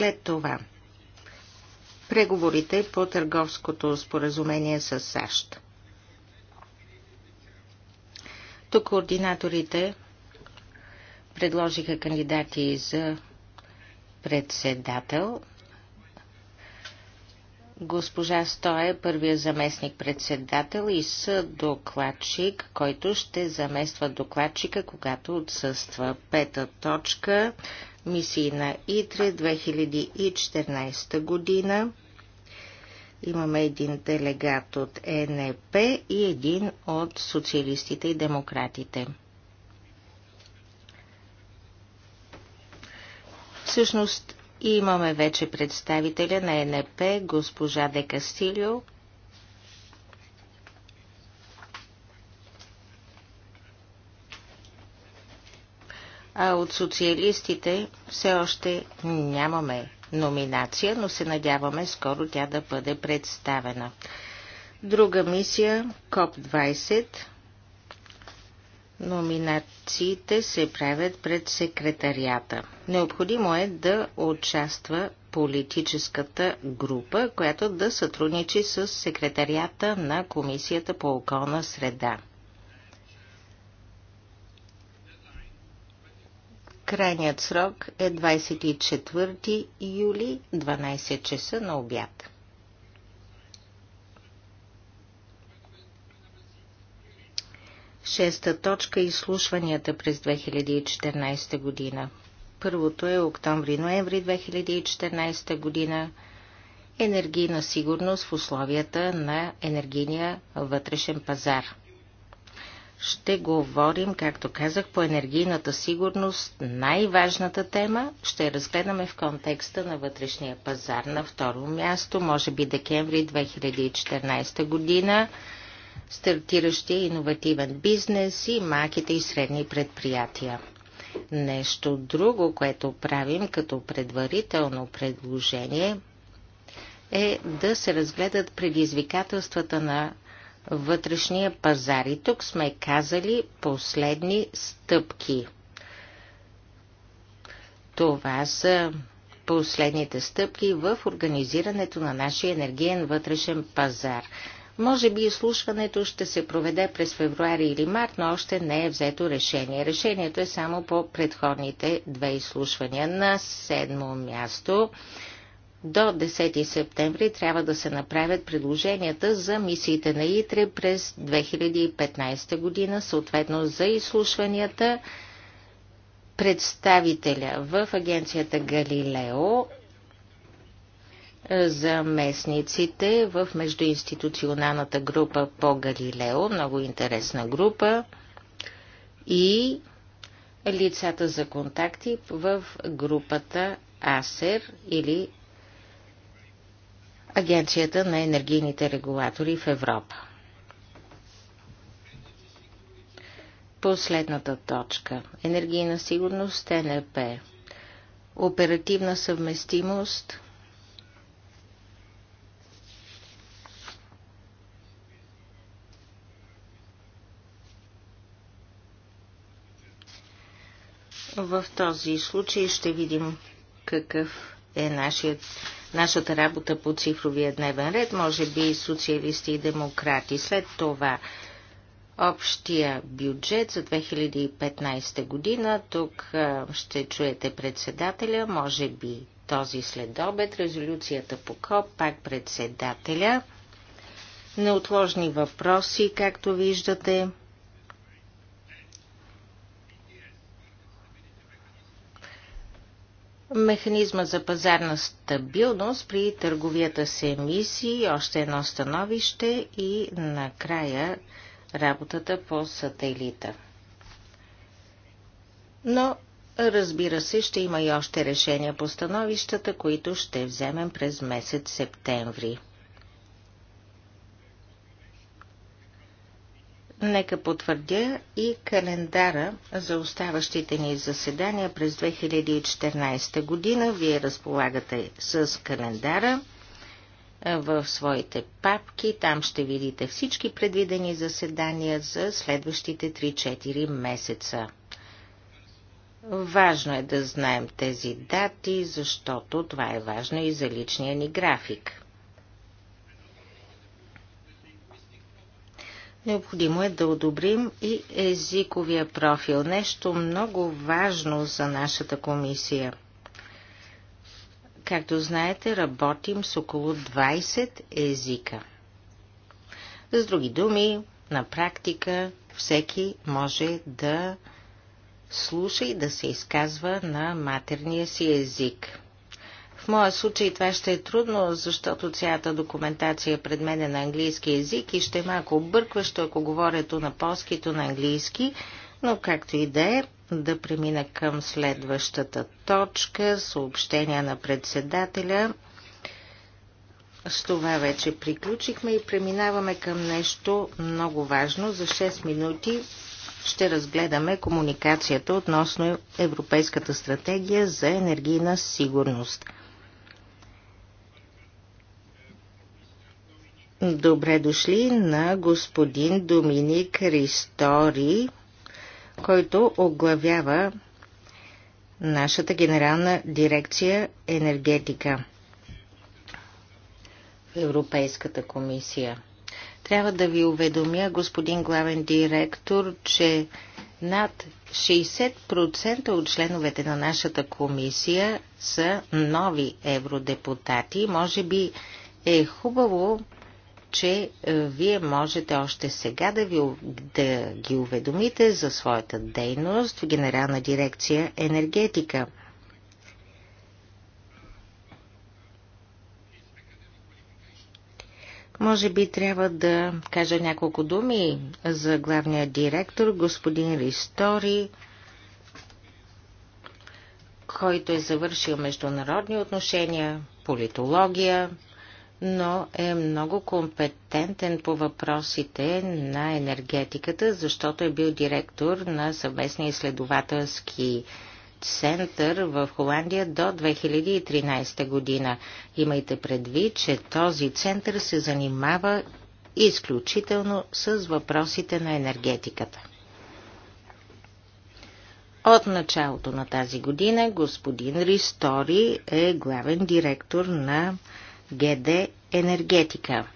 След това преговорите по търговското споразумение с САЩ. Тук координаторите предложиха кандидати за председател. Госпожа Стоя е първия заместник председател и докладчик, който ще замества докладчика, когато отсъства. Пета точка мисии на ИТРЕ 2014 година. Имаме един делегат от ЕНП и един от социалистите и демократите. Всъщност имаме вече представителя на ЕНП, госпожа Декастилио. а от социалистите все още нямаме номинация, но се надяваме скоро тя да бъде представена. Друга мисия КОП-20. Номинациите се правят пред секретарията. Необходимо е да участва политическата група, която да сътрудничи с секретарията на Комисията по околна среда. Крайният срок е 24 юли 12 часа на обяд. Шеста точка – изслушванията през 2014 година. Първото е октомври-ноември 2014 година енергийна сигурност в условията на енергийния вътрешен пазар ще говорим, както казах, по енергийната сигурност. Най-важната тема ще разгледаме в контекста на вътрешния пазар. На второ място, може би декември 2014 година, стартиращия иновативен бизнес и малките и средни предприятия. Нещо друго, което правим като предварително предложение, е да се разгледат предизвикателствата на вътрешния пазар. И тук сме казали последни стъпки. Това са последните стъпки в организирането на нашия енергиен вътрешен пазар. Може би изслушването ще се проведе през февруари или март, но още не е взето решение. Решението е само по предходните две изслушвания. На седмо място до 10 септември трябва да се направят предложенията за мисиите на ИТРЕ през 2015 година, съответно за изслушванията. Представителя в агенцията Галилео е, за местниците в междуинституционалната група по Галилео, много интересна група, и лицата за контакти в групата АСЕР или Агенцията на енергийните регулатори в Европа. Последната точка. Енергийна сигурност НРП. Оперативна съвместимост. В този случай ще видим какъв е нашият, нашата работа по цифровия дневен ред, може би и социалисти и демократи. След това общия бюджет за 2015 година. Тук ще чуете председателя, може би този след обед, резолюцията по КОП, пак председателя. Неотложни въпроси, както виждате. Механизма за пазарна стабилност при търговията с емисии, още едно становище и накрая работата по сателита. Но, разбира се, ще има и още решения по становищата, които ще вземем през месец септември. Нека потвърдя и календара за оставащите ни заседания през 2014 година. Вие разполагате с календара в своите папки. Там ще видите всички предвидени заседания за следващите 3-4 месеца. Важно е да знаем тези дати, защото това е важно и за личния ни график. Необходимо е да одобрим и езиковия профил. Нещо много важно за нашата комисия. Както знаете, работим с около 20 езика. С други думи, на практика всеки може да слуша и да се изказва на матерния си език моя случай това ще е трудно, защото цялата документация е пред мен е на английски язик и ще е малко объркващо, ако говоря то на полски, то на английски, но както и да е, да премина към следващата точка, съобщения на председателя. С това вече приключихме и преминаваме към нещо много важно. За 6 минути ще разгледаме комуникацията относно Европейската стратегия за енергийна сигурност. Добре дошли на господин Доминик Ристори, който оглавява нашата генерална дирекция енергетика в Европейската комисия. Трябва да ви уведомя, господин главен директор, че над 60% от членовете на нашата комисия са нови евродепутати. Може би е хубаво че е, вие можете още сега да, ви, да ги уведомите за своята дейност в Генерална дирекция енергетика. Може би трябва да кажа няколко думи за главния директор, господин Ристори, който е завършил международни отношения, политология, но е много компетентен по въпросите на енергетиката, защото е бил директор на съвместния изследователски център в Холандия до 2013 година. Имайте предвид, че този център се занимава изключително с въпросите на енергетиката. От началото на тази година господин Ристори е главен директор на ГД енергетика.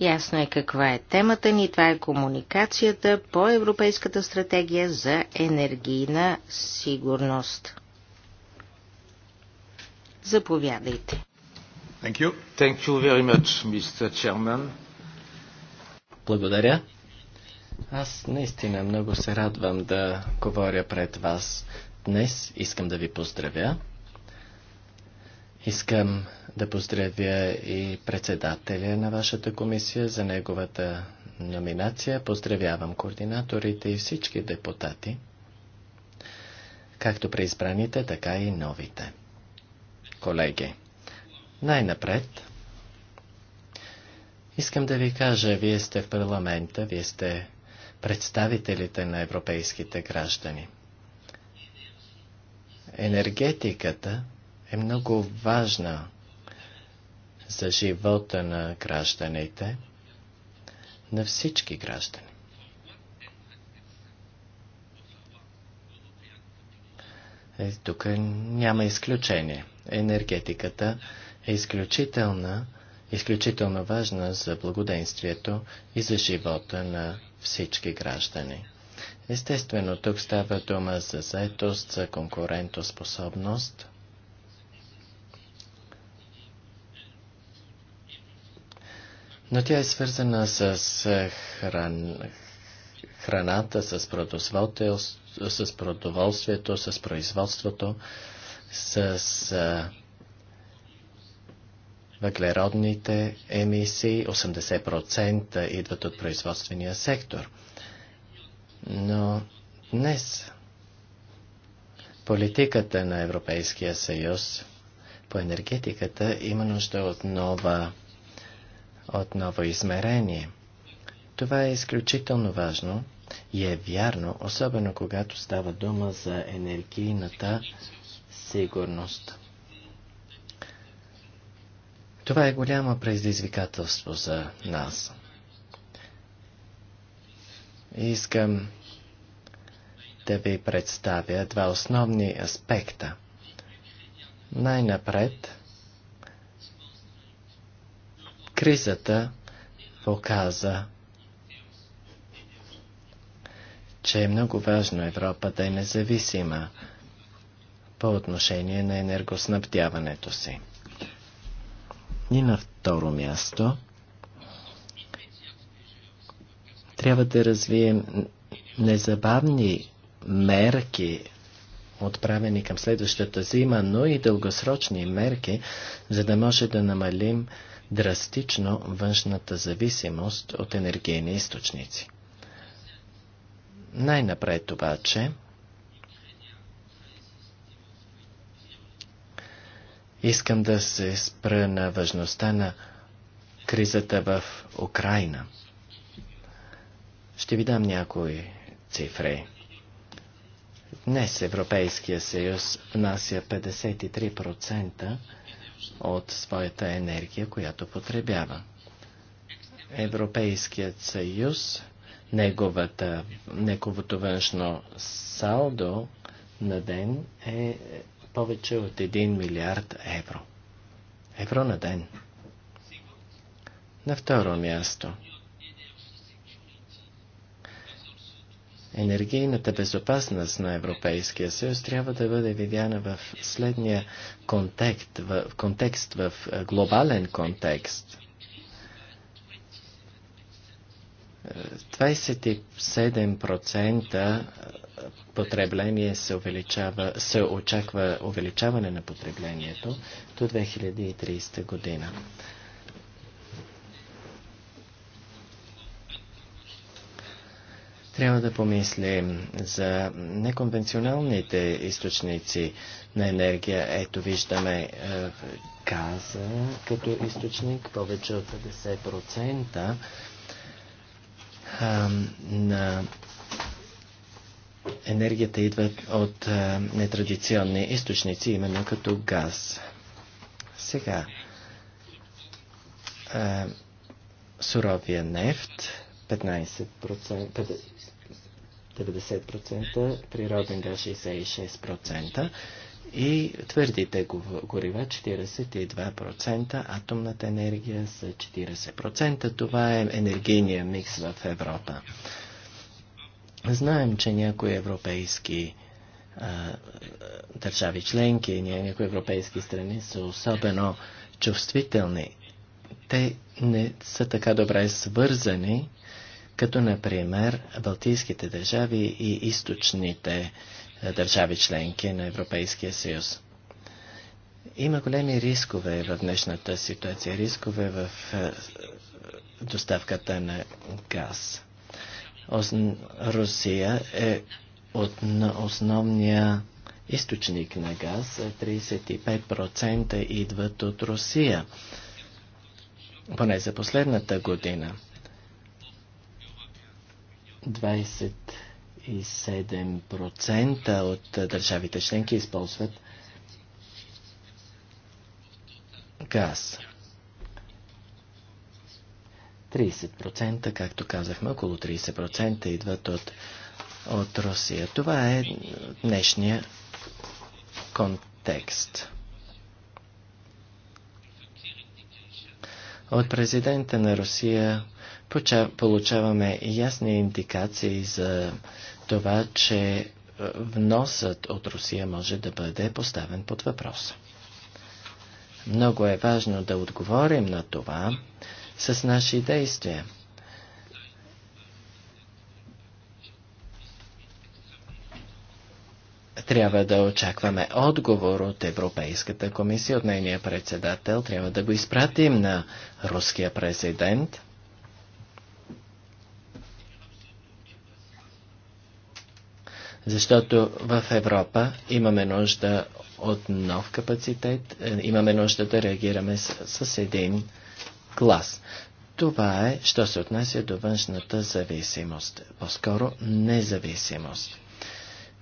Ясно е каква е темата ни. Това е комуникацията по Европейската стратегия за енергийна сигурност. Заповядайте. Thank you. Thank you very much, Mr. Chairman. Благодаря. Аз наистина много се радвам да говоря пред вас днес. Искам да ви поздравя. Искам да поздравя и председателя на вашата комисия за неговата номинация. Поздравявам координаторите и всички депутати, както преизбраните, така и новите. Колеги, най-напред искам да ви кажа, вие сте в парламента, вие сте представителите на европейските граждани. Енергетиката е много важна за живота на гражданите, на всички граждани. Е, тук няма изключение. Енергетиката е изключителна, изключително важна за благоденствието и за живота на всички граждани. Естествено, тук става дума за заетост, за конкурентоспособност – но тя е свързана с хран... храната, с, продоволствието, с продоволствието, с производството, с въглеродните емисии. 80% идват от производствения сектор. Но днес политиката на Европейския съюз по енергетиката има нужда от нова от ново измерение. Това е изключително важно и е вярно, особено когато става дума за енергийната сигурност. Това е голямо предизвикателство за нас. Искам да ви представя два основни аспекта. Най-напред Кризата показа, че е много важно Европа да е независима по отношение на енергоснабдяването си. И на второ място трябва да развием незабавни мерки, отправени към следващата зима, но и дългосрочни мерки, за да може да намалим драстично външната зависимост от енергийни източници. Най-напред обаче искам да се спра на важността на кризата в Украина. Ще ви дам някои цифри. Днес Европейския съюз внася 53% от своята енергия, която потребява. Европейският съюз, неговата, неговото външно салдо на ден е повече от 1 милиард евро. Евро на ден. На второ място – Енергийната безопасност на Европейския съюз трябва да бъде видяна в следния контекст, в, контекст, в глобален контекст. 27% потребление се, увеличава, се очаква увеличаване на потреблението до 2030 година. Трябва да помислим за неконвенционалните източници на енергия. Ето виждаме е, газа като източник, повече от 50% е, на енергията идва от е, нетрадиционни източници, именно като газ. Сега, е, суровия нефт 15%, 90%, природен газ 66% и твърдите горива 42%, атомната енергия са 40%. Това е енергийния микс в Европа. Знаем, че някои европейски а, държави членки, някои европейски страни са особено чувствителни. Те не са така добре свързани като например Балтийските държави и източните е, държави членки на Европейския съюз. Има големи рискове в днешната ситуация, рискове в е, доставката на газ. Русия е от основния източник на газ. 35% идват от Русия, поне за последната година. 27% от държавите членки използват газ. 30%, както казахме, около 30% идват от, от Русия. Това е днешния контекст. От президента на Русия получаваме ясни индикации за това, че е, вносът от Русия може да бъде поставен под въпрос. Много е важно да отговорим на това с наши действия. Трябва да очакваме отговор от Европейската комисия, от нейния председател. Трябва да го изпратим на руския президент. Защото в Европа имаме нужда от нов капацитет, е, имаме нужда да реагираме с, с един глас. Това е, що се отнася до външната зависимост, по-скоро независимост.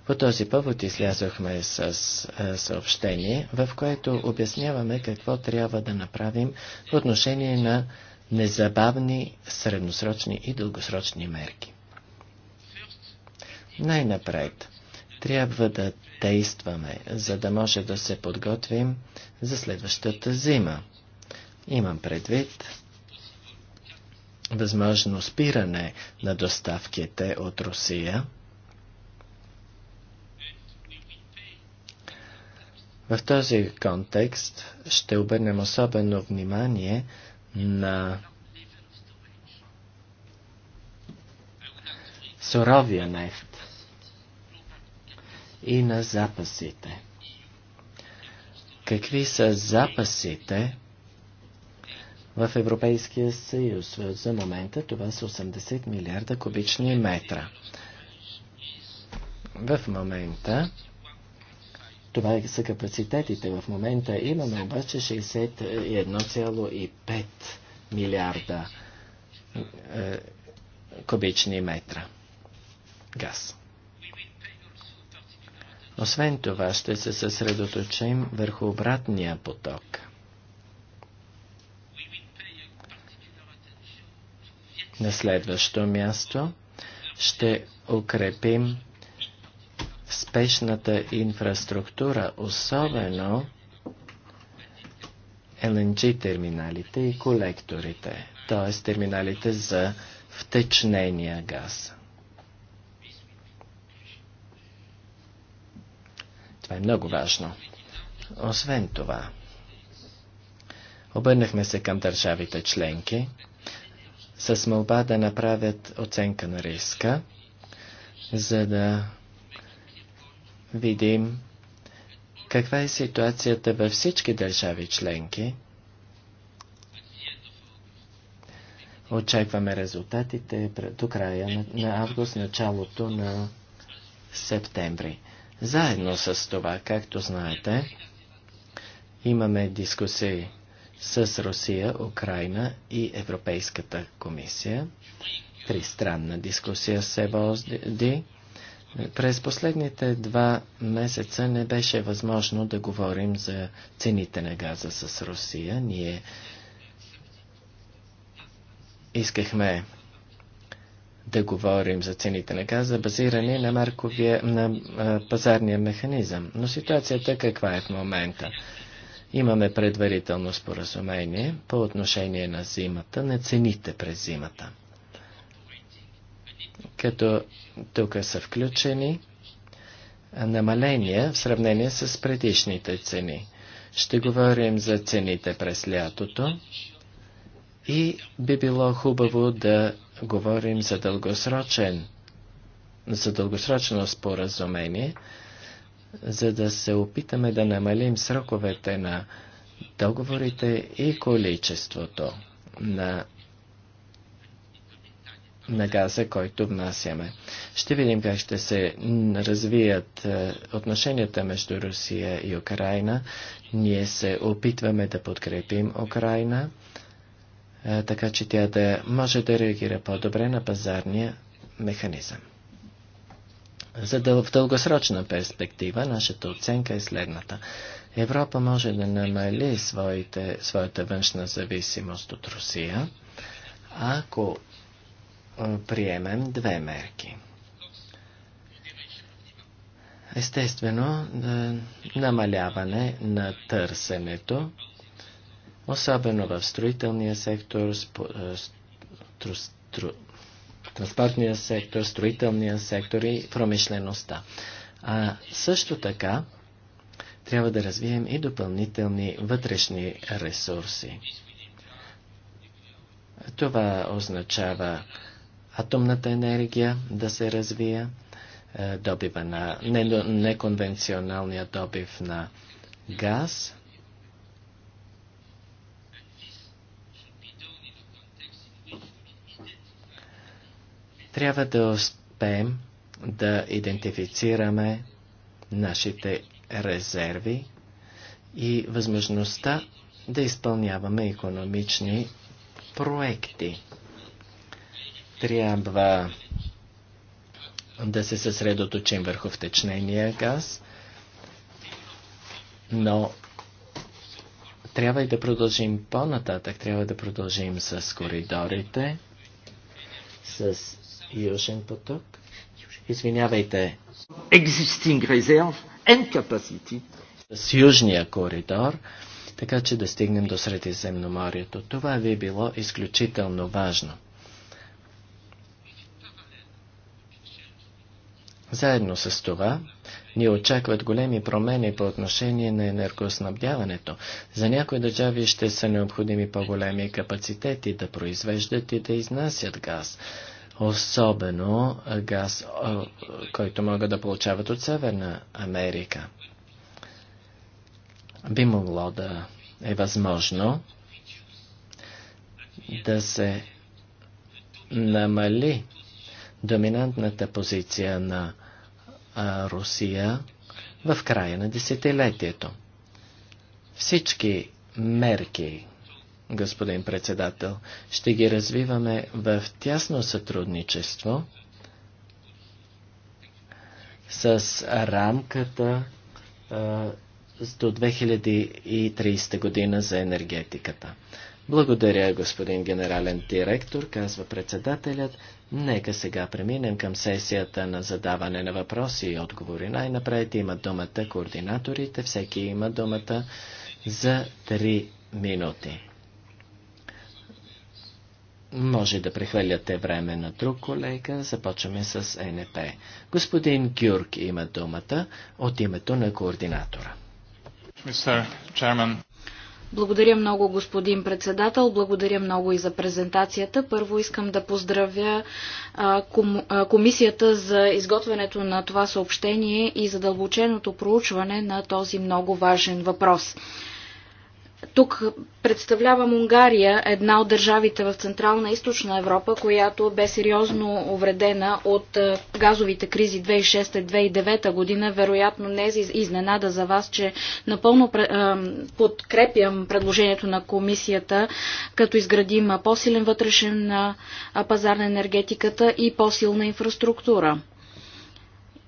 По този повод излязохме с е, съобщение, в което обясняваме какво трябва да направим в отношение на незабавни, средносрочни и дългосрочни мерки. Най-напред трябва да действаме, за да може да се подготвим за следващата зима. Имам предвид възможно спиране на доставките от Русия. В този контекст ще обърнем особено внимание на суровия нефт и на запасите. Какви са запасите в Европейския съюз? За момента това са 80 милиарда кубични метра. В момента това са капацитетите. В момента имаме обаче 61,5 милиарда е, кубични метра газ. Освен това, ще се съсредоточим върху обратния поток. На следващо място ще укрепим спешната инфраструктура, особено LNG терминалите и колекторите, т.е. терминалите за втечнения газ. Това е много важно. Освен това, обърнахме се към държавите членки с молба да направят оценка на риска, за да видим каква е ситуацията във всички държави членки. Очакваме резултатите до края на, август, началото на септември. Заедно с това, както знаете, имаме дискусии с Русия, Украина и Европейската комисия. Тристранна дискусия с води. През последните два месеца не беше възможно да говорим за цените на газа с Русия. Ние искахме да говорим за цените на газа, базирани на, марковия, на а, пазарния механизъм. Но ситуацията каква е в момента? Имаме предварително споразумение по отношение на зимата, на цените през зимата. Като тук са включени намаления в сравнение с предишните цени. Ще говорим за цените през лятото и би било хубаво да говорим за дългосрочен за дългосрочно споразумение, за да се опитаме да намалим сроковете на договорите и количеството на, на газа, който внасяме. Ще видим как ще се развият е, отношенията между Русия и Украина. Ние се опитваме да подкрепим Украина е, така че тя да може да реагира по-добре на пазарния механизъм. За да в дългосрочна перспектива нашата оценка е следната. Европа може да намали своите, своята външна зависимост от Русия, ако е, приемем две мерки. Естествено, е, намаляване на търсенето особено в строителния сектор, спо, е, стру, транспортния сектор, строителния сектор и промишлеността. А също така трябва да развием и допълнителни вътрешни ресурси. Това означава атомната енергия да се развие, е, добива на неконвенционалния добив на газ – трябва да успеем да идентифицираме нашите резерви и възможността да изпълняваме економични проекти. Трябва да се съсредоточим върху втечнения газ, но трябва и да продължим по-нататък. Трябва да продължим с коридорите, с Южен поток. Извинявайте. Existing reserve and capacity. С южния коридор, така че да стигнем до Средиземноморието. Това е било изключително важно. Заедно с това, ни очакват големи промени по отношение на енергоснабдяването. За някои държави ще са необходими по-големи капацитети да произвеждат и да изнасят газ особено газ, който могат да получават от Северна Америка. Би могло да е възможно да се намали доминантната позиция на Русия в края на десетилетието. Всички мерки, господин председател. Ще ги развиваме в тясно сътрудничество с рамката а, до 2030 година за енергетиката. Благодаря, господин генерален директор, казва председателят. Нека сега преминем към сесията на задаване на въпроси и отговори. Най-напред имат думата координаторите, всеки има думата за 3 минути. Може да прехвърляте време на друг колега. Започваме с НП. Господин Гюрк има думата от името на координатора. Благодаря много, господин председател. Благодаря много и за презентацията. Първо искам да поздравя комисията за изготвянето на това съобщение и за дълбоченото проучване на този много важен въпрос. Тук представлявам Унгария, една от държавите в Централна и Източна Европа, която бе сериозно увредена от е, газовите кризи 2006-2009 година. Вероятно не е изненада за вас, че напълно е, подкрепям предложението на комисията, като изградим по-силен вътрешен е, пазар на енергетиката и по-силна инфраструктура.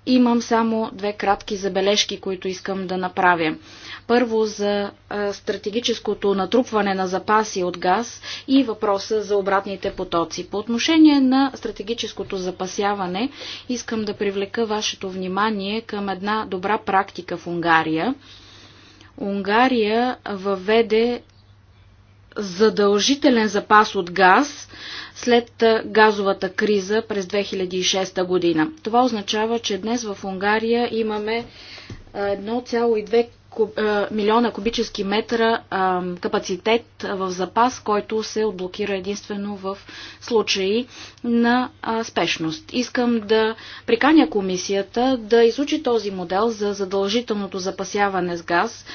Имам само две кратки забележки, които искам да направя. Първо за стратегическото натрупване на запаси от газ и въпроса за обратните потоци. По отношение на стратегическото запасяване, искам да привлека вашето внимание към една добра практика в Унгария. Унгария въведе задължителен запас от газ след газовата криза през 2006 година. Това означава, че днес в Унгария имаме 1,2 милиона кубически метра капацитет в запас, който се отблокира единствено в случаи на спешност. Искам да приканя комисията да изучи този модел за задължителното запасяване с газ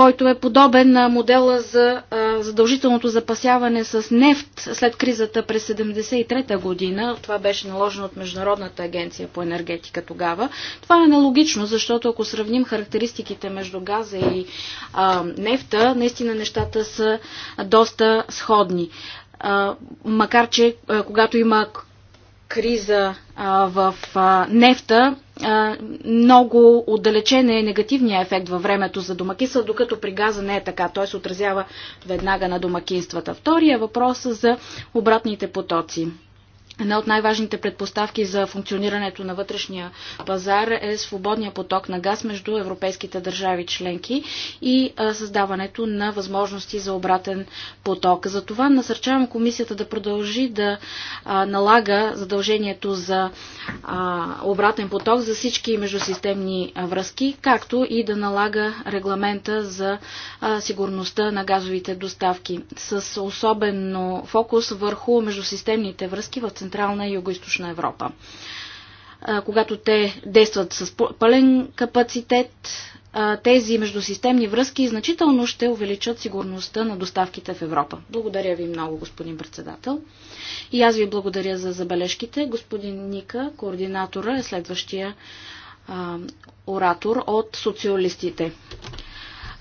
който е подобен на модела за задължителното запасяване с нефт след кризата през 73-та година. Това беше наложено от Международната агенция по енергетика тогава. Това е аналогично, защото ако сравним характеристиките между газа и а, нефта, наистина нещата са доста сходни. А, макар, че а, когато има криза а, в а, нефта, много отдалечен е негативния ефект във времето за домакинства, докато при газа не е така. Той се отразява веднага на домакинствата. Втория въпрос е за обратните потоци. Една от най-важните предпоставки за функционирането на вътрешния пазар е свободния поток на газ между европейските държави членки и създаването на възможности за обратен поток. Затова насърчавам комисията да продължи да налага задължението за обратен поток за всички междусистемни връзки, както и да налага регламента за сигурността на газовите доставки с особено фокус върху междусистемните връзки в Централната Централна и Юго-Источна Европа. Когато те действат с пълен капацитет, тези междусистемни връзки значително ще увеличат сигурността на доставките в Европа. Благодаря ви много, господин председател. И аз ви благодаря за забележките. Господин Ника, координатора, е следващия а, оратор от социалистите.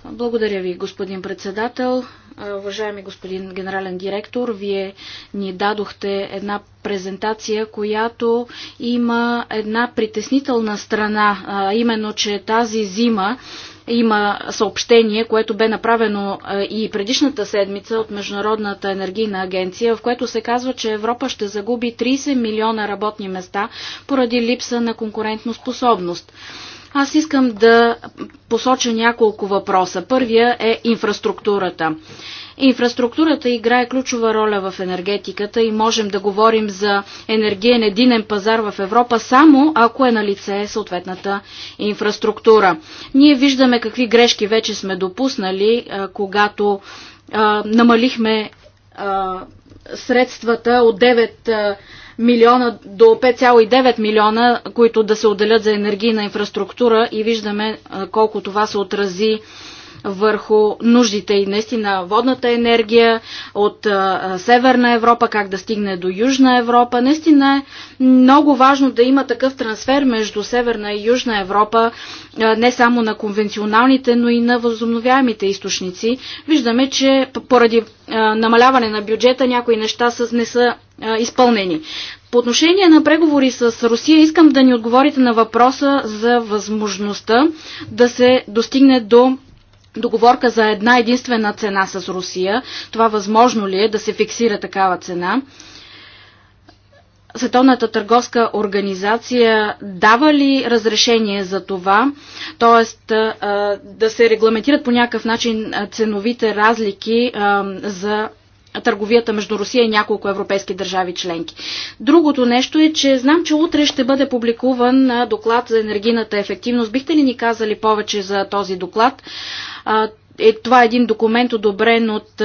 Благодаря ви, господин председател. Уважаеми господин генерален директор, вие ни дадохте една презентация, която има една притеснителна страна, а именно, че тази зима има съобщение, което бе направено и предишната седмица от Международната енергийна агенция, в което се казва, че Европа ще загуби 30 милиона работни места поради липса на конкурентно способност. Аз искам да посоча няколко въпроса. Първия е инфраструктурата. Инфраструктурата играе ключова роля в енергетиката и можем да говорим за енергиен единен пазар в Европа само ако е на лице съответната инфраструктура. Ние виждаме какви грешки вече сме допуснали, когато намалихме средствата от 9 милиона до 5,9 милиона, които да се отделят за енергийна инфраструктура и виждаме колко това се отрази върху нуждите и наистина водната енергия от а, Северна Европа, как да стигне до Южна Европа. Наистина е много важно да има такъв трансфер между Северна и Южна Европа, а, не само на конвенционалните, но и на възобновяемите източници. Виждаме, че поради а, намаляване на бюджета някои неща с, не са изпълнени. По отношение на преговори с Русия, искам да ни отговорите на въпроса за възможността да се достигне до договорка за една единствена цена с Русия. Това възможно ли е да се фиксира такава цена? Световната търговска организация дава ли разрешение за това, т.е. да се регламентират по някакъв начин ценовите разлики за търговията между Русия и няколко европейски държави членки. Другото нещо е, че знам, че утре ще бъде публикуван доклад за енергийната ефективност. Бихте ли ни казали повече за този доклад? Е, това е един документ, одобрен от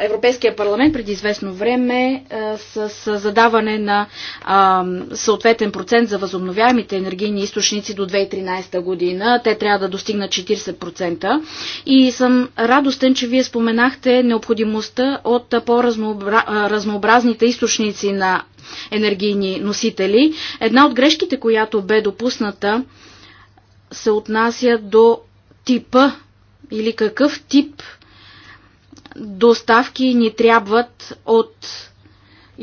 Европейския парламент преди известно време с, с задаване на а, съответен процент за възобновяемите енергийни източници до 2013 година. Те трябва да достигнат 40%. И съм радостен, че вие споменахте необходимостта от по-разнообразните източници на енергийни носители. Една от грешките, която бе допусната, се отнася до типа или какъв тип доставки ни трябват от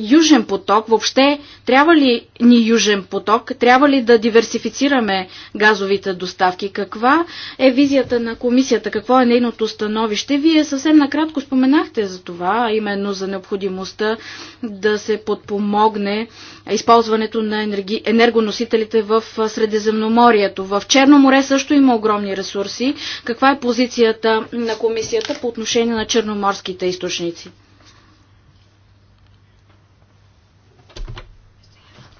Южен поток, въобще трябва ли ни Южен поток, трябва ли да диверсифицираме газовите доставки, каква е визията на комисията, какво е нейното становище. Вие съвсем накратко споменахте за това, именно за необходимостта да се подпомогне използването на енерги... енергоносителите в Средиземноморието. В Черно море също има огромни ресурси. Каква е позицията на комисията по отношение на черноморските източници?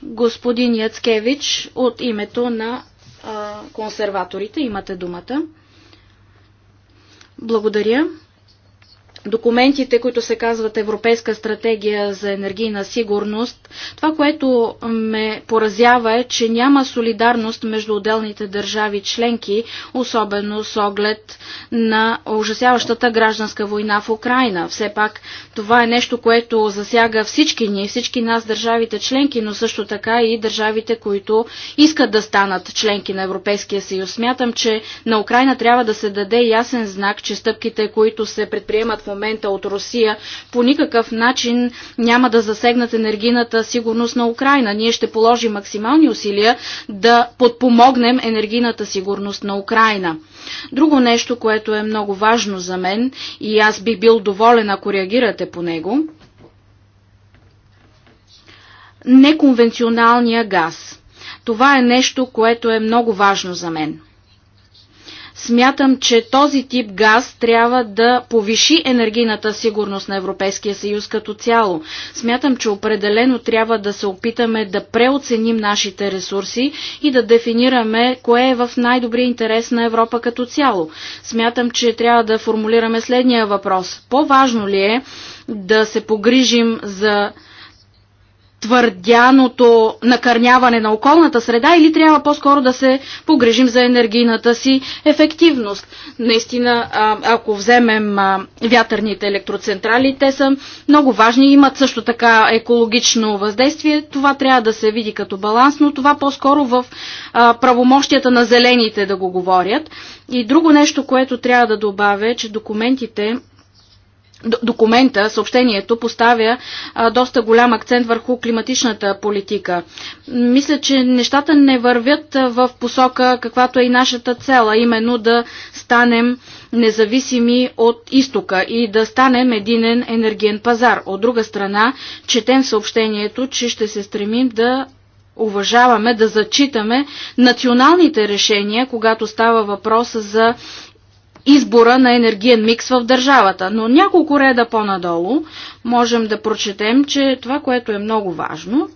господин Яцкевич от името на консерваторите. Имате думата. Благодаря документите, които се казват Европейска стратегия за енергийна сигурност, това, което ме поразява е, че няма солидарност между отделните държави членки, особено с оглед на ужасяващата гражданска война в Украина. Все пак това е нещо, което засяга всички ни, всички нас, държавите членки, но също така и държавите, които искат да станат членки на Европейския съюз. Смятам, че на Украина трябва да се даде ясен знак, че стъпките, които се предприемат в момента, момента от Русия по никакъв начин няма да засегнат енергийната сигурност на Украина. Ние ще положим максимални усилия да подпомогнем енергийната сигурност на Украина. Друго нещо, което е много важно за мен и аз би бил доволен, ако реагирате по него, неконвенционалния газ. Това е нещо, което е много важно за мен. Смятам, че този тип газ трябва да повиши енергийната сигурност на Европейския съюз като цяло. Смятам, че определено трябва да се опитаме да преоценим нашите ресурси и да дефинираме кое е в най-добрия интерес на Европа като цяло. Смятам, че трябва да формулираме следния въпрос. По-важно ли е да се погрижим за твърдяното накърняване на околната среда или трябва по-скоро да се погрежим за енергийната си ефективност. Наистина, ако вземем вятърните електроцентрали, те са много важни, и имат също така екологично въздействие. Това трябва да се види като баланс, но това по-скоро в правомощията на зелените да го говорят. И друго нещо, което трябва да добавя, е, че документите документа, съобщението поставя а, доста голям акцент върху климатичната политика. Мисля, че нещата не вървят в посока, каквато е и нашата цела, именно да станем независими от изтока и да станем единен енергиен пазар. От друга страна, четем съобщението, че ще се стремим да уважаваме, да зачитаме националните решения, когато става въпрос за избора на енергиен микс в държавата. Но няколко реда по-надолу можем да прочетем, че това, което е много важно,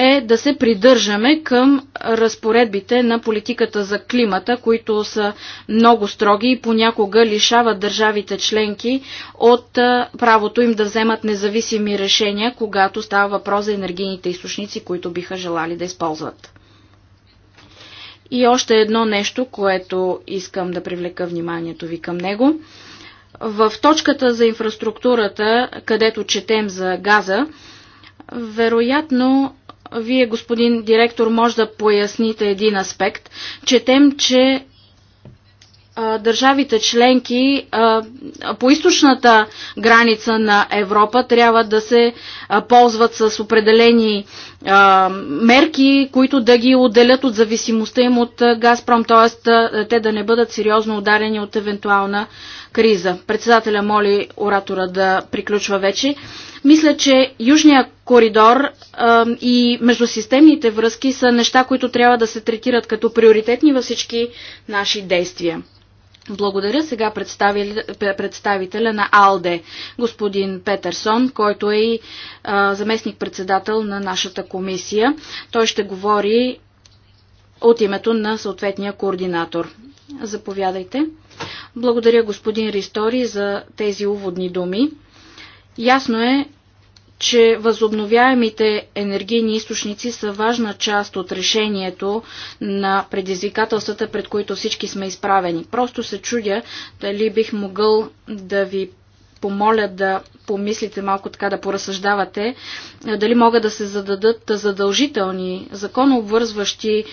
е да се придържаме към разпоредбите на политиката за климата, които са много строги и понякога лишават държавите членки от правото им да вземат независими решения, когато става въпрос за енергийните източници, които биха желали да използват. И още едно нещо, което искам да привлека вниманието ви към него. В точката за инфраструктурата, където четем за газа, вероятно вие, господин директор, може да поясните един аспект. Четем, че държавите членки по източната граница на Европа трябва да се ползват с определени мерки, които да ги отделят от зависимостта им от Газпром, т.е. те да не бъдат сериозно ударени от евентуална криза. Председателя моли оратора да приключва вече. Мисля, че Южния коридор а, и междусистемните връзки са неща, които трябва да се третират като приоритетни във всички наши действия. Благодаря сега представителя на АЛДЕ, господин Петерсон, който е и заместник-председател на нашата комисия. Той ще говори от името на съответния координатор. Заповядайте. Благодаря господин Ристори за тези уводни думи. Ясно е, че възобновяемите енергийни източници са важна част от решението на предизвикателствата, пред които всички сме изправени. Просто се чудя дали бих могъл да ви помоля да помислите малко така, да поразсъждавате, дали могат да се зададат задължителни, законообвързващи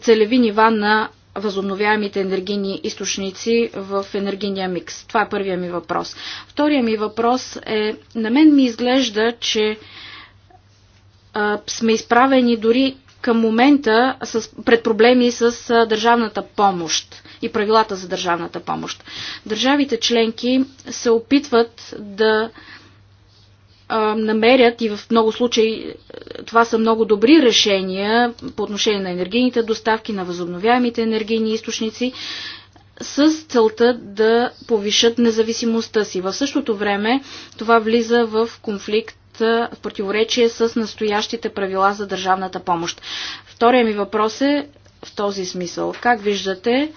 целеви нива на възобновяемите енергийни източници в енергийния микс? Това е първия ми въпрос. Втория ми въпрос е, на мен ми изглежда, че а, сме изправени дори към момента с, пред проблеми с а, държавната помощ и правилата за държавната помощ. Държавите членки се опитват да намерят и в много случаи е, това са много добри решения по отношение на енергийните доставки, на възобновяемите енергийни източници, с целта да повишат независимостта си. В същото време това влиза в конфликт е, в противоречие с настоящите правила за държавната помощ. Втория ми въпрос е в този смисъл. Как виждате,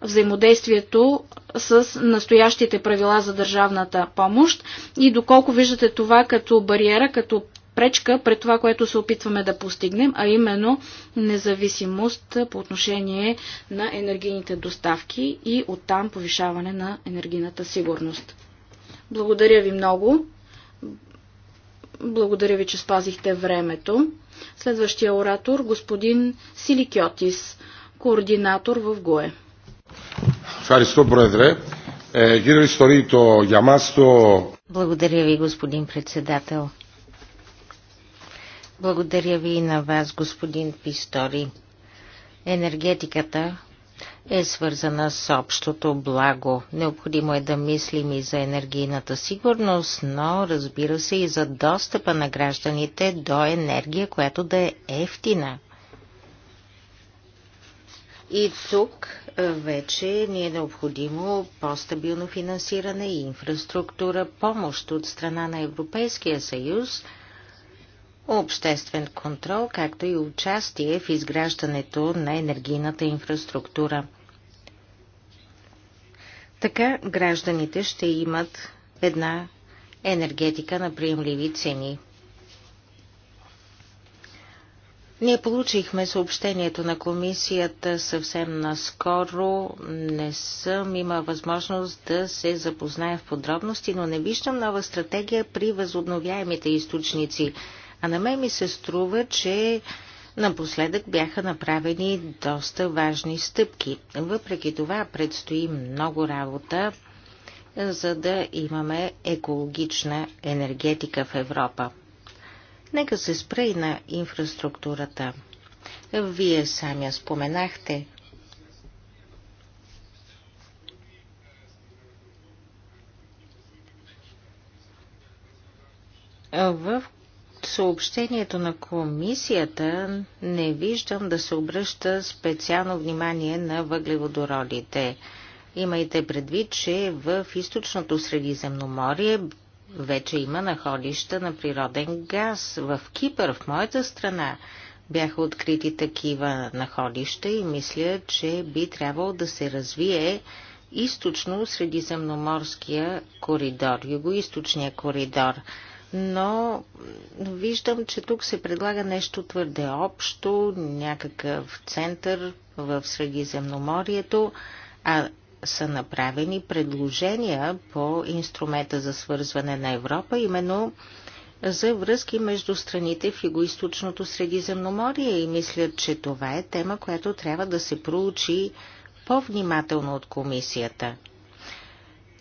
взаимодействието с настоящите правила за държавната помощ и доколко виждате това като бариера, като пречка пред това, което се опитваме да постигнем, а именно независимост по отношение на енергийните доставки и оттам повишаване на енергийната сигурност. Благодаря ви много. Благодаря ви, че спазихте времето. Следващия оратор, господин Силикиотис, координатор в ГОЕ. Ευχαριστώ, Πρόεδρε. Ε, κύριε το για μας το... Благодаря ви, господин председател. Благодаря ви и на вас, господин Пистори. Енергетиката е свързана с общото благо. Необходимо е да мислим и за енергийната сигурност, но разбира се и за достъпа на гражданите до енергия, която да е ефтина. И тук вече ни е необходимо по-стабилно финансиране и инфраструктура, помощ от страна на Европейския съюз, обществен контрол, както и участие в изграждането на енергийната инфраструктура. Така гражданите ще имат една енергетика на приемливи цени. Ние получихме съобщението на комисията съвсем наскоро. Не съм има възможност да се запозная в подробности, но не виждам нова стратегия при възобновяемите източници. А на мен ми се струва, че напоследък бяха направени доста важни стъпки. Въпреки това предстои много работа, за да имаме екологична енергетика в Европа. Нека се спре и на инфраструктурата. Вие я споменахте. В съобщението на комисията не виждам да се обръща специално внимание на въглеводородите. Имайте предвид, че в източното Средиземноморие вече има находища на природен газ. В Кипър, в моята страна, бяха открити такива находища и мисля, че би трябвало да се развие източно средиземноморския коридор, югоисточния коридор. Но виждам, че тук се предлага нещо твърде общо, някакъв център в Средиземноморието, а са направени предложения по инструмента за свързване на Европа, именно за връзки между страните в югоисточното Средиземноморие и мисля, че това е тема, която трябва да се проучи по-внимателно от комисията.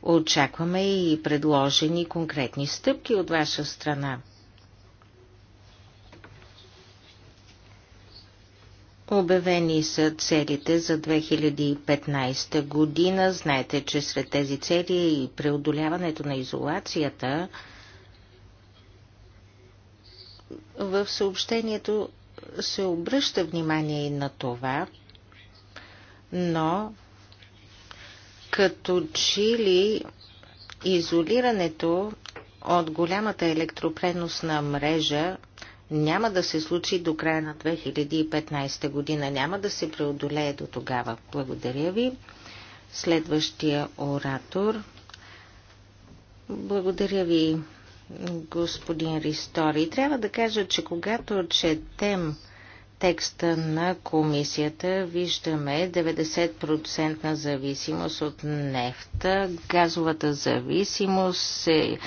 Очакваме и предложени конкретни стъпки от ваша страна. Обявени са целите за 2015 година. Знаете, че сред тези цели е и преодоляването на изолацията. В съобщението се обръща внимание и на това, но като чили изолирането от голямата електропреносна мрежа няма да се случи до края на 2015 година. Няма да се преодолее до тогава. Благодаря ви. Следващия оратор. Благодаря ви, господин Ристори. Трябва да кажа, че когато четем текста на комисията виждаме 90% зависимост от нефта. Газовата зависимост се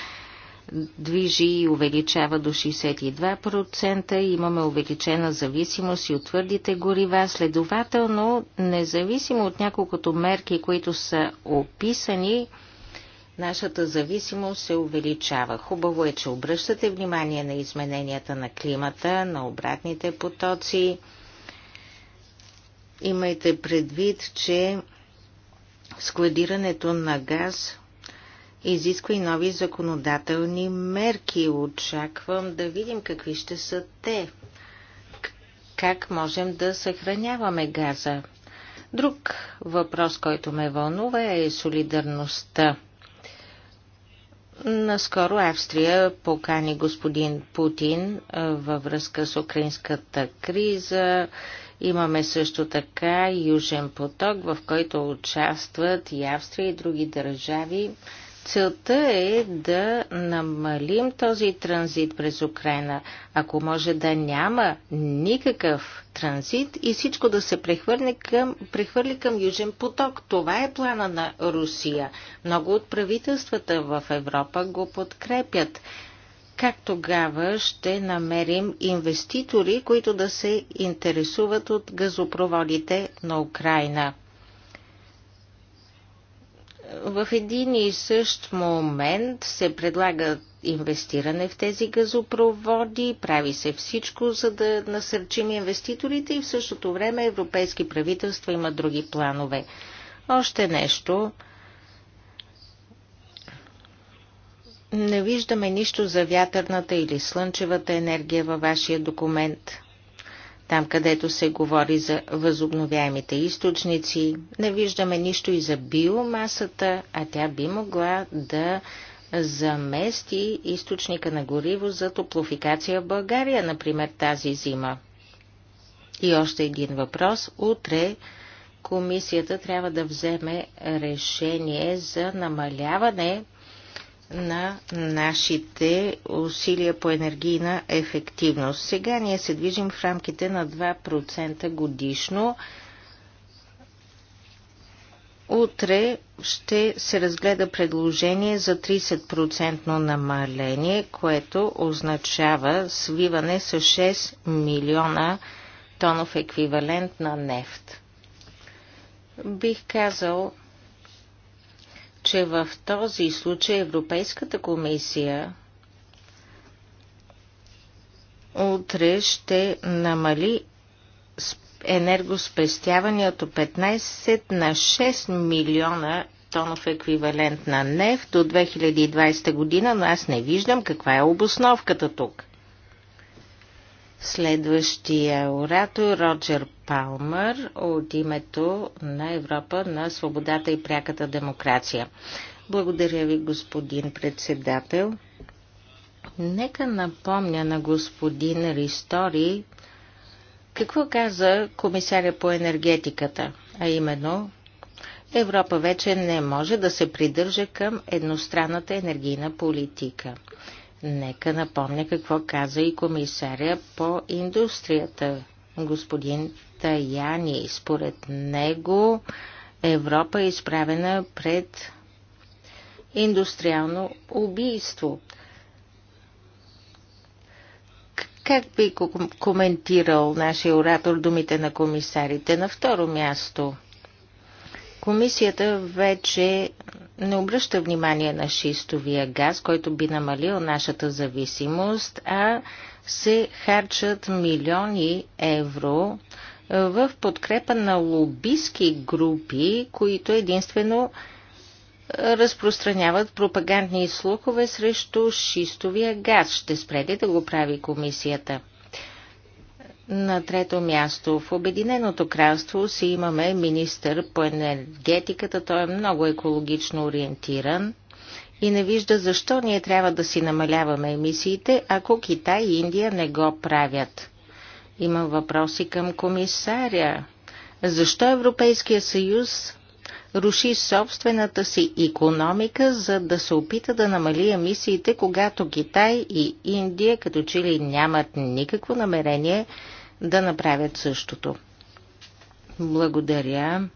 движи и увеличава до 62%. Имаме увеличена зависимост и от твърдите горива. Следователно, независимо от няколкото мерки, които са описани, нашата зависимост се увеличава. Хубаво е, че обръщате внимание на измененията на климата, на обратните потоци. Имайте предвид, че складирането на газ изисква и нови законодателни мерки. Очаквам да видим какви ще са те. Как можем да съхраняваме газа? Друг въпрос, който ме вълнува е солидарността. Наскоро Австрия покани господин Путин във връзка с украинската криза. Имаме също така Южен поток, в който участват и Австрия и други държави. Целта е да намалим този транзит през Украина, ако може да няма никакъв транзит и всичко да се прехвърли към, прехвърли към Южен поток. Това е плана на Русия. Много от правителствата в Европа го подкрепят. Как тогава ще намерим инвеститори, които да се интересуват от газопроводите на Украина? в един и същ момент се предлага инвестиране в тези газопроводи, прави се всичко, за да насърчим инвеститорите и в същото време европейски правителства имат други планове. Още нещо. Не виждаме нищо за вятърната или слънчевата енергия във вашия документ там където се говори за възобновяемите източници. Не виждаме нищо и за биомасата, а тя би могла да замести източника на гориво за топлофикация в България, например тази зима. И още един въпрос. Утре комисията трябва да вземе решение за намаляване на нашите усилия по енергийна ефективност. Сега ние се движим в рамките на 2% годишно. Утре ще се разгледа предложение за 30% намаление, което означава свиване с 6 милиона тонов еквивалент на нефт. Бих казал, че в този случай Европейската комисия утре ще намали енергоспестяванията 15 на 6 милиона тонов еквивалент на нефт до 2020 година, но аз не виждам каква е обосновката тук. Следващия оратор Роджер Палмър от името на Европа на свободата и пряката демокрация. Благодаря ви, господин председател. Нека напомня на господин Ристори какво каза комисаря по енергетиката, а именно Европа вече не може да се придържа към едностранната енергийна политика. Нека напомня какво каза и комисаря по индустрията, господин състояние. Според него Европа е изправена пред индустриално убийство. Как би коментирал нашия оратор думите на комисарите? На второ място, комисията вече не обръща внимание на шистовия газ, който би намалил нашата зависимост, а се харчат милиони евро в подкрепа на лобистки групи, които единствено е, разпространяват пропагандни слухове срещу шистовия газ. Ще спреде да го прави комисията. На трето място в Обединеното кралство си имаме министър по енергетиката. Той е много екологично ориентиран и не вижда защо ние трябва да си намаляваме емисиите, ако Китай и Индия не го правят. Имам въпроси към комисаря. Защо Европейския съюз руши собствената си економика, за да се опита да намали емисиите, когато Китай и Индия като че ли нямат никакво намерение да направят същото. Благодаря.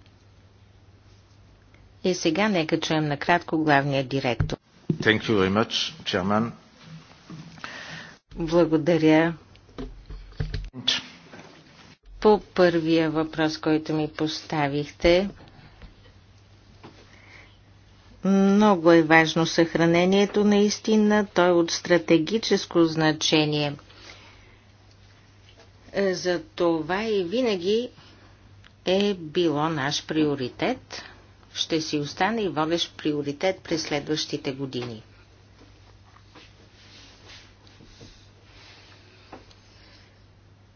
И сега нека чуем накратко главния директор. Thank you very much, chairman. Благодаря, по първия въпрос, който ми поставихте, много е важно съхранението наистина. Той е от стратегическо значение. За това и винаги е било наш приоритет. Ще си остане и водещ приоритет през следващите години.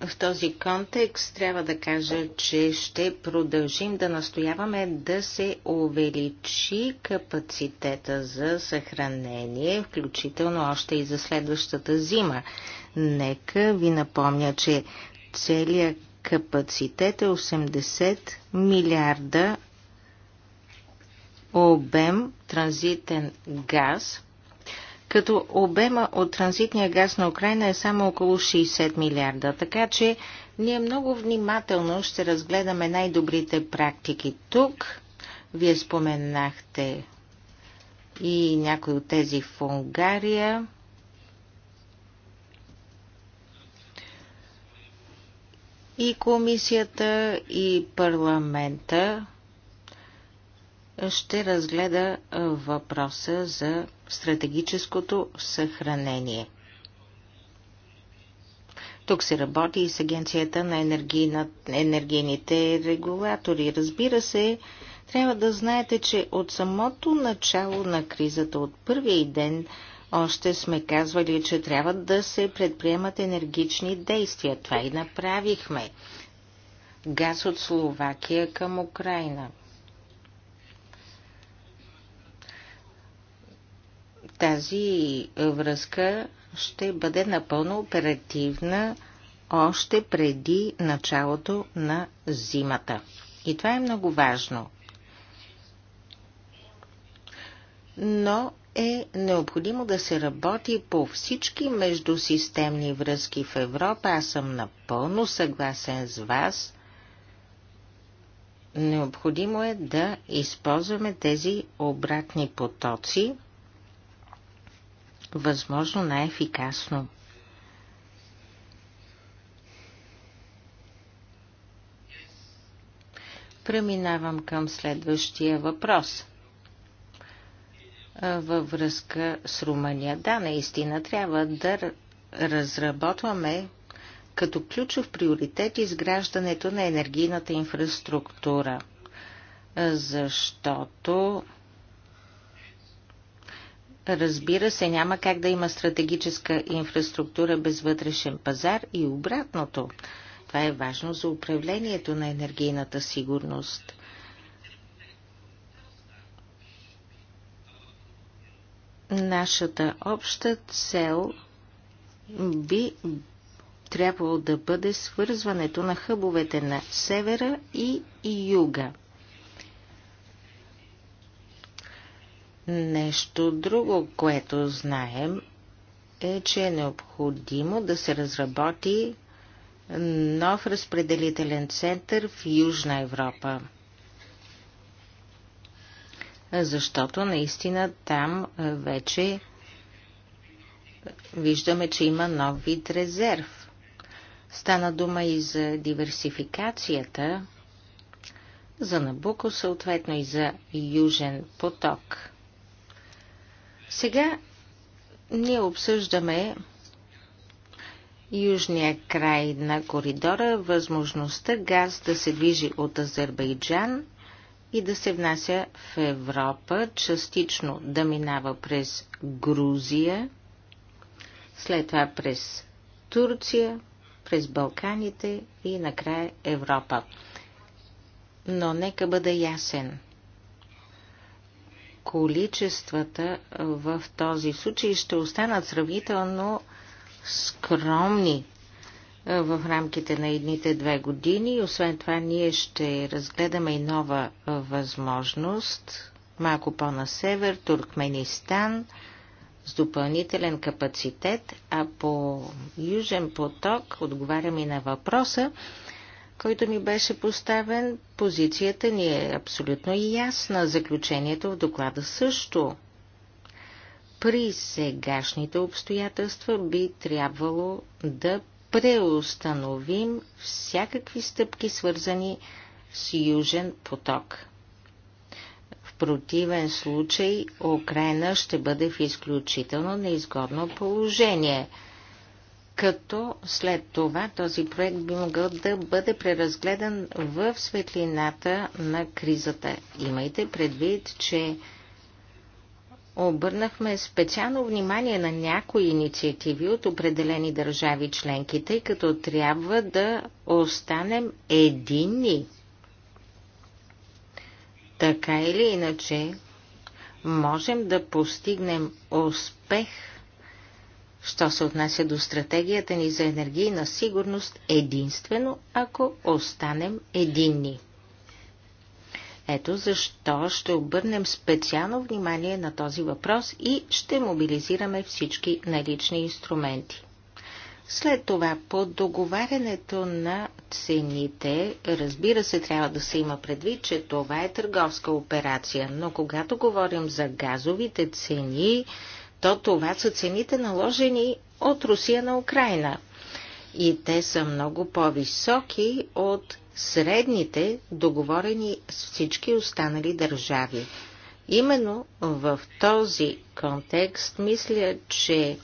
В този контекст трябва да кажа, че ще продължим да настояваме да се увеличи капацитета за съхранение, включително още и за следващата зима. Нека ви напомня, че целият капацитет е 80 милиарда обем транзитен газ – като обема от транзитния газ на Украина е само около 60 милиарда. Така че ние много внимателно ще разгледаме най-добрите практики тук. Вие споменахте и някои от тези в Унгария. И комисията, и парламента ще разгледа въпроса за стратегическото съхранение. Тук се работи и с Агенцията на енергийните регулатори. Разбира се, трябва да знаете, че от самото начало на кризата, от първия ден, още сме казвали, че трябва да се предприемат енергични действия. Това и направихме. Газ от Словакия към Украина. Тази връзка ще бъде напълно оперативна още преди началото на зимата. И това е много важно. Но е необходимо да се работи по всички междусистемни връзки в Европа. Аз съм напълно съгласен с вас. Необходимо е да използваме тези обратни потоци – възможно най-ефикасно. Преминавам към следващия въпрос. Във връзка с Румъния. Да, наистина трябва да разработваме като ключов приоритет изграждането на енергийната инфраструктура, защото Разбира се, няма как да има стратегическа инфраструктура без вътрешен пазар и обратното. Това е важно за управлението на енергийната сигурност. Нашата обща цел би трябвало да бъде свързването на хъбовете на севера и юга – Нещо друго, което знаем, е, че е необходимо да се разработи нов разпределителен център в Южна Европа. Защото наистина там вече виждаме, че има нов вид резерв. Стана дума и за диверсификацията, за Набуко, съответно и за Южен поток. Сега ние обсъждаме южния край на коридора, възможността газ да се движи от Азербайджан и да се внася в Европа, частично да минава през Грузия, след това през Турция, през Балканите и накрая Европа. Но нека бъда ясен количествата в този случай ще останат сравнително скромни в рамките на едните две години. Освен това, ние ще разгледаме и нова възможност малко по-на север, Туркменистан, с допълнителен капацитет, а по Южен поток, отговарям и на въпроса, който ми беше поставен, позицията ни е абсолютно ясна. Заключението в доклада също. При сегашните обстоятелства би трябвало да преустановим всякакви стъпки, свързани с Южен поток. В противен случай Украина ще бъде в изключително неизгодно положение – като след това този проект би могъл да бъде преразгледан в светлината на кризата. Имайте предвид, че обърнахме специално внимание на някои инициативи от определени държави членки, тъй като трябва да останем единни. Така или иначе, можем да постигнем успех – Що се отнася до стратегията ни за енергийна сигурност, единствено ако останем единни. Ето защо ще обърнем специално внимание на този въпрос и ще мобилизираме всички налични инструменти. След това, по договарянето на цените, разбира се, трябва да се има предвид, че това е търговска операция, но когато говорим за газовите цени, то това са цените наложени от Русия на Украина. И те са много по-високи от средните, договорени с всички останали държави. Именно в този контекст мисля, че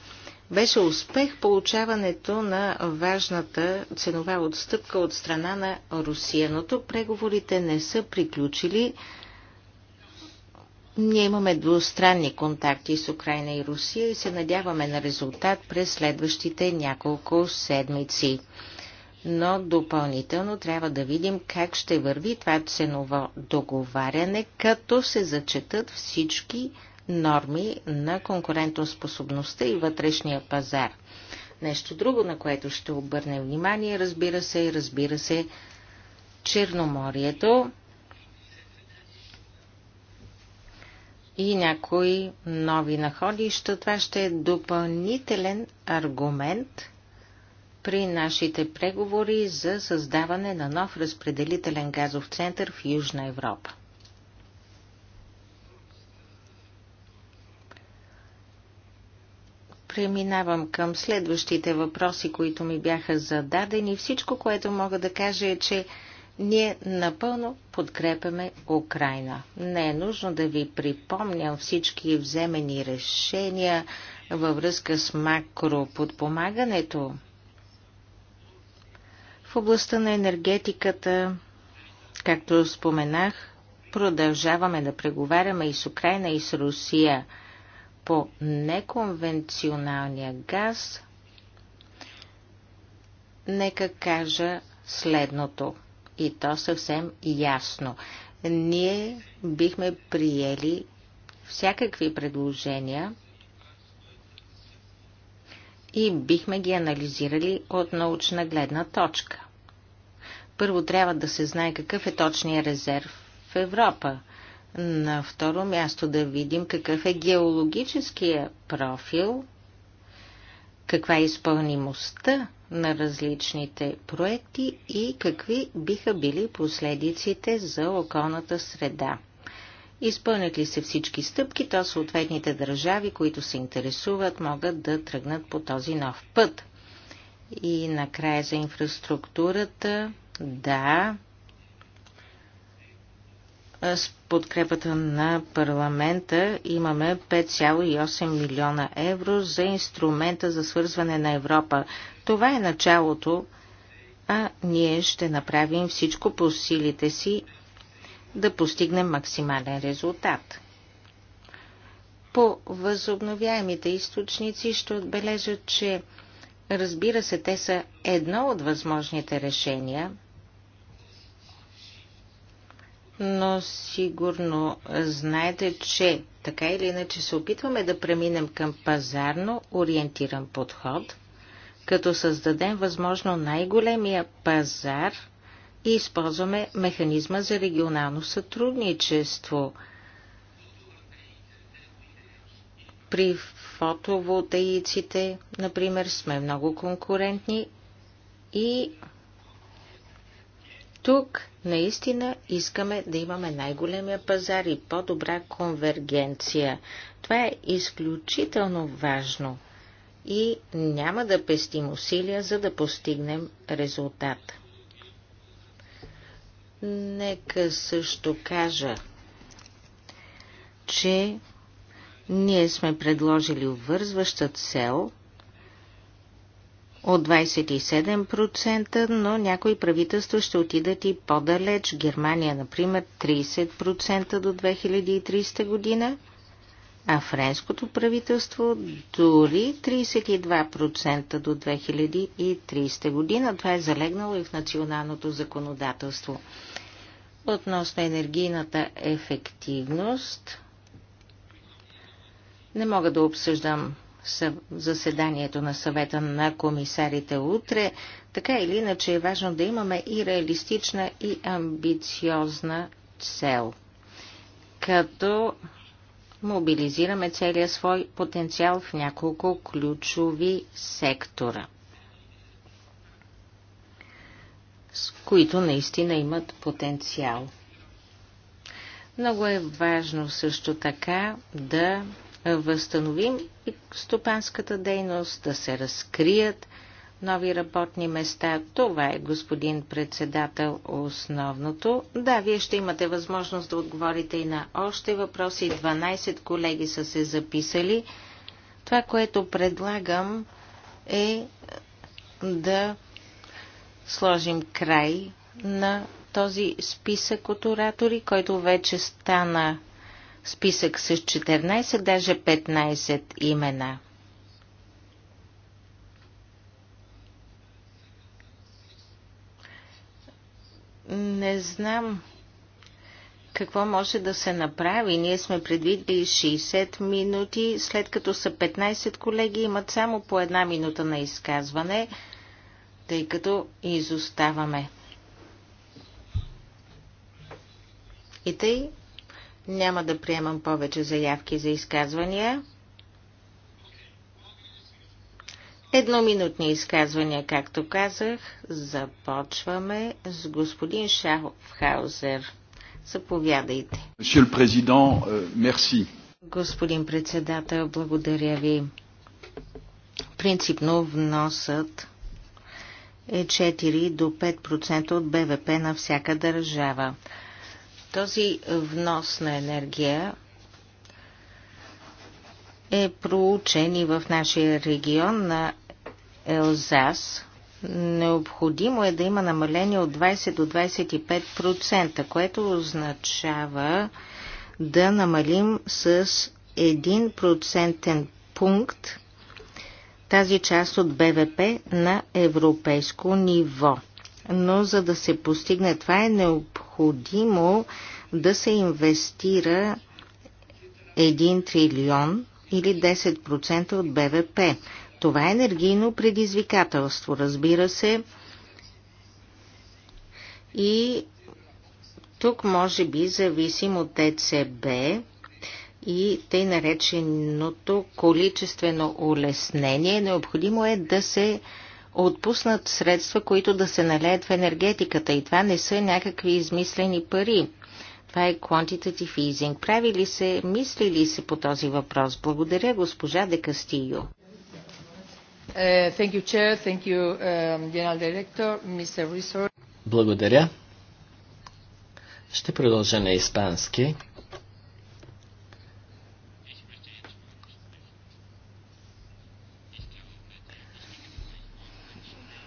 беше успех получаването на важната ценова отстъпка от страна на Русия, но тук преговорите не са приключили, ние имаме двустранни контакти с Украина и Русия и се надяваме на резултат през следващите няколко седмици. Но допълнително трябва да видим как ще върви това ценово договаряне, като се зачетат всички норми на конкурентоспособността и вътрешния пазар. Нещо друго, на което ще обърнем внимание, разбира се, разбира се, Черноморието, и някои нови находища. Това ще е допълнителен аргумент при нашите преговори за създаване на нов разпределителен газов център в Южна Европа. Преминавам към следващите въпроси, които ми бяха зададени. Всичко, което мога да кажа е, че ние напълно подкрепяме Украина. Не е нужно да ви припомням всички вземени решения във връзка с макроподпомагането. В областта на енергетиката, както споменах, продължаваме да преговаряме и с Украина, и с Русия по неконвенционалния газ. Нека кажа следното – и то съвсем ясно. Ние бихме приели всякакви предложения и бихме ги анализирали от научна гледна точка. Първо трябва да се знае какъв е точният резерв в Европа. На второ място да видим какъв е геологическия профил, каква е изпълнимостта на различните проекти и какви биха били последиците за околната среда. Изпълнят ли се всички стъпки, то съответните държави, които се интересуват, могат да тръгнат по този нов път. И накрая за инфраструктурата, да, с подкрепата на парламента имаме 5,8 милиона евро за инструмента за свързване на Европа. Това е началото, а ние ще направим всичко по силите си да постигнем максимален резултат. По възобновяемите източници ще отбележа, че разбира се, те са едно от възможните решения, но сигурно знаете, че така или иначе се опитваме да преминем към пазарно ориентиран подход – като създадем възможно най-големия пазар и използваме механизма за регионално сътрудничество. При фотоволтаиците, например, сме много конкурентни и тук наистина искаме да имаме най-големия пазар и по-добра конвергенция. Това е изключително важно и няма да пестим усилия, за да постигнем резултат. Нека също кажа, че ние сме предложили вързваща цел от 27%, но някои правителства ще отидат и по-далеч. Германия, например, 30% до 2300 година – а френското правителство дори 32% до 2030 година. Това е залегнало и в националното законодателство. Относно енергийната ефективност, не мога да обсъждам заседанието на съвета на комисарите утре. Така или иначе е важно да имаме и реалистична и амбициозна цел. Като мобилизираме целия свой потенциал в няколко ключови сектора, с които наистина имат потенциал. Много е важно също така да възстановим и стопанската дейност, да се разкрият нови работни места. Това е, господин председател, основното. Да, вие ще имате възможност да отговорите и на още въпроси. 12 колеги са се записали. Това, което предлагам е да сложим край на този списък от оратори, който вече стана списък с 14, даже 15 имена. Не знам какво може да се направи. Ние сме предвидили 60 минути, след като са 15 колеги, имат само по една минута на изказване, тъй като изоставаме. И тъй няма да приемам повече заявки за изказвания. Едноминутни изказвания, както казах, започваме с господин Шафхаузер. Заповядайте. Euh, господин председател, благодаря ви. Принципно вносът е 4 до 5% от БВП на всяка държава. Този внос на енергия е проучен и в нашия регион на Елзас, необходимо е да има намаление от 20 до 25%, което означава да намалим с 1% пункт тази част от БВП на европейско ниво. Но за да се постигне това е необходимо да се инвестира 1 трилион или 10% от БВП. Това е енергийно предизвикателство, разбира се. И тук може би зависим от ЕЦБ и тъй нареченото количествено улеснение. Необходимо е да се отпуснат средства, които да се налеят в енергетиката. И това не са някакви измислени пари. Това е quantitative easing. Прави ли се, мисли ли се по този въпрос. Благодаря, госпожа Декастио. Uh, um, Благодаря. Ще продължа на испански.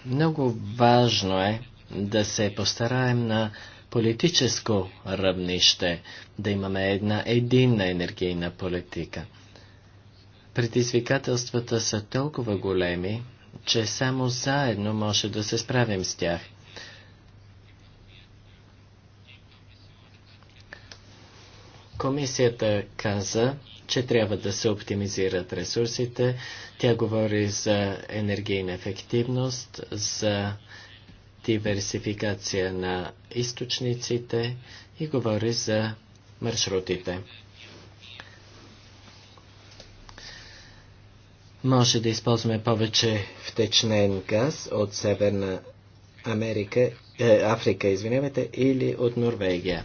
Много важно е да се постараем на политическо равнище, да имаме една единна енергийна политика. Предизвикателствата са толкова големи, че само заедно може да се справим с тях. Комисията каза, че трябва да се оптимизират ресурсите. Тя говори за енергийна ефективност, за диверсификация на източниците и говори за маршрутите. Може да използваме повече втечнен газ от Северна Америка, е, Африка, извинявайте, или от Норвегия.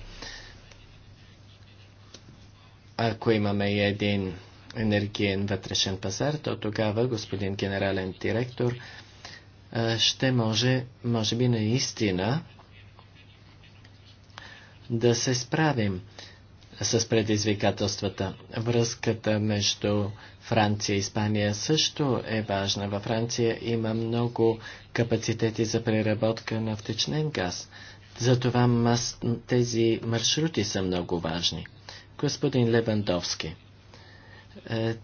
Ако имаме един енергиен вътрешен пазар, то тогава господин генерален директор е, ще може, може би наистина, да се справим с предизвикателствата. Връзката между Франция и Испания също е важна. Във Франция има много капацитети за преработка на втечнен газ. Затова мас... тези маршрути са много важни. Господин Левандовски, е,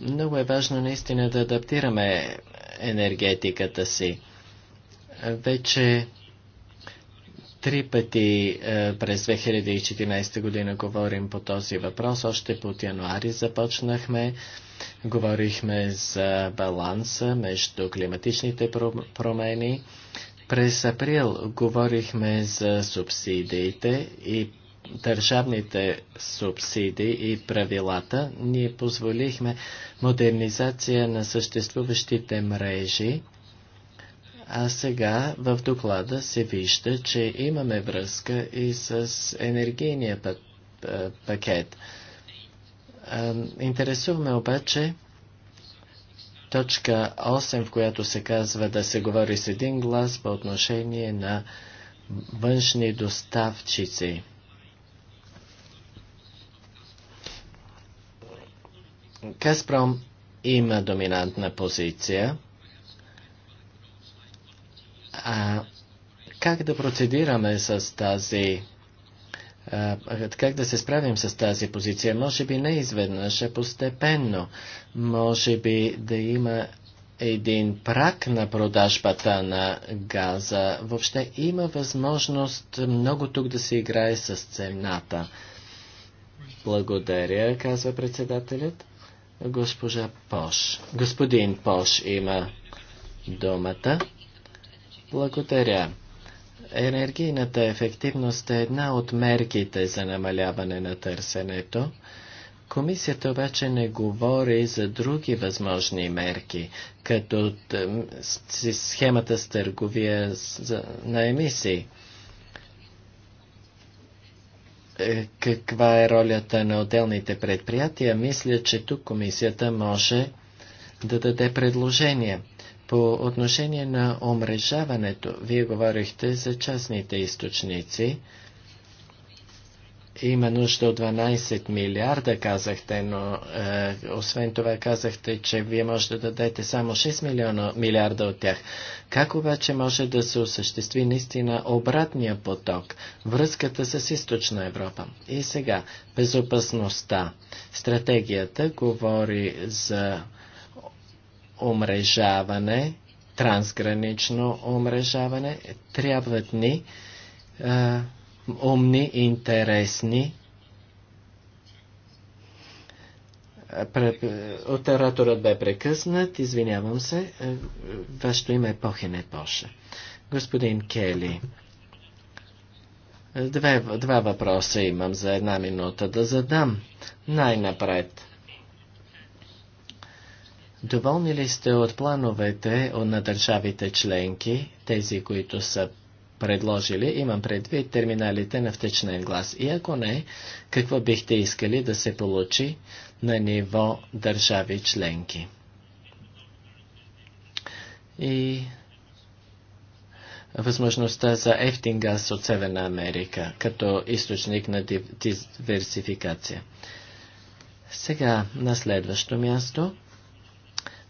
много е важно наистина да адаптираме енергетиката си. Вече Три пъти е, през 2014 година говорим по този въпрос. Още по януари започнахме. Говорихме за баланса между климатичните промени. През април говорихме за субсидиите и държавните субсидии и правилата. Ние позволихме модернизация на съществуващите мрежи а сега в доклада се вижда, че имаме връзка и с енергийния пакет. Интересуваме обаче точка 8, в която се казва да се говори с един глас по отношение на външни доставчици. Каспром има доминантна позиция. А, как да процедираме с тази как да се справим с тази позиция? Може би не изведнъж, а постепенно. Може би да има един прак на продажбата на газа. Въобще има възможност много тук да се играе с цената. Благодаря, казва председателят. Госпожа Пош. Господин Пош има думата. Благодаря. Енергийната ефективност е една от мерките за намаляване на търсенето. Комисията обаче не говори за други възможни мерки, като схемата с търговия на емисии. Е, каква е ролята на отделните предприятия? Мисля, че тук комисията може да даде предложение. По отношение на омрежаването, вие говорихте за частните източници. Има нужда от 12 милиарда, казахте, но е, освен това казахте, че вие може да дадете само 6 милиона, милиарда от тях. Как обаче може да се осъществи наистина обратния поток, връзката с източна Европа? И сега, безопасността. Стратегията говори за омрежаване, трансгранично омрежаване, е, трябват ни е, умни, интересни Отераторът бе прекъснат, извинявам се, вашето име е Похене Поше. Господин Кели, две, два въпроса имам за една минута да задам. Най-напред. Доволни ли сте от плановете на държавите членки, тези, които са предложили, имам предвид терминалите на втечнен глас. И ако не, какво бихте искали да се получи на ниво държави членки? И възможността за ефтин газ от Северна Америка като източник на диверсификация. Сега на следващо място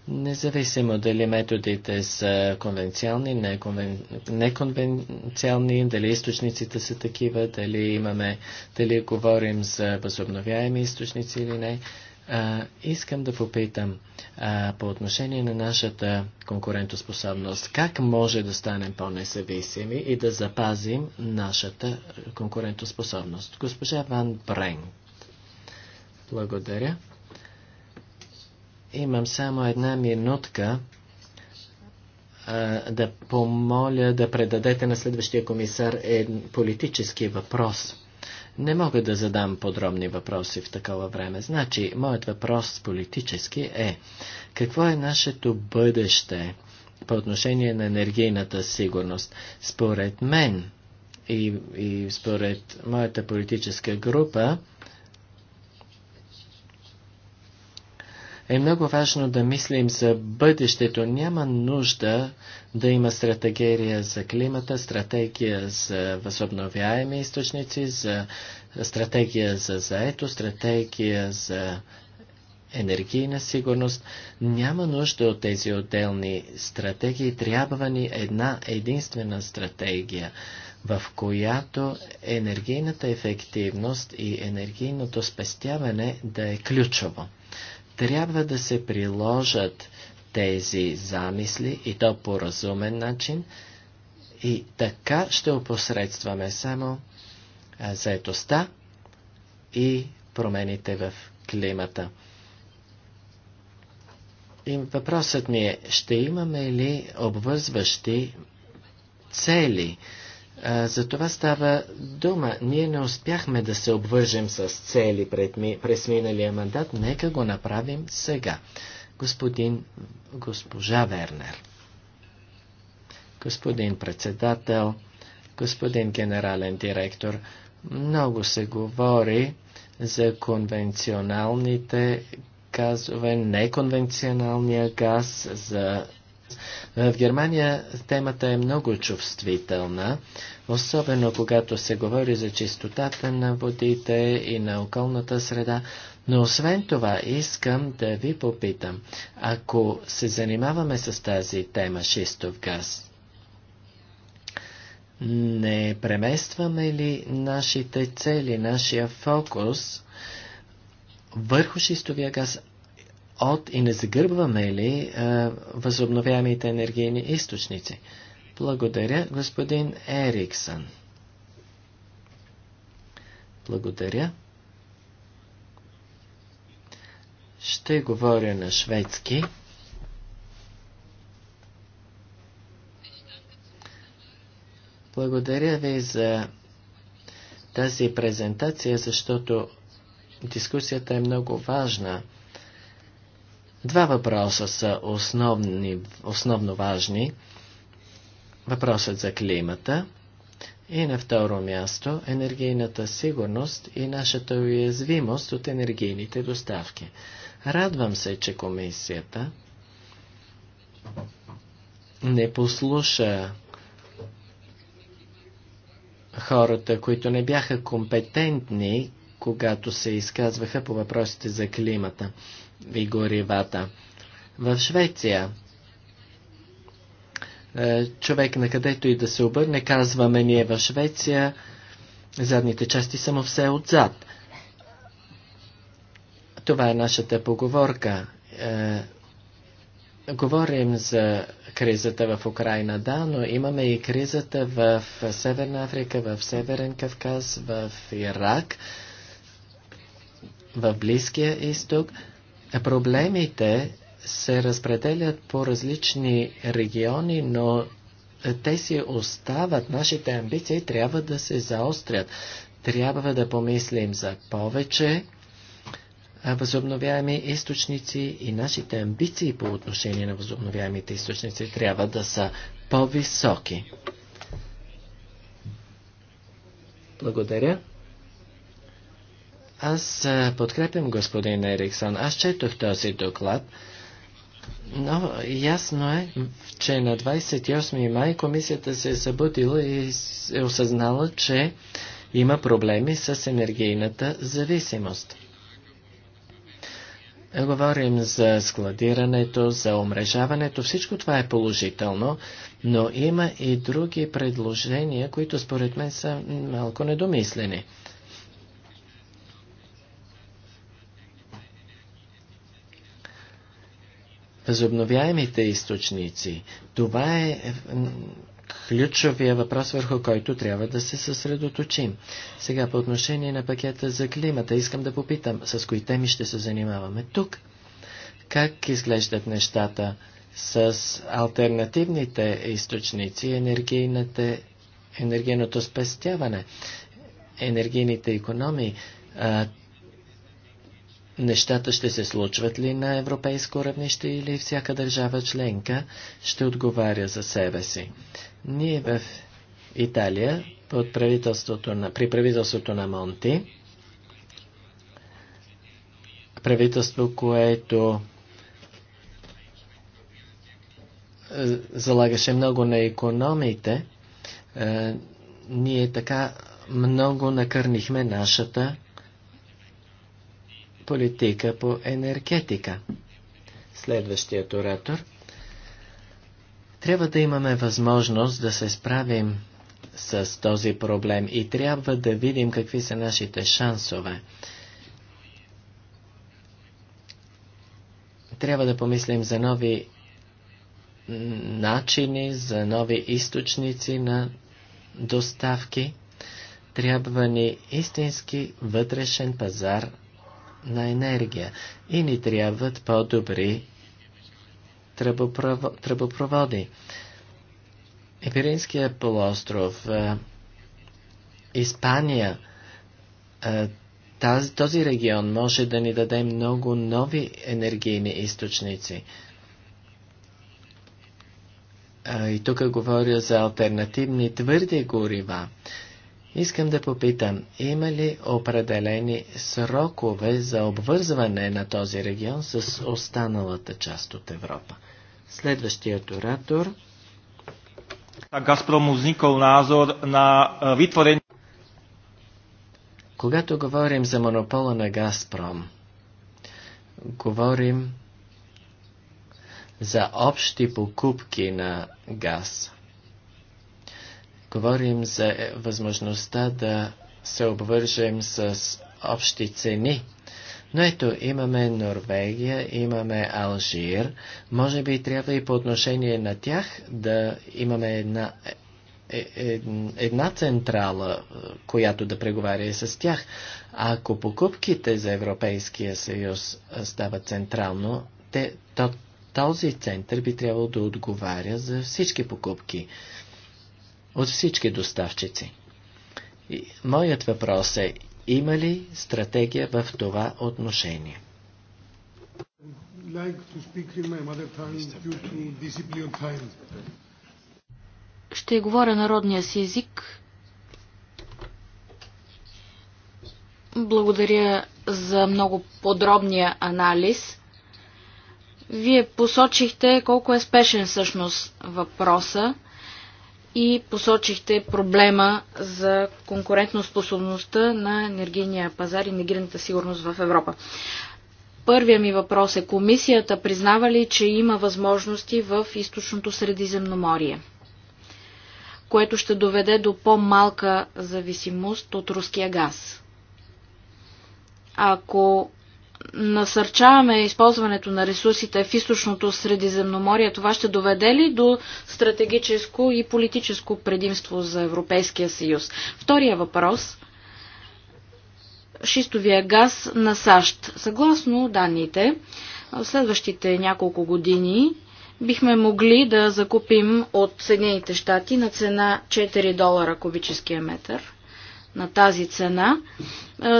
Независимо дали методите са конвенциални, неконвен... неконвенциални, дали източниците са такива, дали имаме, дали говорим за възобновяеми източници или не, а, искам да попитам а, по отношение на нашата конкурентоспособност. Как може да станем по-независими и да запазим нашата конкурентоспособност? Госпожа Ван Брен. Благодаря. Имам само една минутка а, да помоля да предадете на следващия комисар един политически въпрос. Не мога да задам подробни въпроси в такова време. Значи, моят въпрос политически е какво е нашето бъдеще по отношение на енергийната сигурност? Според мен и, и според моята политическа група, е много важно да мислим за бъдещето. Няма нужда да има стратегия за климата, стратегия за възобновяеми източници, за стратегия за заето, стратегия за енергийна сигурност. Няма нужда от тези отделни стратегии. Трябва ни една единствена стратегия в която енергийната ефективност и енергийното спестяване да е ключово трябва да се приложат тези замисли и то по разумен начин и така ще опосредстваме само заетостта и промените в климата. И въпросът ми е, ще имаме ли обвързващи цели? За това става дума. Ние не успяхме да се обвържем с цели пред ми, през миналия мандат. Нека го направим сега. Господин, госпожа Вернер. Господин председател, господин генерален директор, много се говори за конвенционалните газове, неконвенционалния газ, за е, в Германия темата е много чувствителна, особено когато се говори за чистотата на водите и на околната среда. Но освен това искам да ви попитам, ако се занимаваме с тази тема шистов газ, не преместваме ли нашите цели, нашия фокус върху шистовия газ, от и не загърбваме ли а, възобновяемите енергийни източници? Благодаря, господин Ериксън. Благодаря. Ще говоря на шведски. Благодаря ви за тази презентация, защото дискусията е много важна. Два въпроса са основни, основно важни. Въпросът за климата и на второ място енергийната сигурност и нашата уязвимост от енергийните доставки. Радвам се, че комисията не послуша хората, които не бяха компетентни, когато се изказваха по въпросите за климата и горивата. В Швеция е, човек на където и да се обърне, казваме ние в Швеция, задните части само все отзад. Това е нашата поговорка. Е, говорим за кризата в Украина, да, но имаме и кризата в Северна Африка, в Северен Кавказ, в Ирак, в Близкия изток. Проблемите се разпределят по различни региони, но те си остават. Нашите амбиции трябва да се заострят. Трябва да помислим за повече възобновяеми източници и нашите амбиции по отношение на възобновяемите източници трябва да са по-високи. Благодаря. Аз подкрепям господин Ериксон. Аз четох този доклад, но ясно е, че на 28 май комисията се е събудила и е осъзнала, че има проблеми с енергийната зависимост. Говорим за складирането, за омрежаването, всичко това е положително, но има и други предложения, които според мен са малко недомислени. възобновяемите източници. Това е, е ключовия въпрос, върху който трябва да се съсредоточим. Сега по отношение на пакета за климата, искам да попитам с кои теми ще се занимаваме тук. Как изглеждат нещата с альтернативните източници, енергийните, енергийното спестяване, енергийните економии? Нещата ще се случват ли на европейско равнище или всяка държава членка ще отговаря за себе си? Ние в Италия, под правителството на, при правителството на Монти, правителство, което е, залагаше много на економите, е, ние така много накърнихме нашата политика по енергетика. Следващият оратор. Трябва да имаме възможност да се справим с този проблем и трябва да видим какви са нашите шансове. Трябва да помислим за нови начини, за нови източници на доставки. Трябва ни истински вътрешен пазар на енергия и ни трябват по-добри тръбопроводи. Епиринския полуостров, е, Испания, е, тази, този регион може да ни даде много нови енергийни източници. Е, и тук говоря за альтернативни твърди горива. Искам да попитам, има ли определени срокове за обвързване на този регион с останалата част от Европа? Следващият оратор. Газпром узникал назор на витворение. Когато говорим за монопола на Газпром, говорим за общи покупки на газ. Говорим за възможността да се обвържем с общи цени. Но ето, имаме Норвегия, имаме Алжир. Може би трябва и по отношение на тях да имаме една, е, е, една централа, е, която да преговаря с тях. А ако покупките за Европейския съюз стават централно, те, то, този център би трябвало да отговаря за всички покупки от всички доставчици. И моят въпрос е, има ли стратегия в това отношение? Ще говоря народния си език. Благодаря за много подробния анализ. Вие посочихте колко е спешен всъщност въпроса и посочихте проблема за конкурентоспособността на енергийния пазар и енергийната сигурност в Европа. Първия ми въпрос е, комисията признава ли, че има възможности в източното Средиземноморие, което ще доведе до по-малка зависимост от руския газ? Ако насърчаваме използването на ресурсите в източното Средиземноморие, това ще доведе ли до стратегическо и политическо предимство за Европейския съюз? Втория въпрос шистовия газ на САЩ. Съгласно данните, в следващите няколко години бихме могли да закупим от Съединените щати на цена 4 долара кубическия метър – на тази цена,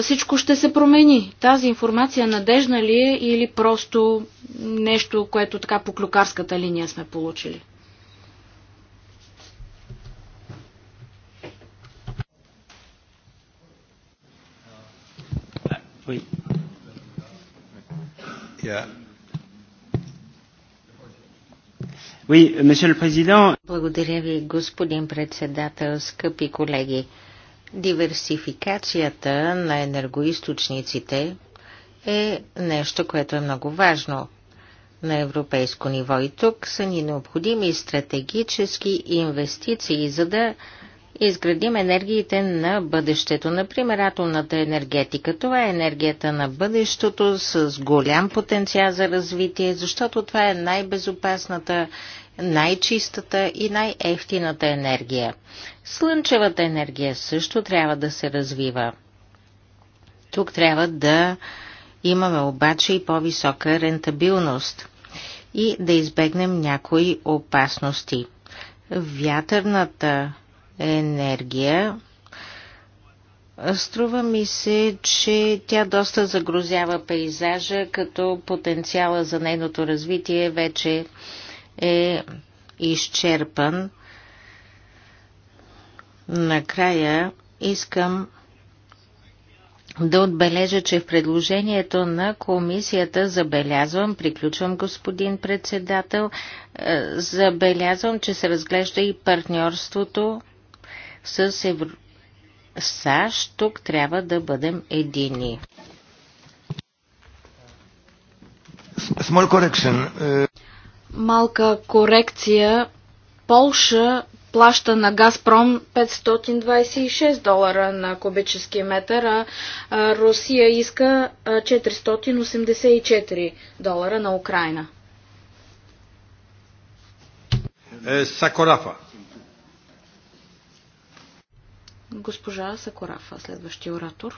всичко ще се промени. Тази информация надежна ли е или просто нещо, което така по клюкарската линия сме получили? Благодаря ви, господин председател, скъпи колеги. Диверсификацията на енергоисточниците е нещо, което е много важно на европейско ниво. И тук са ни необходими стратегически инвестиции, за да изградим енергиите на бъдещето. Например, атомната енергетика. Това е енергията на бъдещето с голям потенциал за развитие, защото това е най-безопасната енергия най-чистата и най-ефтината енергия. Слънчевата енергия също трябва да се развива. Тук трябва да имаме обаче и по-висока рентабилност и да избегнем някои опасности. Вятърната енергия Струва ми се, че тя доста загрозява пейзажа, като потенциала за нейното развитие вече е изчерпан. Накрая искам да отбележа, че в предложението на комисията забелязвам, приключвам господин председател, е, забелязвам, че се разглежда и партньорството с Евро... САЩ. Тук трябва да бъдем едини. Small correction. Е, малка корекция. Полша плаща на Газпром 526 долара на кубически метър, а Русия иска 484 долара на Украина. Е, Сакорафа. Госпожа Сакорафа, следващия оратор.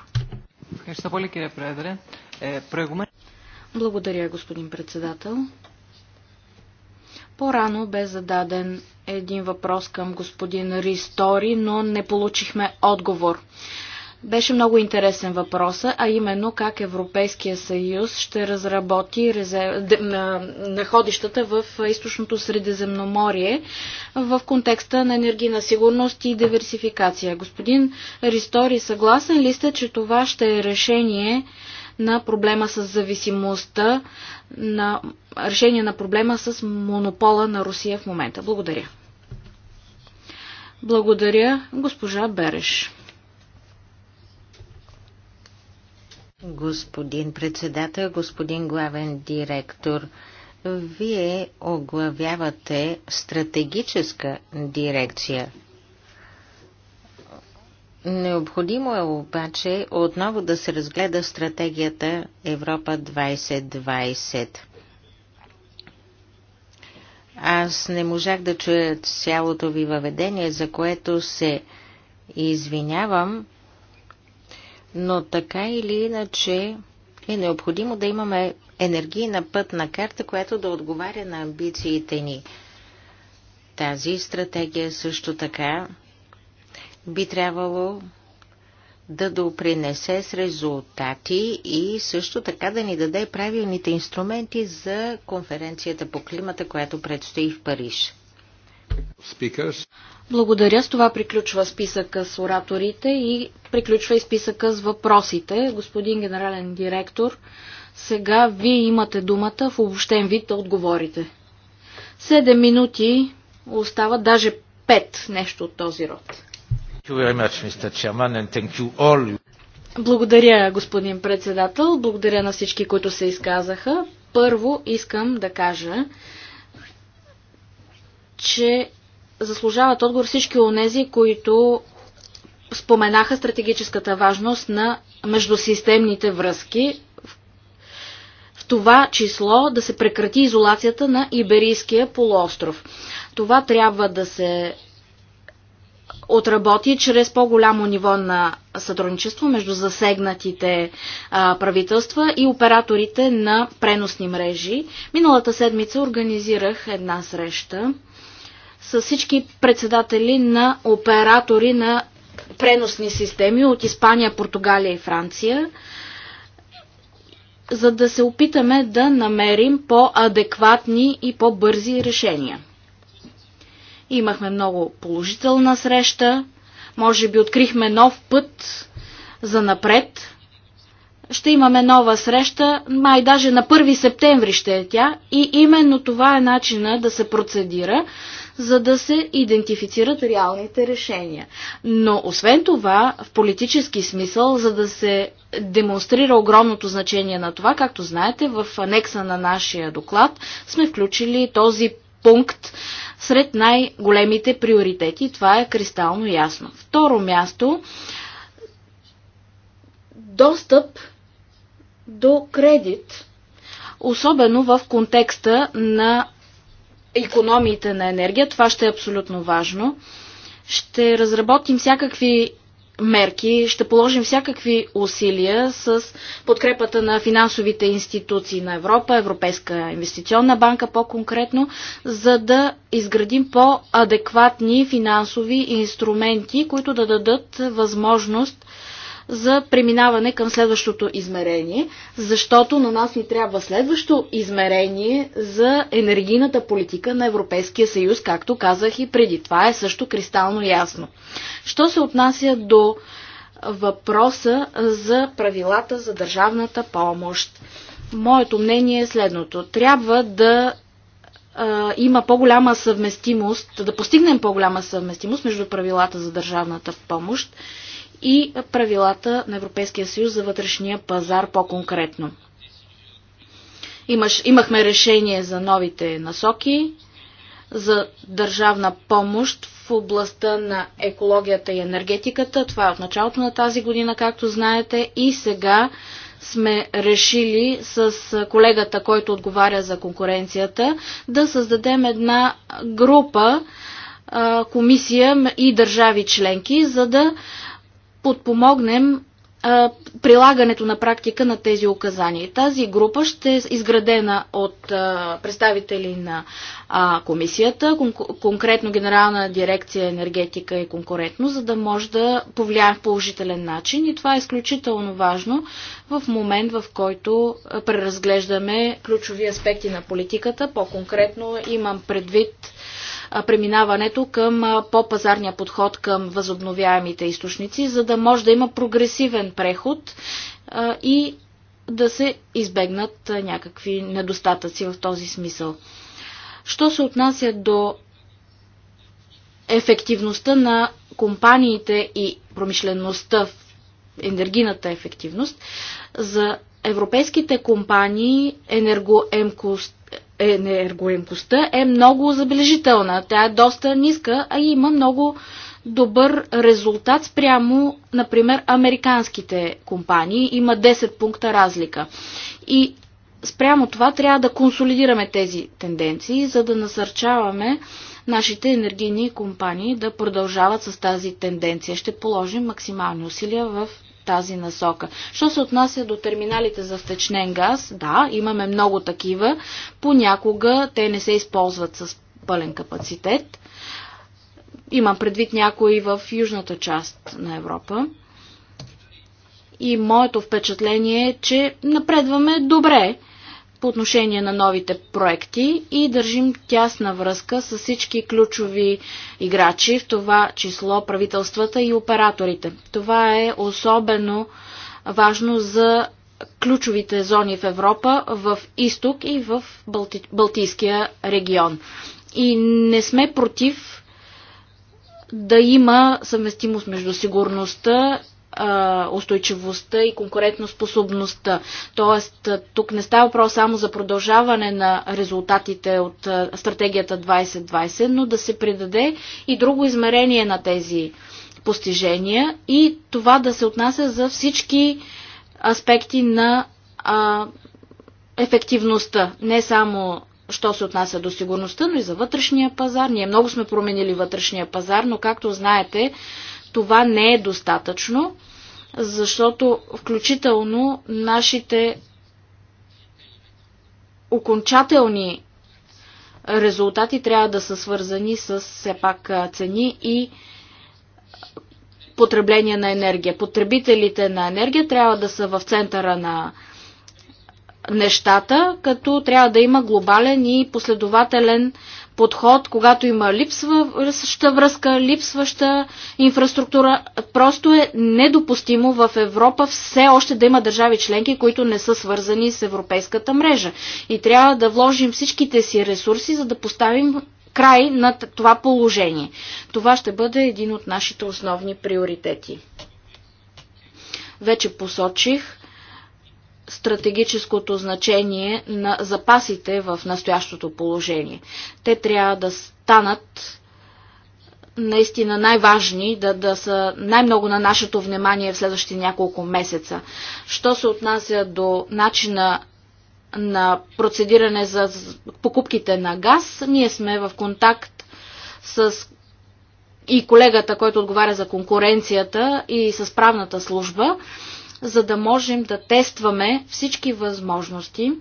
Благодаря, господин председател. По-рано бе зададен един въпрос към господин Ристори, но не получихме отговор. Беше много интересен въпроса, а именно как Европейския съюз ще разработи резерв... находищата в източното Средиземноморие в контекста на енергийна сигурност и диверсификация. Господин Ристори, съгласен ли сте, че това ще е решение на проблема с зависимостта, на решение на проблема с монопола на Русия в момента. Благодаря. Благодаря, госпожа Береш. Господин председател, господин главен директор, вие оглавявате стратегическа дирекция Необходимо е обаче отново да се разгледа стратегията Европа 2020. Аз не можах да чуя цялото ви въведение, за което се извинявам, но така или иначе е необходимо да имаме енергийна пътна карта, която да отговаря на амбициите ни. Тази стратегия също така би трябвало да допринесе с резултати и също така да ни даде правилните инструменти за конференцията по климата, която предстои в Париж. Speakers. Благодаря. С това приключва списъка с ораторите и приключва и списъка с въпросите. Господин генерален директор, сега вие имате думата в обобщен вид да отговорите. Седем минути остават, даже пет нещо от този род. Благодаря, господин председател. Благодаря на всички, които се изказаха. Първо искам да кажа, че заслужават отговор всички онези, които споменаха стратегическата важност на междусистемните връзки, в това число да се прекрати изолацията на Иберийския полуостров. Това трябва да се отработи чрез по-голямо ниво на сътрудничество между засегнатите а, правителства и операторите на преносни мрежи. Миналата седмица организирах една среща с всички председатели на оператори на преносни системи от Испания, Португалия и Франция, за да се опитаме да намерим по-адекватни и по-бързи решения. Имахме много положителна среща. Може би открихме нов път за напред. Ще имаме нова среща, май даже на 1 септември ще е тя. И именно това е начина да се процедира, за да се идентифицират реалните решения. Но освен това, в политически смисъл, за да се демонстрира огромното значение на това, както знаете, в анекса на нашия доклад сме включили този пункт сред най-големите приоритети. Това е кристално ясно. Второ място достъп до кредит, особено в контекста на економиите на енергия. Това ще е абсолютно важно. Ще разработим всякакви мерки. Ще положим всякакви усилия с подкрепата на финансовите институции на Европа, Европейска инвестиционна банка по-конкретно, за да изградим по-адекватни финансови инструменти, които да дадат възможност за преминаване към следващото измерение, защото на нас ни трябва следващо измерение за енергийната политика на Европейския съюз, както казах и преди. Това е също кристално ясно. Що се отнася до въпроса за правилата за държавната помощ? Моето мнение е следното. Трябва да има по-голяма съвместимост, да постигнем по-голяма съвместимост между правилата за държавната помощ и правилата на Европейския съюз за вътрешния пазар по-конкретно. Имаш, имахме решение за новите насоки, за държавна помощ в областта на екологията и енергетиката. Това е от началото на тази година, както знаете. И сега сме решили с колегата, който отговаря за конкуренцията, да създадем една група, комисия и държави членки, за да подпомогнем а, прилагането на практика на тези указания. Тази група ще е изградена от а, представители на а, комисията, кон- конкретно Генерална дирекция енергетика и конкурентно, за да може да повлияе в положителен начин и това е изключително важно в момент, в който преразглеждаме ключови аспекти на политиката. По-конкретно имам предвид преминаването към по-пазарния подход към възобновяемите източници, за да може да има прогресивен преход и да се избегнат някакви недостатъци в този смисъл. Що се отнася до ефективността на компаниите и промишлеността в енергийната ефективност, за европейските компании енергоемкост енергоемкостта е много забележителна. Тя е доста ниска, а има много добър резултат спрямо, например, американските компании. Има 10 пункта разлика. И спрямо това трябва да консолидираме тези тенденции, за да насърчаваме нашите енергийни компании да продължават с тази тенденция. Ще положим максимални усилия в тази насока. Що се отнася до терминалите за втечнен газ, да, имаме много такива. Понякога те не се използват с пълен капацитет. Имам предвид някои в южната част на Европа. И моето впечатление е, че напредваме добре по отношение на новите проекти и държим тясна връзка с всички ключови играчи, в това число правителствата и операторите. Това е особено важно за ключовите зони в Европа, в изток и в Балти... Балтийския регион. И не сме против да има съвместимост между сигурността устойчивостта и конкурентоспособността. Тоест, тук не става въпрос само за продължаване на резултатите от стратегията 2020, но да се придаде и друго измерение на тези постижения и това да се отнася за всички аспекти на а, ефективността, не само що се отнася до сигурността, но и за вътрешния пазар. Ние много сме променили вътрешния пазар, но както знаете, това не е достатъчно, защото включително нашите окончателни резултати трябва да са свързани с все пак цени и потребление на енергия. Потребителите на енергия трябва да са в центъра на нещата, като трябва да има глобален и последователен подход, когато има липсваща връзка, липсваща инфраструктура. Просто е недопустимо в Европа все още да има държави членки, които не са свързани с европейската мрежа. И трябва да вложим всичките си ресурси, за да поставим край на това положение. Това ще бъде един от нашите основни приоритети. Вече посочих, стратегическото значение на запасите в настоящото положение. Те трябва да станат наистина най-важни, да, да са най-много на нашето внимание в следващите няколко месеца. Що се отнася до начина на процедиране за покупките на газ, ние сме в контакт с и колегата, който отговаря за конкуренцията и с правната служба за да можем да тестваме всички възможности,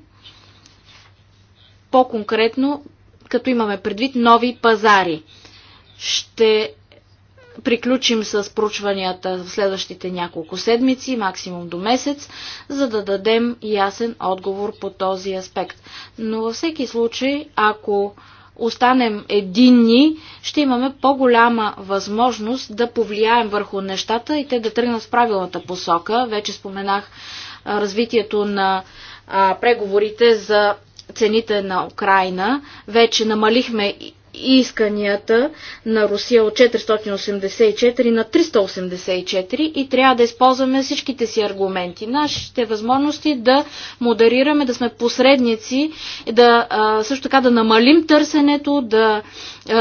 по-конкретно, като имаме предвид нови пазари. Ще приключим с проучванията в следващите няколко седмици, максимум до месец, за да дадем ясен отговор по този аспект. Но във всеки случай, ако останем единни, ще имаме по-голяма възможност да повлияем върху нещата и те да тръгнат в правилната посока. Вече споменах развитието на преговорите за цените на Украина. Вече намалихме исканията на Русия от 484 на 384 и трябва да използваме всичките си аргументи, нашите възможности да модерираме, да сме посредници, да, също така да намалим търсенето, да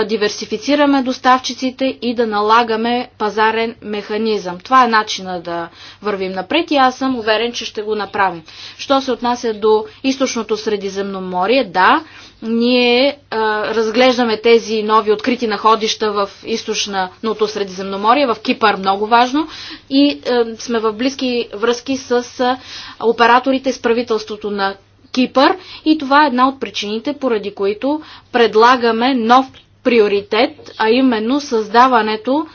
диверсифицираме доставчиците и да налагаме пазарен механизъм. Това е начина да вървим напред и аз съм уверен, че ще го направим. Що се отнася до източното Средиземноморие, да, ние а, разглеждаме тези нови открити находища в източното Средиземноморие, в Кипър много важно и а, сме в близки връзки с а, операторите с правителството на Кипър и това е една от причините, поради които предлагаме нов приоритет, а именно създаването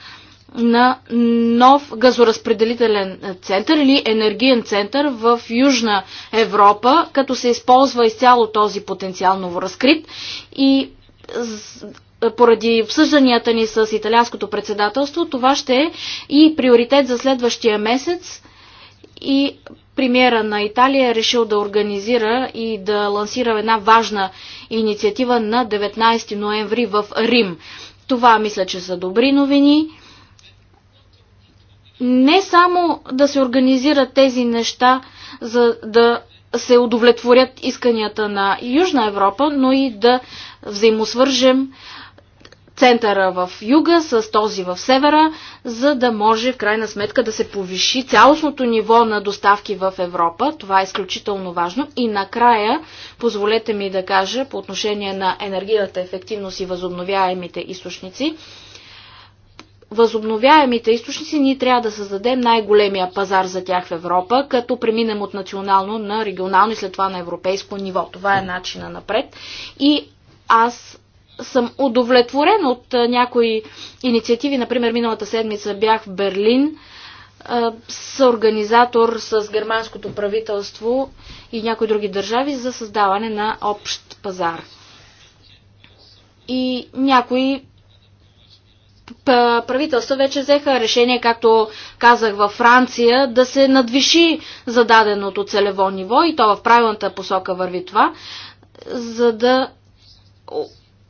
на нов газоразпределителен център или енергиен център в Южна Европа, като се използва изцяло този потенциал новоразкрит и поради обсъжданията ни с италианското председателство, това ще е и приоритет за следващия месец и премиера на Италия е решил да организира и да лансира една важна инициатива на 19 ноември в Рим. Това мисля, че са добри новини не само да се организират тези неща, за да се удовлетворят исканията на Южна Европа, но и да взаимосвържем центъра в юга с този в севера, за да може в крайна сметка да се повиши цялостното ниво на доставки в Европа. Това е изключително важно. И накрая, позволете ми да кажа по отношение на енергията, ефективност и възобновяемите източници, възобновяемите източници ние трябва да създадем най-големия пазар за тях в Европа, като преминем от национално на регионално и след това на европейско ниво. Това е начина напред. И аз съм удовлетворен от някои инициативи. Например, миналата седмица бях в Берлин с организатор с германското правителство и някои други държави за създаване на общ пазар. И някои правителства вече взеха решение, както казах във Франция, да се надвиши зададеното целево ниво и то в правилната посока върви това, за да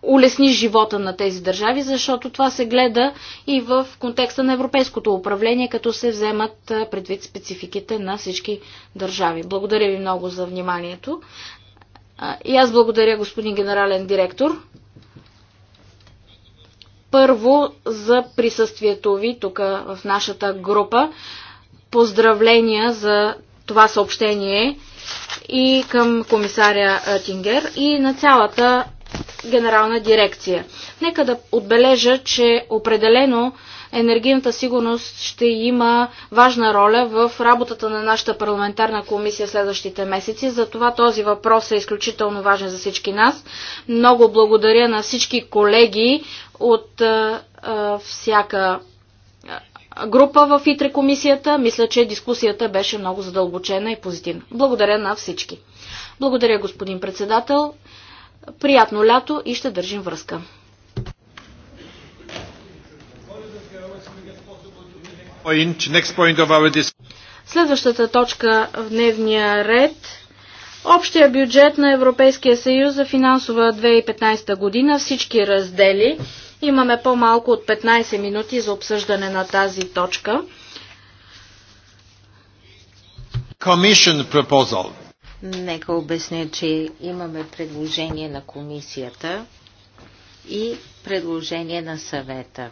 улесни живота на тези държави, защото това се гледа и в контекста на европейското управление, като се вземат предвид спецификите на всички държави. Благодаря ви много за вниманието. И аз благодаря господин генерален директор. Първо за присъствието ви тук в нашата група. Поздравления за това съобщение и към комисаря Тингер и на цялата генерална дирекция. Нека да отбележа, че определено енергийната сигурност ще има важна роля в работата на нашата парламентарна комисия следващите месеци. Затова този въпрос е изключително важен за всички нас. Много благодаря на всички колеги, от а, а, всяка група в ИТРЕ комисията. Мисля, че дискусията беше много задълбочена и позитивна. Благодаря на всички. Благодаря, господин председател. Приятно лято и ще държим връзка. Следващата точка в дневния ред Общия бюджет на Европейския съюз за финансова 2015 година, всички раздели. Имаме по-малко от 15 минути за обсъждане на тази точка. Нека обясня, че имаме предложение на комисията и предложение на съвета.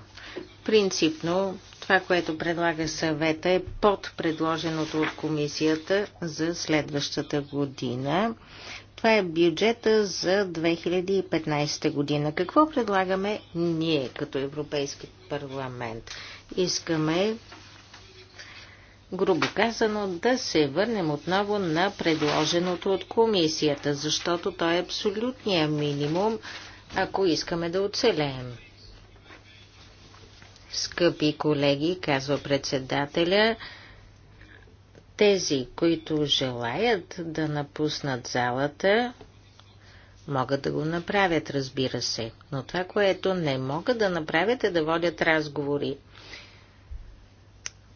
Принципно това, което предлага съвета е под предложеното от комисията за следващата година. Това е бюджета за 2015 година. Какво предлагаме ние като Европейски парламент? Искаме, грубо казано, да се върнем отново на предложеното от комисията, защото то е абсолютния минимум, ако искаме да оцелеем. Скъпи колеги, казва председателя, тези, които желаят да напуснат залата, могат да го направят, разбира се. Но това, което не могат да направят е да водят разговори.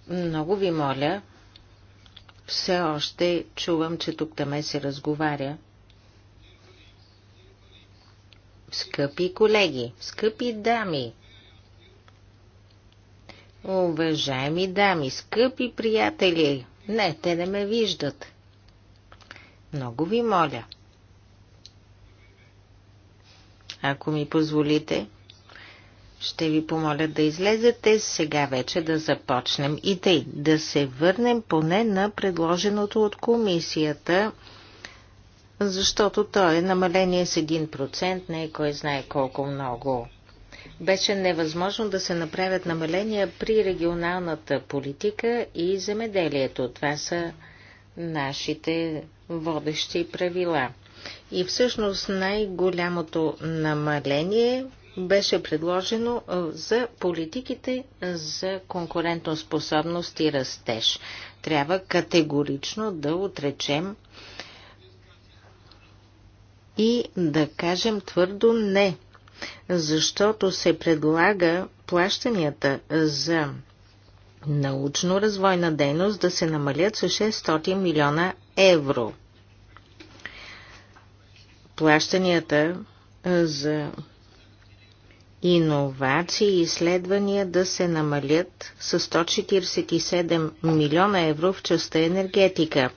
Много ви моля, все още чувам, че тук таме се разговаря. Скъпи колеги, скъпи дами, уважаеми дами, скъпи приятели, не, те не ме виждат. Много ви моля. Ако ми позволите, ще ви помоля да излезете сега вече да започнем и тъй да се върнем поне на предложеното от комисията, защото то е намаление с 1%, не е кой знае колко много беше невъзможно да се направят намаления при регионалната политика и земеделието. Това са нашите водещи правила. И всъщност най-голямото намаление беше предложено за политиките за конкурентоспособност и растеж. Трябва категорично да отречем и да кажем твърдо не защото се предлага плащанията за научно-развойна дейност да се намалят с 600 милиона евро. Плащанията за иновации и изследвания да се намалят с 147 милиона евро в частта енергетика.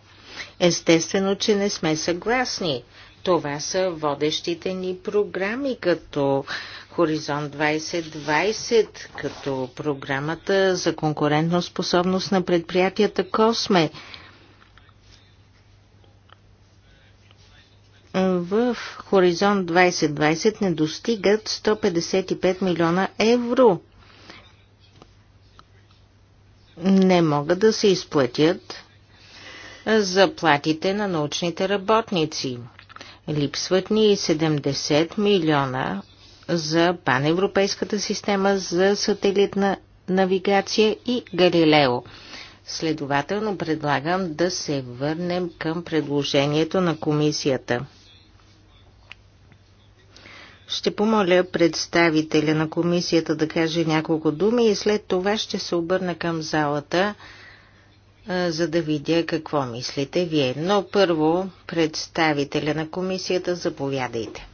Естествено, че не сме съгласни – това са водещите ни програми, като Хоризонт 2020, като програмата за конкурентно способност на предприятията Косме. В Хоризонт 2020 не достигат 155 милиона евро. Не могат да се изплатят заплатите на научните работници. Липсват ни 70 милиона за паневропейската система за сателитна навигация и Галилео. Следователно предлагам да се върнем към предложението на комисията. Ще помоля представителя на комисията да каже няколко думи и след това ще се обърна към залата за да видя какво мислите вие. Но първо, представителя на комисията, заповядайте.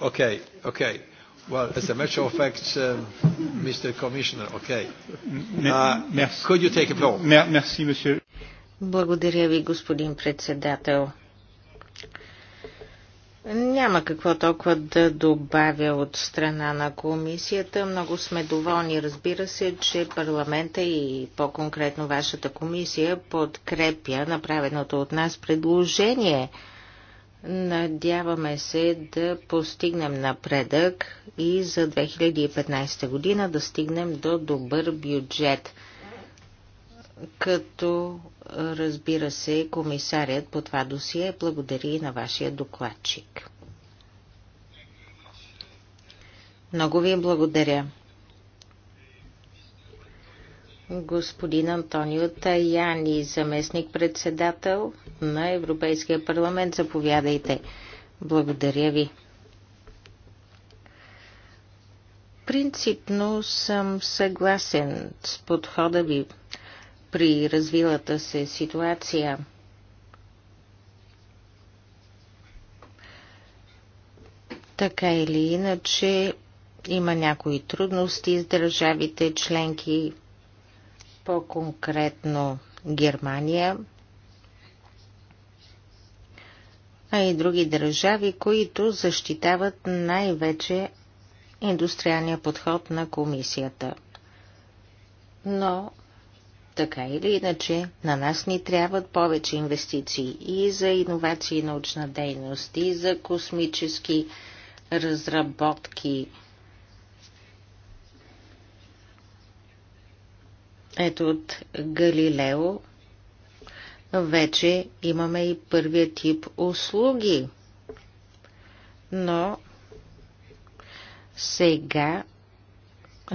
Окей, окей. Well, as a matter of fact, uh, Mr. Commissioner, okay. Uh, could you take a floor? Merci, monsieur. Благодаря ви, господин председател. Няма какво толкова да добавя от страна на комисията. Много сме доволни, разбира се, че парламента и по-конкретно вашата комисия подкрепя направеното от нас предложение. Надяваме се да постигнем напредък и за 2015 година да стигнем до добър бюджет – като разбира се комисарят по това досие благодари на вашия докладчик. Много ви благодаря. Господин Антонио Таяни, заместник-председател на Европейския парламент, заповядайте. Благодаря ви. Принципно съм съгласен с подхода ви при развилата се ситуация. Така или иначе, има някои трудности с държавите членки, по-конкретно Германия, а и други държави, които защитават най-вече индустриалния подход на комисията. Но така или иначе, на нас ни трябват повече инвестиции и за иновации и научна дейност, и за космически разработки. Ето от Галилео вече имаме и първия тип услуги. Но сега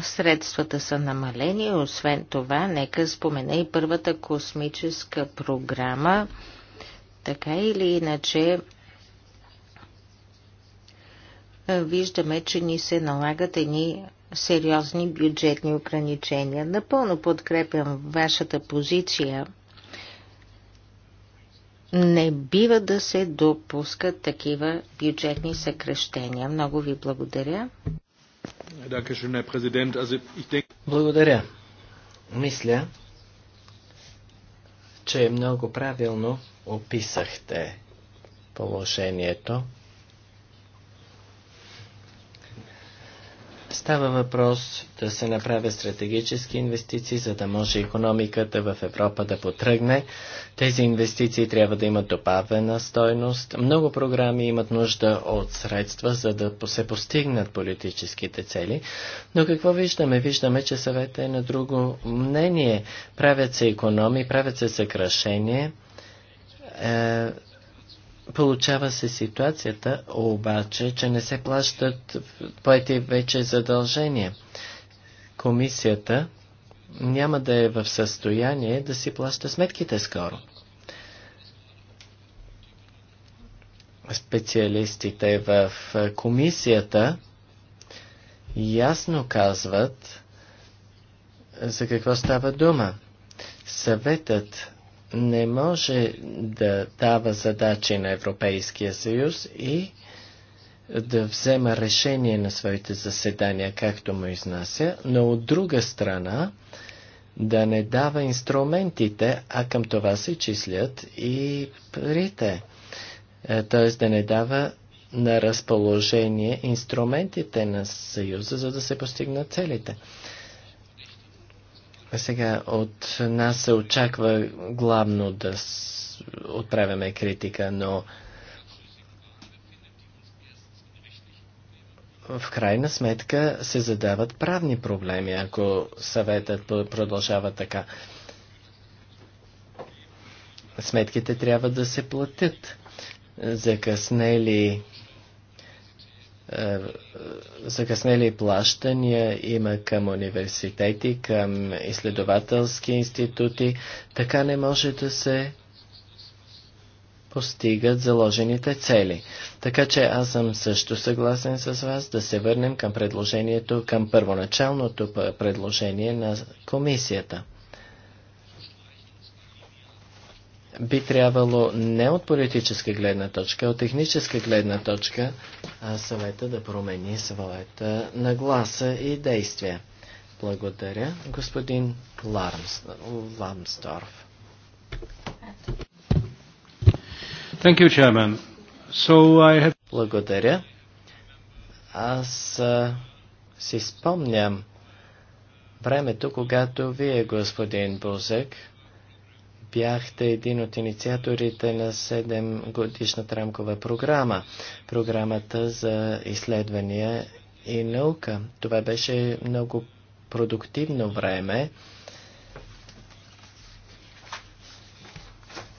Средствата са намалени, освен това, нека спомена и първата космическа програма. Така или иначе, виждаме, че ни се налагат едни сериозни бюджетни ограничения. Напълно подкрепям вашата позиция. Не бива да се допускат такива бюджетни съкрещения. Много ви благодаря. Благодаря. Мисля, че много правилно описахте положението. Става въпрос да се направят стратегически инвестиции, за да може економиката в Европа да потръгне. Тези инвестиции трябва да имат добавена стойност. Много програми имат нужда от средства, за да се постигнат политическите цели. Но какво виждаме? Виждаме, че съвета е на друго мнение. Правят се економи, правят се съкрашения е, Получава се ситуацията, обаче, че не се плащат поети вече задължения. Комисията няма да е в състояние да си плаща сметките скоро. Специалистите в комисията ясно казват за какво става дума. Съветът не може да дава задачи на Европейския съюз и да взема решение на своите заседания, както му изнася, но от друга страна да не дава инструментите, а към това се числят и парите. Т.е. да не дава на разположение инструментите на Съюза, за да се постигнат целите. А Сега от нас се очаква главно да отправяме критика, но в крайна сметка се задават правни проблеми, ако съветът продължава така. Сметките трябва да се платят. Закъснели е, е, закъснели плащания има към университети, към изследователски институти. Така не може да се постигат заложените цели. Така че аз съм също съгласен с вас да се върнем към предложението, към първоначалното предложение на комисията. би трябвало не от политическа гледна точка, а от техническа гледна точка съвета да промени своята нагласа и действия. Благодаря, господин Ламс, Thank you, Chairman. So I have... Благодаря. Аз а, си спомням времето, когато вие, господин Бузек, бяхте един от инициаторите на 7 годишната рамкова програма, програмата за изследвания и наука. Това беше много продуктивно време.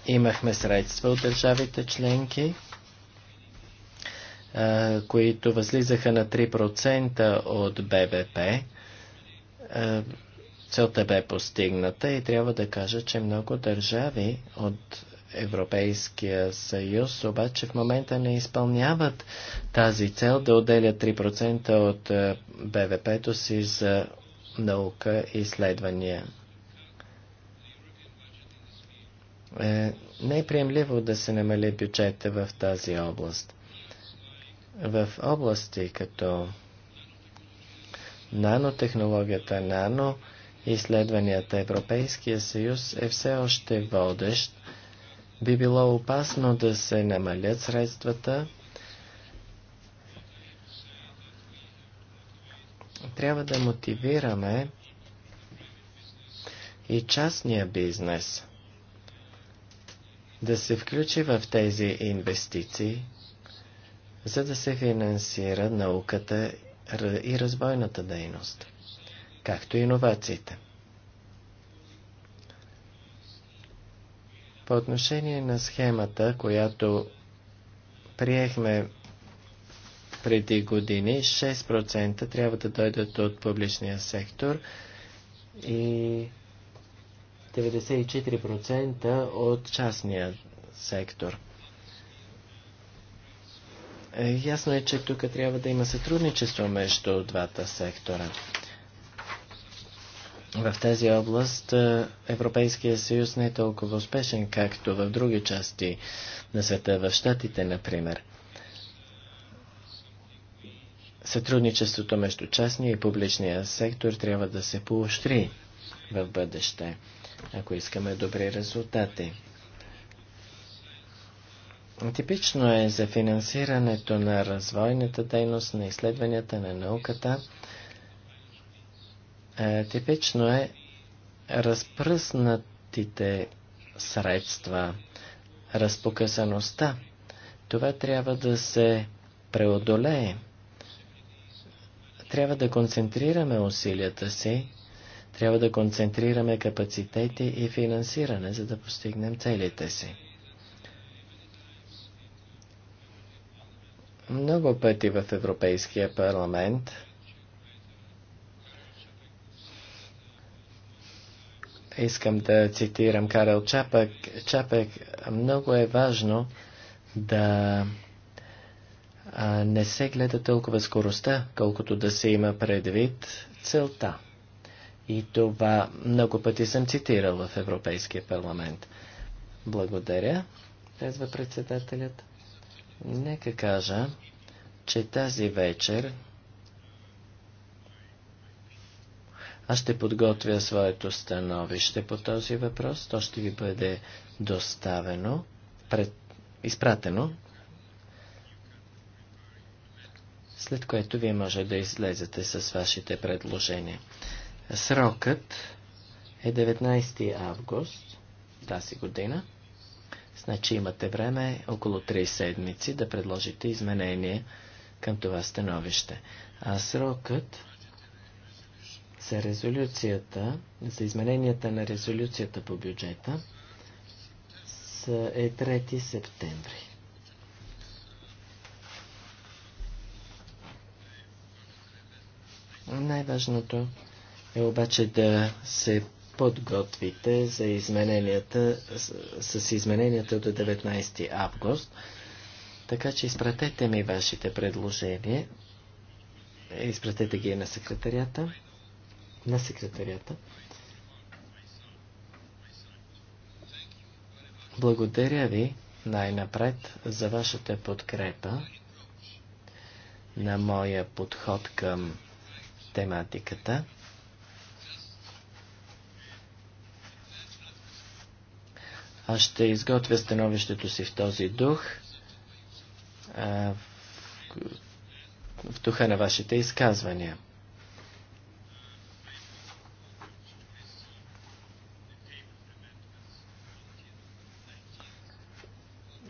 Имахме средства от държавите членки, които възлизаха на 3% от БВП Целта бе постигната и трябва да кажа, че много държави от Европейския съюз обаче в момента не изпълняват тази цел да отделят 3% от е, БВП-то си за наука и изследвания. Е, не е приемливо да се намали бюджета в тази област. В области като нанотехнологията, нано изследванията. Европейския съюз е все още водещ. Би било опасно да се намалят средствата. Трябва да мотивираме и частния бизнес да се включи в тези инвестиции, за да се финансира науката и развойната дейност както и иновациите. По отношение на схемата, която приехме преди години, 6% трябва да дойдат от публичния сектор и 94% от частния сектор. Е, ясно е, че тук трябва да има сътрудничество между двата сектора в тази област е, Европейския съюз не е толкова успешен, както в други части на света, в Штатите, например. Сътрудничеството между частния и публичния сектор трябва да се поощри в бъдеще, ако искаме добри резултати. Типично е за финансирането на развойната дейност, на изследванията, на науката – е, типично е разпръснатите средства, разпокъсаността. Това трябва да се преодолее. Трябва да концентрираме усилията си, трябва да концентрираме капацитети и финансиране, за да постигнем целите си. Много пъти в Европейския парламент – Искам да цитирам Карел Чапък. Чапък, много е важно да не се гледа толкова скоростта, колкото да се има предвид целта. И това много пъти съм цитирал в Европейския парламент. Благодаря, казва председателят. Нека кажа, че тази вечер Аз ще подготвя своето становище по този въпрос. То ще ви бъде доставено, пред, изпратено, след което вие може да излезете с вашите предложения. Срокът е 19 август тази година. Значи имате време около 3 седмици да предложите изменение към това становище. А срокът за резолюцията, за измененията на резолюцията по бюджета е 3 септември. Най-важното е обаче да се подготвите за измененията, с, с измененията до 19 август. Така че изпратете ми вашите предложения. Изпратете ги на секретарията на секретарията. Благодаря ви най-напред за вашата подкрепа на моя подход към тематиката. Аз ще изготвя становището си в този дух, в духа на вашите изказвания.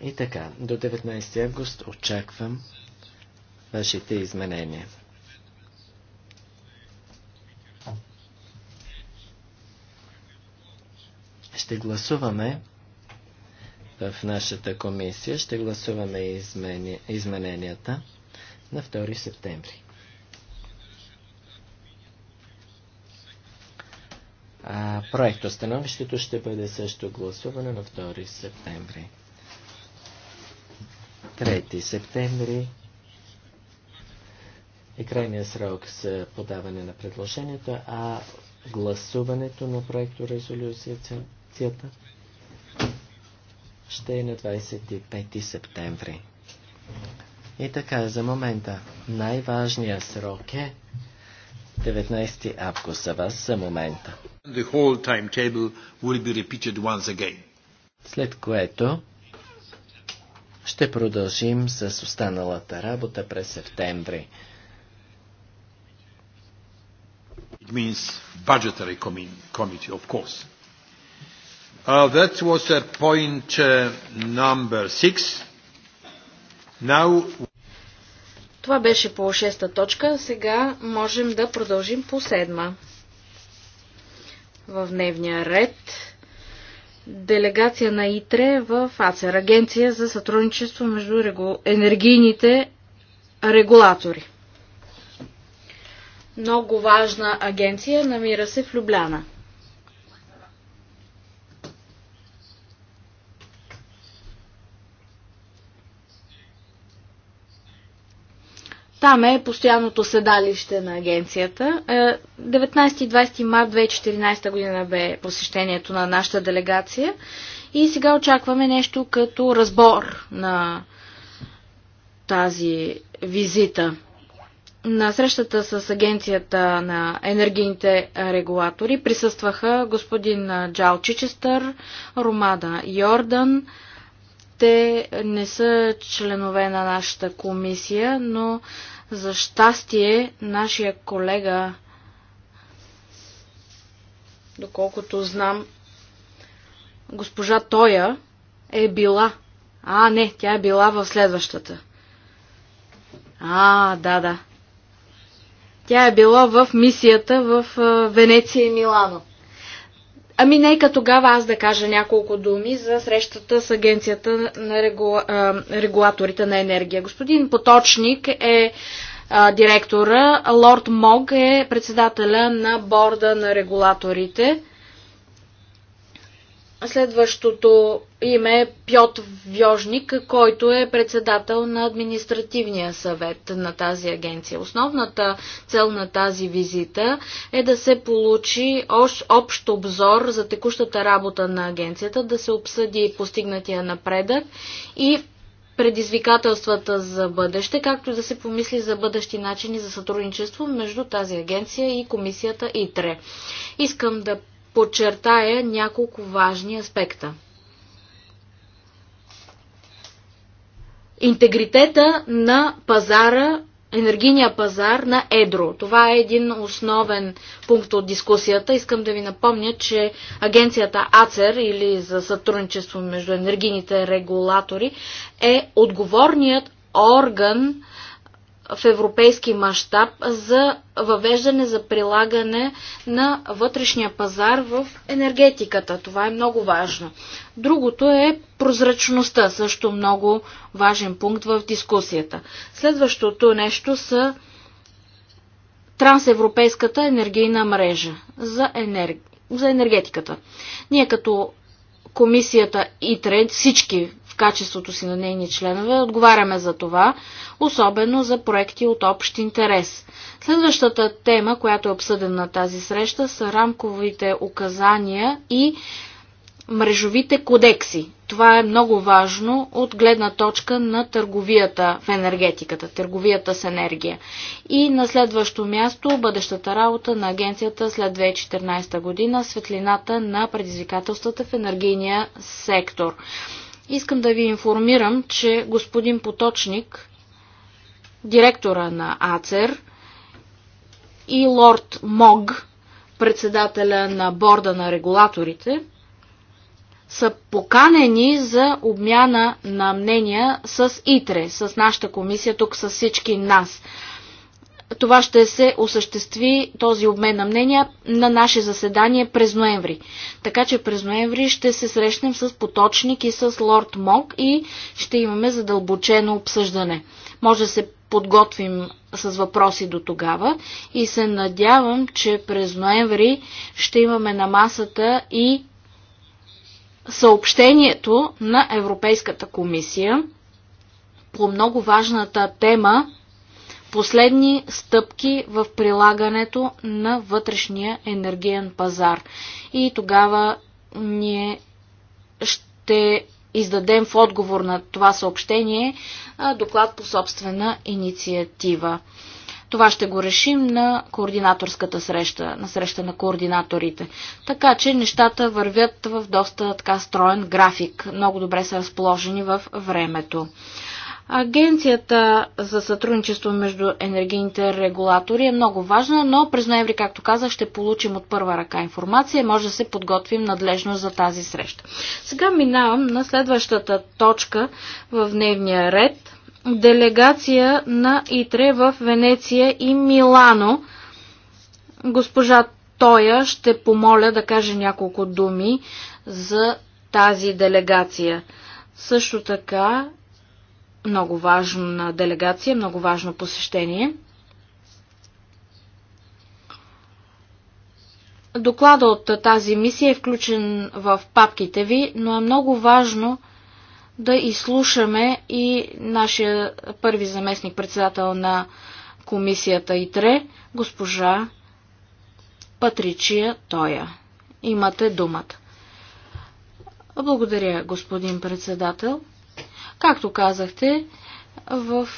И така, до 19 август очаквам вашите изменения. Ще гласуваме в нашата комисия, ще гласуваме измени, измененията на 2 септември. А проектостановището ще бъде също гласуване на 2 септември. 3 септември е крайния срок за подаване на предложението, а гласуването на проекто резолюцията ще е на 25 септември. И така, за момента най-важният срок е 19 август за вас за момента. След което ще продължим с останалата работа през септември. It means budgetary committee, of course. Uh, that was point uh, number six. Now... Това беше по шеста точка. Сега можем да продължим по седма. В дневния ред делегация на ИТРЕ в АЦЕР, Агенция за сътрудничество между енергийните регулатори. Много важна агенция намира се в Любляна. Там е постоянното седалище на агенцията. 19 е, и 20 март 2014 година бе посещението на нашата делегация и сега очакваме нещо като разбор на тази визита. На срещата с агенцията на енергийните регулатори присъстваха господин Джал Чичестър, Ромада Йордан, те не са членове на нашата комисия, но за щастие, нашия колега, доколкото знам, госпожа Тоя е била. А, не, тя е била в следващата. А, да, да. Тя е била в мисията в Венеция и Милано. Ами нека тогава аз да кажа няколко думи за срещата с агенцията на регула... регулаторите на енергия. Господин Поточник е директора, лорд Мог е председателя на борда на регулаторите. Следващото име е Пьот Вьожник, който е председател на административния съвет на тази агенция. Основната цел на тази визита е да се получи общ обзор за текущата работа на агенцията, да се обсъди постигнатия напредък и предизвикателствата за бъдеще, както да се помисли за бъдещи начини за сътрудничество между тази агенция и комисията ИТРЕ. Искам да подчертая няколко важни аспекта. Интегритета на пазара, енергийния пазар на Едро. Това е един основен пункт от дискусията. Искам да ви напомня, че агенцията АЦЕР или за сътрудничество между енергийните регулатори е отговорният орган в европейски мащаб за въвеждане за прилагане на вътрешния пазар в енергетиката. Това е много важно. Другото е прозрачността, също много важен пункт в дискусията. Следващото нещо са трансевропейската енергийна мрежа за, енер... за енергетиката. Ние като комисията ИТРЕ, всички качеството си на нейни членове, отговаряме за това, особено за проекти от общ интерес. Следващата тема, която е обсъдена на тази среща, са рамковите указания и мрежовите кодекси. Това е много важно от гледна точка на търговията в енергетиката, търговията с енергия. И на следващо място бъдещата работа на агенцията след 2014 година, светлината на предизвикателствата в енергийния сектор. Искам да ви информирам, че господин Поточник, директора на АЦЕР, и лорд Мог, председателя на борда на регулаторите, са поканени за обмяна на мнения с ИТРЕ, с нашата комисия, тук с всички нас. Това ще се осъществи този обмен на мнения на наше заседание през ноември. Така че през ноември ще се срещнем с Поточник и с Лорд Мок и ще имаме задълбочено обсъждане. Може да се подготвим с въпроси до тогава и се надявам, че през ноември ще имаме на масата и съобщението на Европейската комисия по много важната тема последни стъпки в прилагането на вътрешния енергиен пазар. И тогава ние ще издадем в отговор на това съобщение доклад по собствена инициатива. Това ще го решим на координаторската среща, на среща на координаторите. Така че нещата вървят в доста така строен график. Много добре са разположени в времето. Агенцията за сътрудничество между енергийните регулатори е много важна, но през ноември, както казах, ще получим от първа ръка информация и може да се подготвим надлежно за тази среща. Сега минавам на следващата точка в дневния ред. Делегация на ИТРЕ в Венеция и Милано. Госпожа Тоя ще помоля да каже няколко думи за тази делегация. Също така много важна делегация, много важно посещение. Доклада от тази мисия е включен в папките ви, но е много важно да изслушаме и нашия първи заместник председател на комисията ИТРЕ, госпожа Патричия Тоя. Имате думата. Благодаря, господин председател. Както казахте, в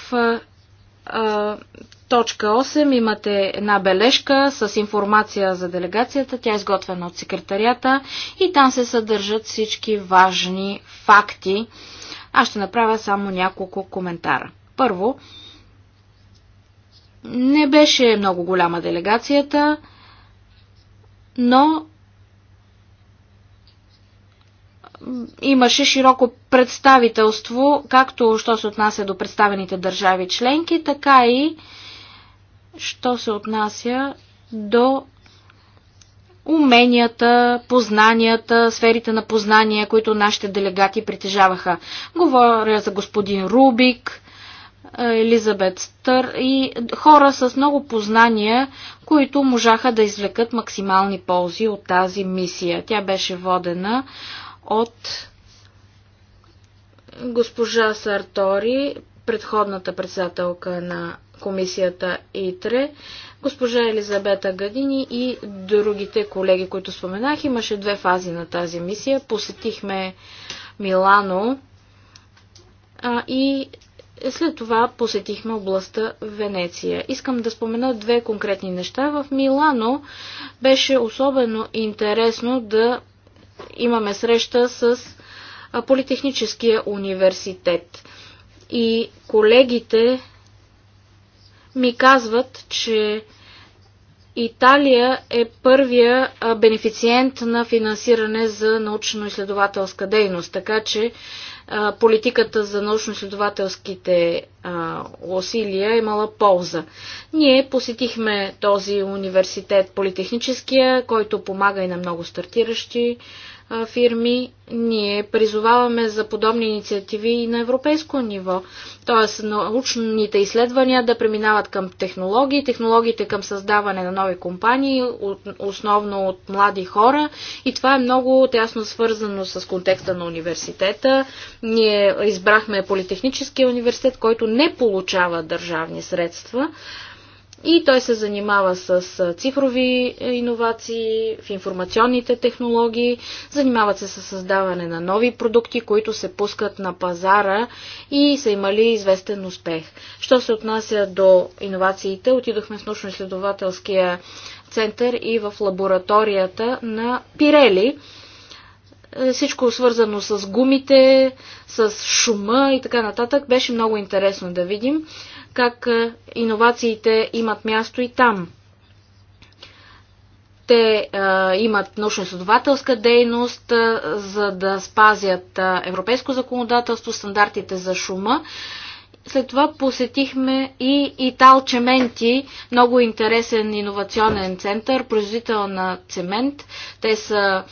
точка 8 имате една бележка с информация за делегацията. Тя е изготвена от секретарията и там се съдържат всички важни факти. Аз ще направя само няколко коментара. Първо, не беше много голяма делегацията, но имаше широко представителство, както що се отнася до представените държави членки, така и що се отнася до уменията, познанията, сферите на познания, които нашите делегати притежаваха. Говоря за господин Рубик, Елизабет Стър и хора с много познания, които можаха да извлекат максимални ползи от тази мисия. Тя беше водена от госпожа Сартори, предходната председателка на комисията ИТРЕ, госпожа Елизабета Гадини и другите колеги, които споменах. Имаше две фази на тази мисия. Посетихме Милано а, и след това посетихме областта Венеция. Искам да спомена две конкретни неща. В Милано беше особено интересно да имаме среща с Политехническия университет. И колегите ми казват, че Италия е първия бенефициент на финансиране за научно-изследователска дейност, така че политиката за научно-изследователските усилия е имала полза. Ние посетихме този университет политехническия, който помага и на много стартиращи фирми. Ние призоваваме за подобни инициативи и на европейско ниво. Тоест научните изследвания да преминават към технологии, технологиите към създаване на нови компании, основно от млади хора. И това е много тясно свързано с контекста на университета. Ние избрахме Политехническия университет, който не получава държавни средства. И той се занимава с цифрови е, иновации в информационните технологии, занимават се с създаване на нови продукти, които се пускат на пазара и са имали известен успех. Що се отнася до иновациите, отидохме в научно-изследователския център и в лабораторията на Пирели. Е, всичко свързано с гумите, с шума и така нататък беше много интересно да видим как иновациите имат място и там. Те а, имат научно-изследователска дейност, а, за да спазят а, европейско законодателство, стандартите за шума след това посетихме и Итал Чементи, много интересен иновационен център, производител на цемент. Те са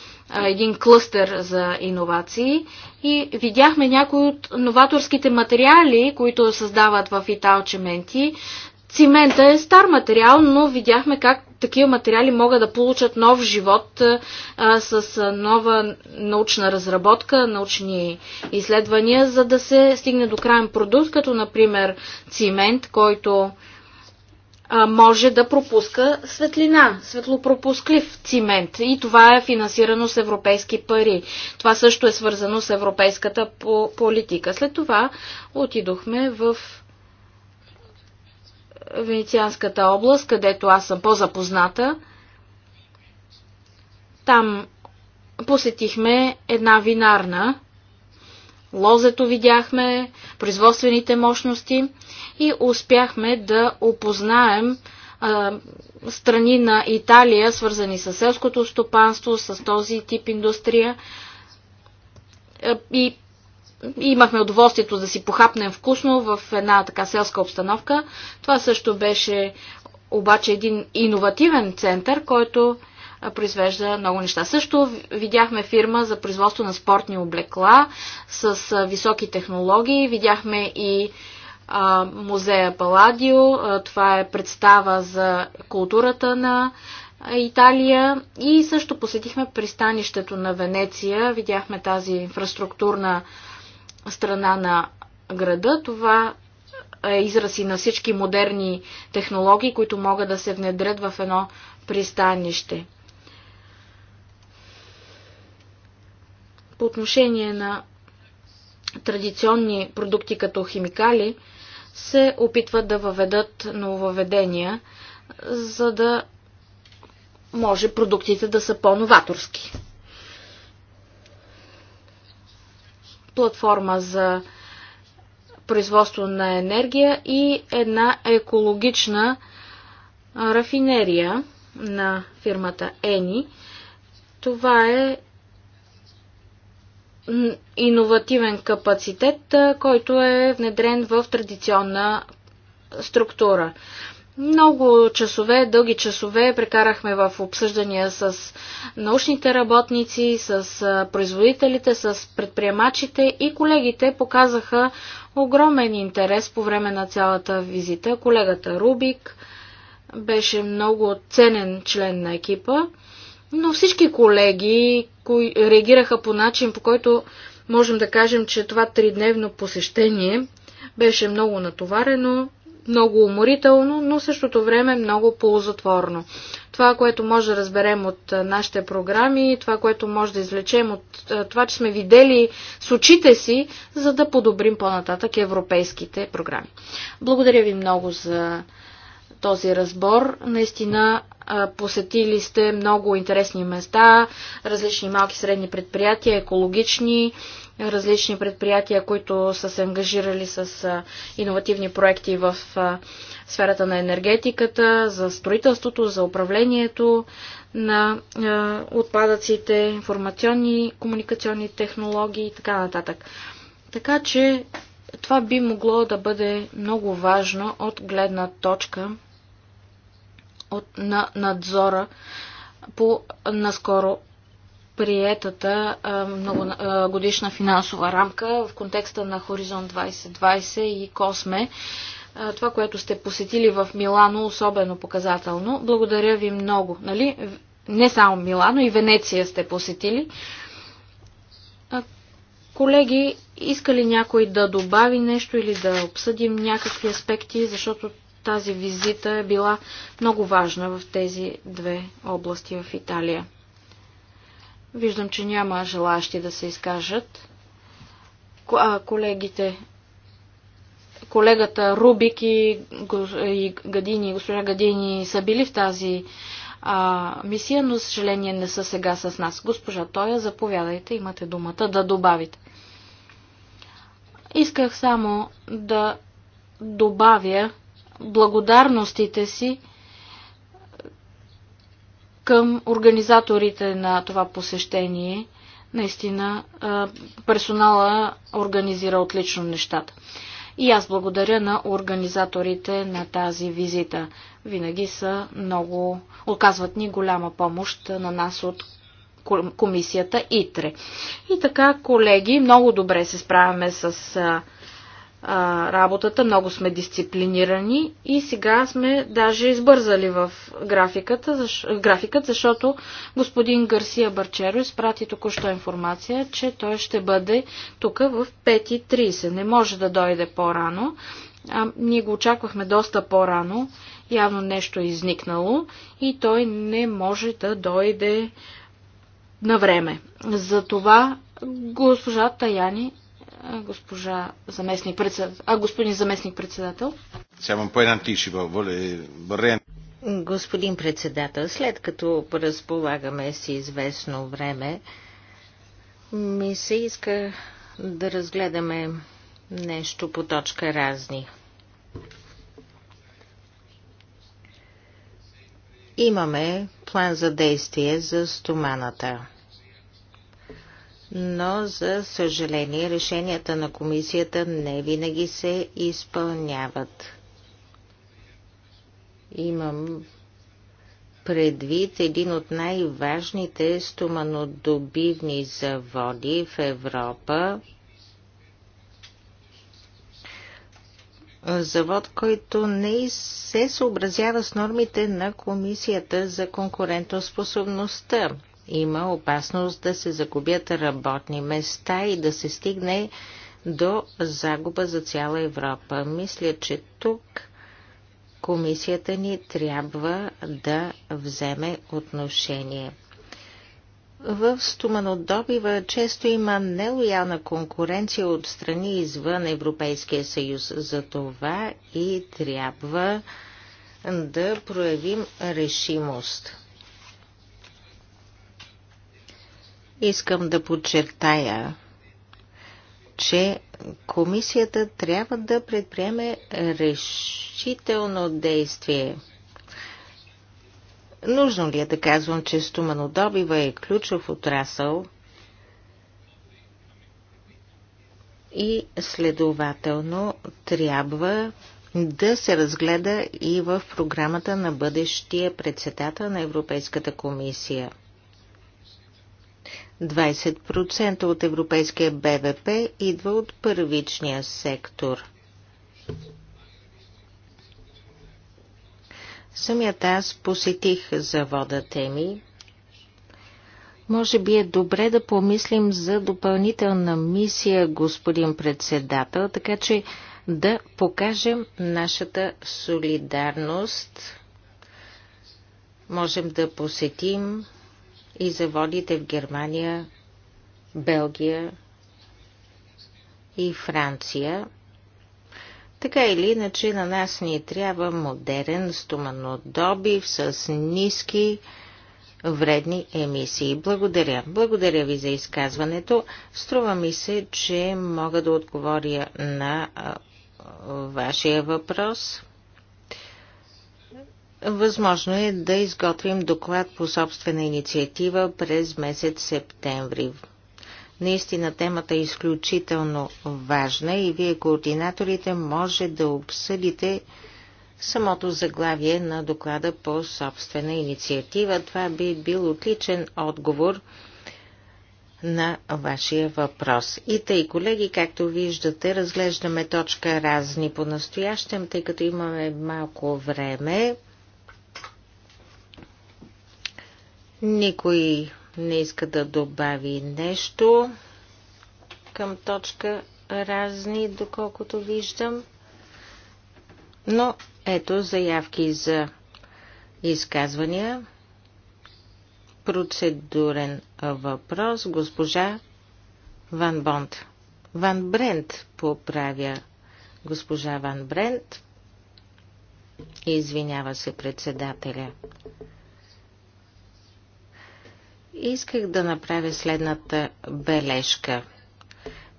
един клъстер за иновации и видяхме някои от новаторските материали, които създават в Итал Чементи. Цимента е стар материал, но видяхме как такива материали могат да получат нов живот а, с нова научна разработка, научни изследвания, за да се стигне до крайен продукт, като например цимент, който а, може да пропуска светлина, светлопропусклив цимент. И това е финансирано с европейски пари. Това също е свързано с европейската политика. След това отидохме в Венецианската област, където аз съм по-запозната. Там посетихме една винарна. Лозето видяхме, производствените мощности и успяхме да опознаем а, страни на Италия, свързани с селското стопанство, с този тип индустрия. И имахме удоволствието да си похапнем вкусно в една така селска обстановка. Това също беше обаче един иновативен център, който произвежда много неща. Също видяхме фирма за производство на спортни облекла с високи технологии. Видяхме и а, музея Паладио. това е представа за културата на Италия и също посетихме пристанището на Венеция. Видяхме тази инфраструктурна а, страна на града. Това е и на всички модерни технологии, които могат да се внедрят в едно пристанище. По отношение на традиционни продукти като химикали, се опитват да въведат нововведения, за да може продуктите да са по-новаторски. платформа за производство на енергия и една екологична рафинерия на фирмата Ени. Това е иновативен капацитет, който е внедрен в традиционна структура. Много часове, дълги часове прекарахме в обсъждания с научните работници, с производителите, с предприемачите и колегите показаха огромен интерес по време на цялата визита. Колегата Рубик беше много ценен член на екипа, но всички колеги кои реагираха по начин, по който можем да кажем, че това тридневно посещение беше много натоварено, много уморително, но същото време много ползотворно. Това, което може да разберем от нашите програми, това, което може да извлечем от това, че сме видели с очите си, за да подобрим по-нататък европейските програми. Благодаря ви много за този разбор. Наистина посетили сте много интересни места, различни малки средни предприятия, екологични различни предприятия, които са се ангажирали с иновативни проекти в сферата на енергетиката, за строителството, за управлението на отпадъците, информационни комуникационни технологии и така нататък. Така че това би могло да бъде много важно от гледна точка от, на надзора по наскоро приетата много, годишна финансова рамка в контекста на Хоризонт 2020 и Косме. Това, което сте посетили в Милано, особено показателно. Благодаря ви много. Нали? Не само Милано, и Венеция сте посетили. Колеги, иска ли някой да добави нещо или да обсъдим някакви аспекти, защото тази визита е била много важна в тези две области в Италия. Виждам, че няма желащи да се изкажат. А, колегите, колегата Рубик и, и, Гадини, госпожа Гадини са били в тази а, мисия, но, съжаление, не са сега с нас. Госпожа Тоя, заповядайте, имате думата да добавите. Исках само да добавя благодарностите си към организаторите на това посещение. Наистина персонала организира отлично нещата. И аз благодаря на организаторите на тази визита. Винаги са много, оказват ни голяма помощ на нас от комисията ИТРЕ. И така, колеги, много добре се справяме с работата, много сме дисциплинирани и сега сме даже избързали в графиката, защ... графикът, защото господин Гарсия Барчеро изпрати току-що информация, че той ще бъде тук в 5.30. Не може да дойде по-рано. А, ние го очаквахме доста по-рано. Явно нещо е изникнало и той не може да дойде на време. Затова госпожа Таяни госпожа заместник председател. А, господин заместник председател. по Господин председател, след като разполагаме си известно време, ми се иска да разгледаме нещо по точка разни. Имаме план за действие за стоманата но за съжаление решенията на комисията не винаги се изпълняват. Имам предвид един от най-важните стоманодобивни заводи в Европа. Завод, който не се съобразява с нормите на Комисията за конкурентоспособността има опасност да се загубят работни места и да се стигне до загуба за цяла Европа. Мисля, че тук комисията ни трябва да вземе отношение. В стоманодобива често има нелоялна конкуренция от страни извън Европейския съюз. За това и трябва да проявим решимост. Искам да подчертая, че комисията трябва да предприеме решително действие. Нужно ли е да казвам, че стоманодобива е ключов отрасъл и следователно трябва да се разгледа и в програмата на бъдещия председател на Европейската комисия – 20% от европейския БВП идва от първичния сектор. Самият аз посетих завода Теми. Може би е добре да помислим за допълнителна мисия, господин председател, така че да покажем нашата солидарност. Можем да посетим и заводите в Германия, Белгия и Франция. Така или иначе на нас ни трябва модерен стоманодобив с ниски вредни емисии. Благодаря. Благодаря ви за изказването. Струва ми се, че мога да отговоря на вашия въпрос. Възможно е да изготвим доклад по собствена инициатива през месец септември. Наистина темата е изключително важна и вие, координаторите, може да обсъдите самото заглавие на доклада по собствена инициатива. Това би бил отличен отговор на вашия въпрос. И тъй, колеги, както виждате, разглеждаме точка разни по настоящем, тъй като имаме малко време. Никой не иска да добави нещо към точка разни, доколкото виждам. Но ето заявки за изказвания. Процедурен въпрос. Госпожа Ван Бонд. Ван Брент поправя госпожа Ван Брент. Извинява се председателя. Исках да направя следната бележка.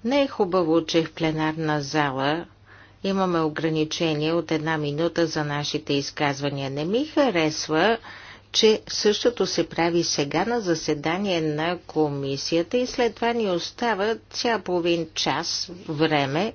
Не е хубаво, че в пленарна зала имаме ограничение от една минута за нашите изказвания. Не ми харесва, че същото се прави сега на заседание на комисията и след това ни остава цял половин час време.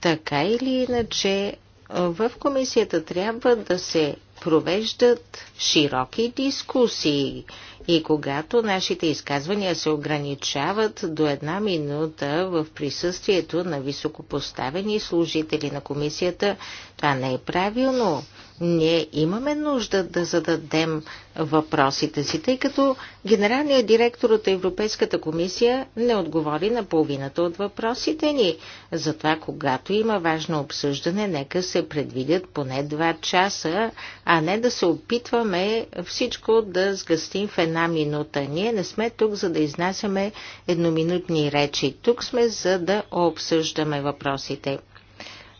Така или иначе, в комисията трябва да се провеждат широки дискусии и когато нашите изказвания се ограничават до една минута в присъствието на високопоставени служители на комисията, това не е правилно ние имаме нужда да зададем въпросите си, тъй като генералният директор от Европейската комисия не отговори на половината от въпросите ни. Затова, когато има важно обсъждане, нека се предвидят поне два часа, а не да се опитваме всичко да сгъстим в една минута. Ние не сме тук, за да изнасяме едноминутни речи. Тук сме, за да обсъждаме въпросите.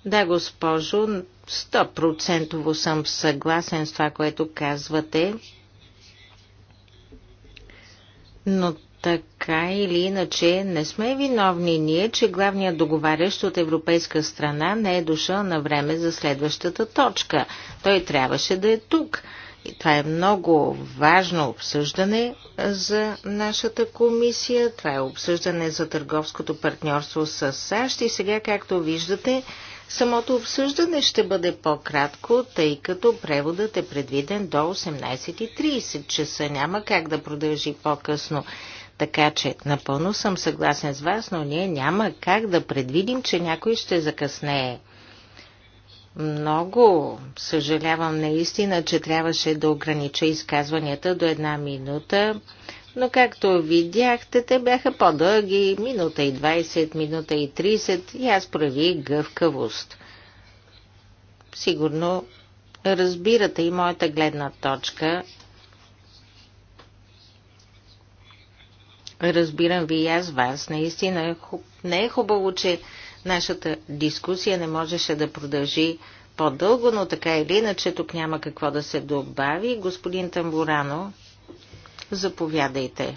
Да, госпожо, 100% съм съгласен с това, което казвате, но така или иначе не сме виновни ние, че главният договарящ от европейска страна не е дошъл на време за следващата точка. Той трябваше да е тук. И това е много важно обсъждане за нашата комисия. Това е обсъждане за търговското партньорство с САЩ и сега, както виждате, Самото обсъждане ще бъде по-кратко, тъй като преводът е предвиден до 18.30 часа. Няма как да продължи по-късно. Така че напълно съм съгласен с вас, но ние няма как да предвидим, че някой ще закъснее. Много съжалявам наистина, че трябваше да огранича изказванията до една минута но както видяхте, те бяха по-дълги, минута и 20, минута и 30 и аз прави гъвкавост. Сигурно разбирате и моята гледна точка. Разбирам ви и аз вас. Наистина не е хубаво, че нашата дискусия не можеше да продължи по-дълго, но така или иначе тук няма какво да се добави. Господин Тамбурано, Заповядайте.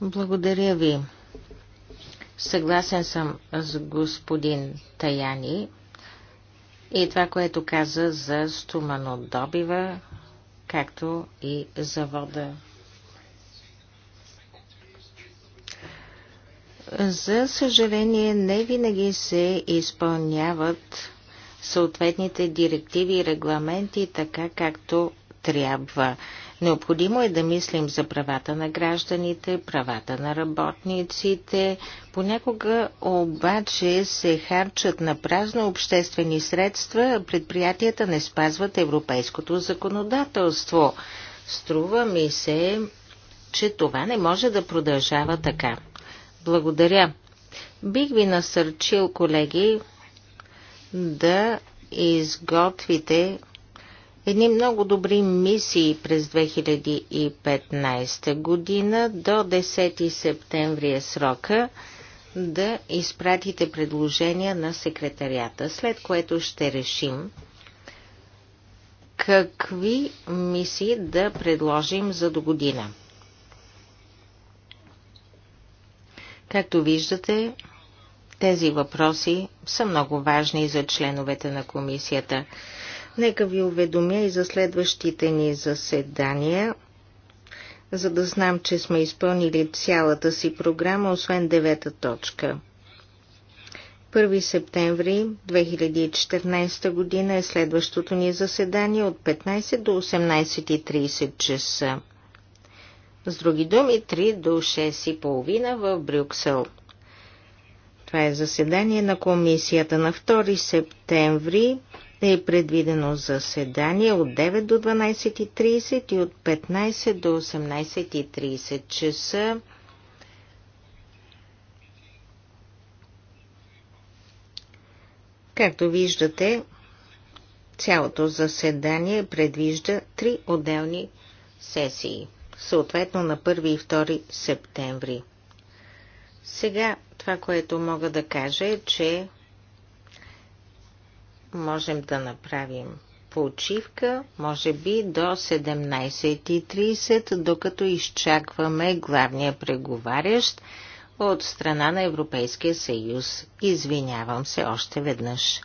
Благодаря ви. Съгласен съм с господин Таяни и това, което каза за стоманодобива, както и за вода. За съжаление, не винаги се изпълняват съответните директиви и регламенти така, както трябва. Необходимо е да мислим за правата на гражданите, правата на работниците. Понякога обаче се харчат на празно обществени средства, предприятията не спазват европейското законодателство. Струва ми се, че това не може да продължава така. Благодаря. Бих ви насърчил, колеги, да изготвите едни много добри мисии през 2015 година. До 10 септември е срока да изпратите предложения на секретарията, след което ще решим какви мисии да предложим за до година. Както виждате, тези въпроси са много важни за членовете на комисията. Нека ви уведомя и за следващите ни заседания, за да знам, че сме изпълнили цялата си програма, освен девета точка. 1 септември 2014 година е следващото ни заседание от 15 до 18.30 часа. С други думи, 3 до 6.30 в Брюксел. Това е заседание на комисията на 2 септември е предвидено заседание от 9 до 12.30 и от 15 до 18.30 часа. Както виждате, цялото заседание предвижда три отделни сесии, съответно на 1 и 2 септември. Сега това, което мога да кажа е, че можем да направим почивка, може би до 17.30, докато изчакваме главния преговарящ от страна на Европейския съюз. Извинявам се още веднъж.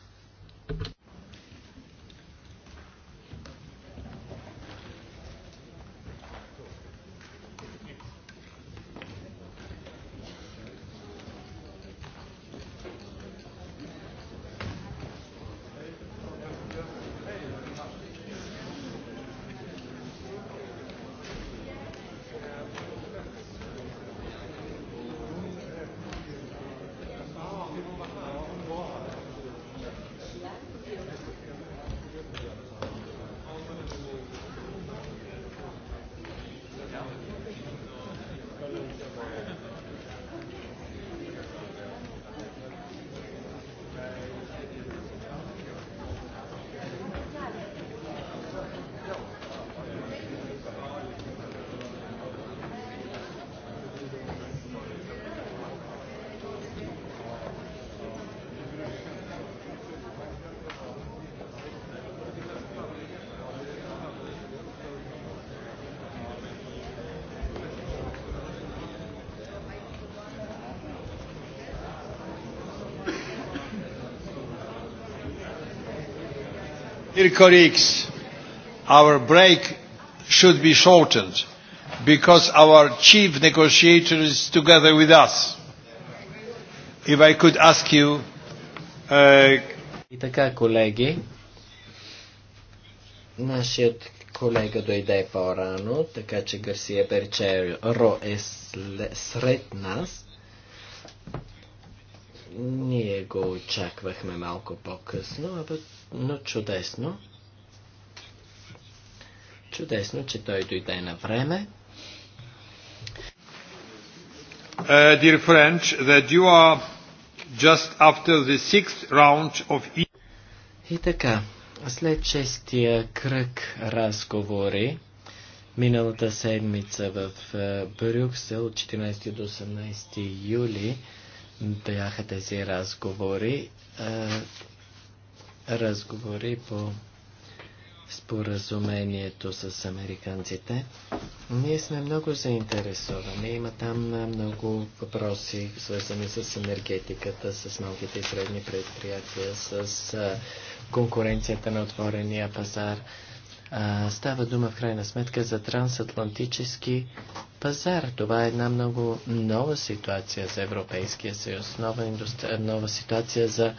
Dear colleagues, our break should be shortened because our chief negotiator is together with us. If I could ask you... И така, колеги, нашият колега дойде по-рано, така че Гарсия Берчеро е сред нас. Ние го очаквахме малко по-късно, а но чудесно. Чудесно, че той дойде на време. Uh, dear French, that you are just after the sixth round of... E- И така, след шестия кръг разговори, миналата седмица в е, Брюксел, от 14 до 18 юли, бяха тези разговори. Е, разговори по споразумението с американците. Ние сме много заинтересовани. Има там много въпроси, свързани с енергетиката, с малките и средни предприятия, с конкуренцията на отворения пазар. Става дума в крайна сметка за трансатлантически пазар. Това е една много нова ситуация за Европейския съюз, нова, индустри... нова ситуация за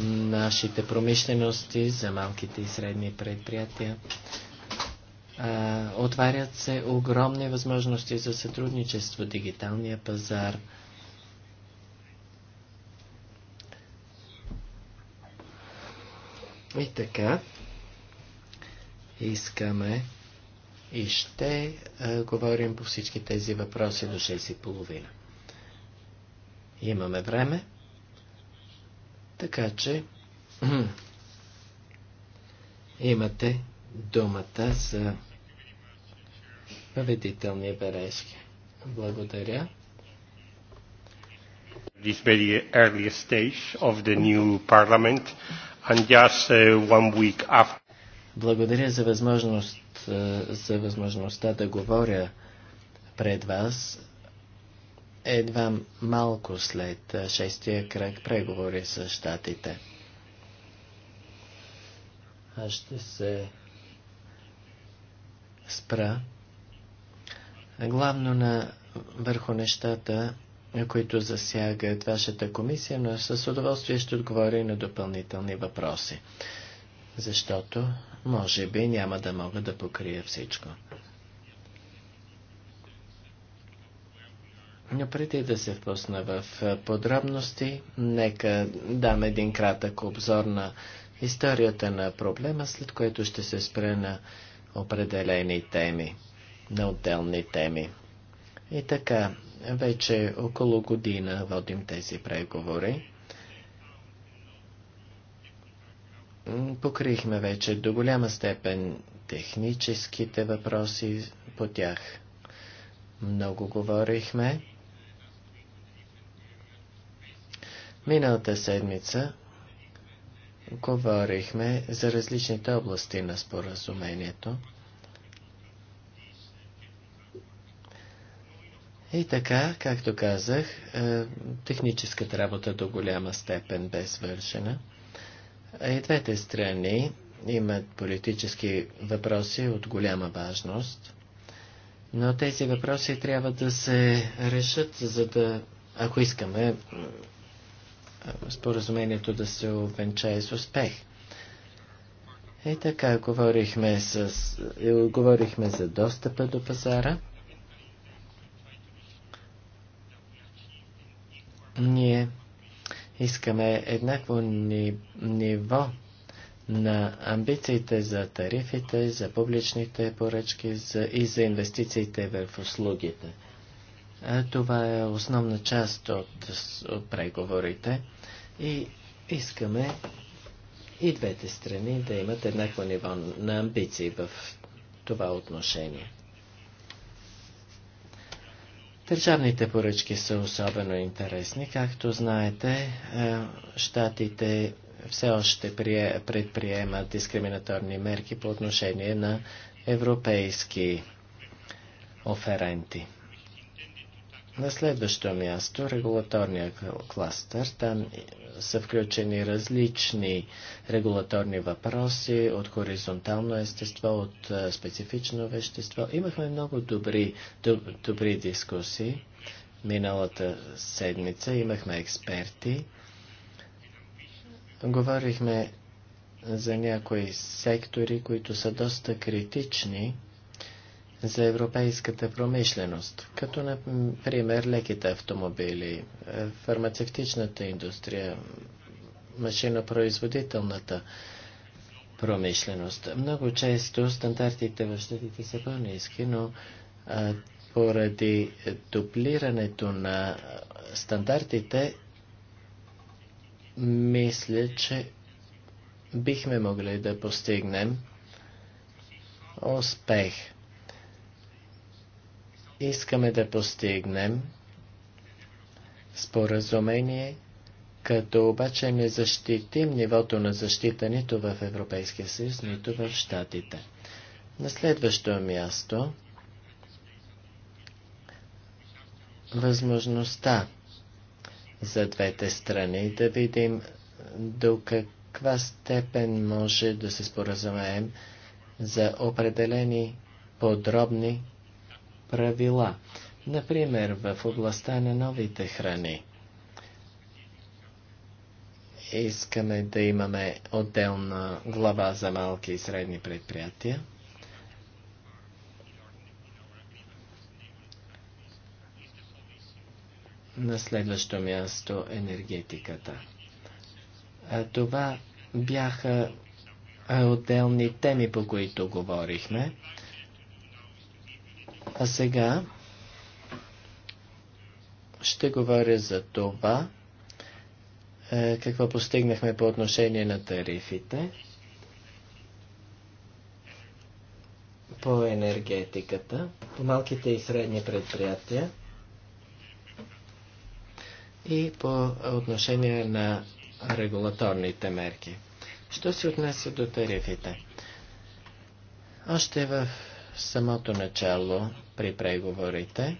нашите промишлености, за малките и средни предприятия. А, отварят се огромни възможности за сътрудничество, дигиталния пазар. И така, искаме и ще а, говорим по всички тези въпроси до 6.30. Имаме време. Така че имате думата за победителни бележки. Благодаря. This very early stage of the new parliament and just uh, one week after. Благодаря за възможност uh, за възможността да говоря пред вас едва малко след шестия кръг преговори с щатите. Аз ще се спра главно на върху нещата, които засягат вашата комисия, но с удоволствие ще отговоря на допълнителни въпроси, защото може би няма да мога да покрия всичко. Но преди да се впусна в подробности, нека дам един кратък обзор на историята на проблема, след което ще се спре на определени теми, на отделни теми. И така, вече около година водим тези преговори. Покрихме вече до голяма степен техническите въпроси по тях. Много говорихме Миналата седмица говорихме за различните области на споразумението. И така, както казах, е, техническата работа до голяма степен бе свършена. Е, и двете страни имат политически въпроси от голяма важност, но тези въпроси трябва да се решат, за да, ако искаме споразумението да се увенчае с успех. И така, говорихме, с, говорихме за достъпа до пазара. Ние искаме еднакво ниво на амбициите за тарифите, за публичните поръчки за, и за инвестициите в услугите. Това е основна част от, от преговорите. И искаме и двете страни да имат еднакво ниво на амбиции в това отношение. Държавните поръчки са особено интересни. Както знаете, е, щатите все още предприемат дискриминаторни мерки по отношение на европейски оференти. На следващо място, регулаторния кластър. Там са включени различни регулаторни въпроси от хоризонтално естество, от специфично вещество. Имахме много добри, доб, добри дискусии. Миналата седмица имахме експерти. Говорихме за някои сектори, които са доста критични за европейската промишленост, като например леките автомобили, е, фармацевтичната индустрия, машинопроизводителната промишленост. Много често стандартите в щатите са по-низки, но а, е, поради дуплирането на стандартите, мисля, че бихме могли да постигнем успех – Искаме да постигнем споразумение, като обаче не защитим нивото на защита нито в Европейския съюз, нито в Штатите. На следващо място възможността за двете страни да видим до каква степен може да се споразумеем за определени подробни правила. Например, в областта на новите храни. Искаме да имаме отделна глава за малки и средни предприятия. На следващо място енергетиката. А това бяха отделни теми, по които говорихме. А сега ще говоря за това, е, какво постигнахме по отношение на тарифите, по енергетиката, по малките и средни предприятия и по отношение на регулаторните мерки. Що се отнася до тарифите? Още в самото начало при преговорите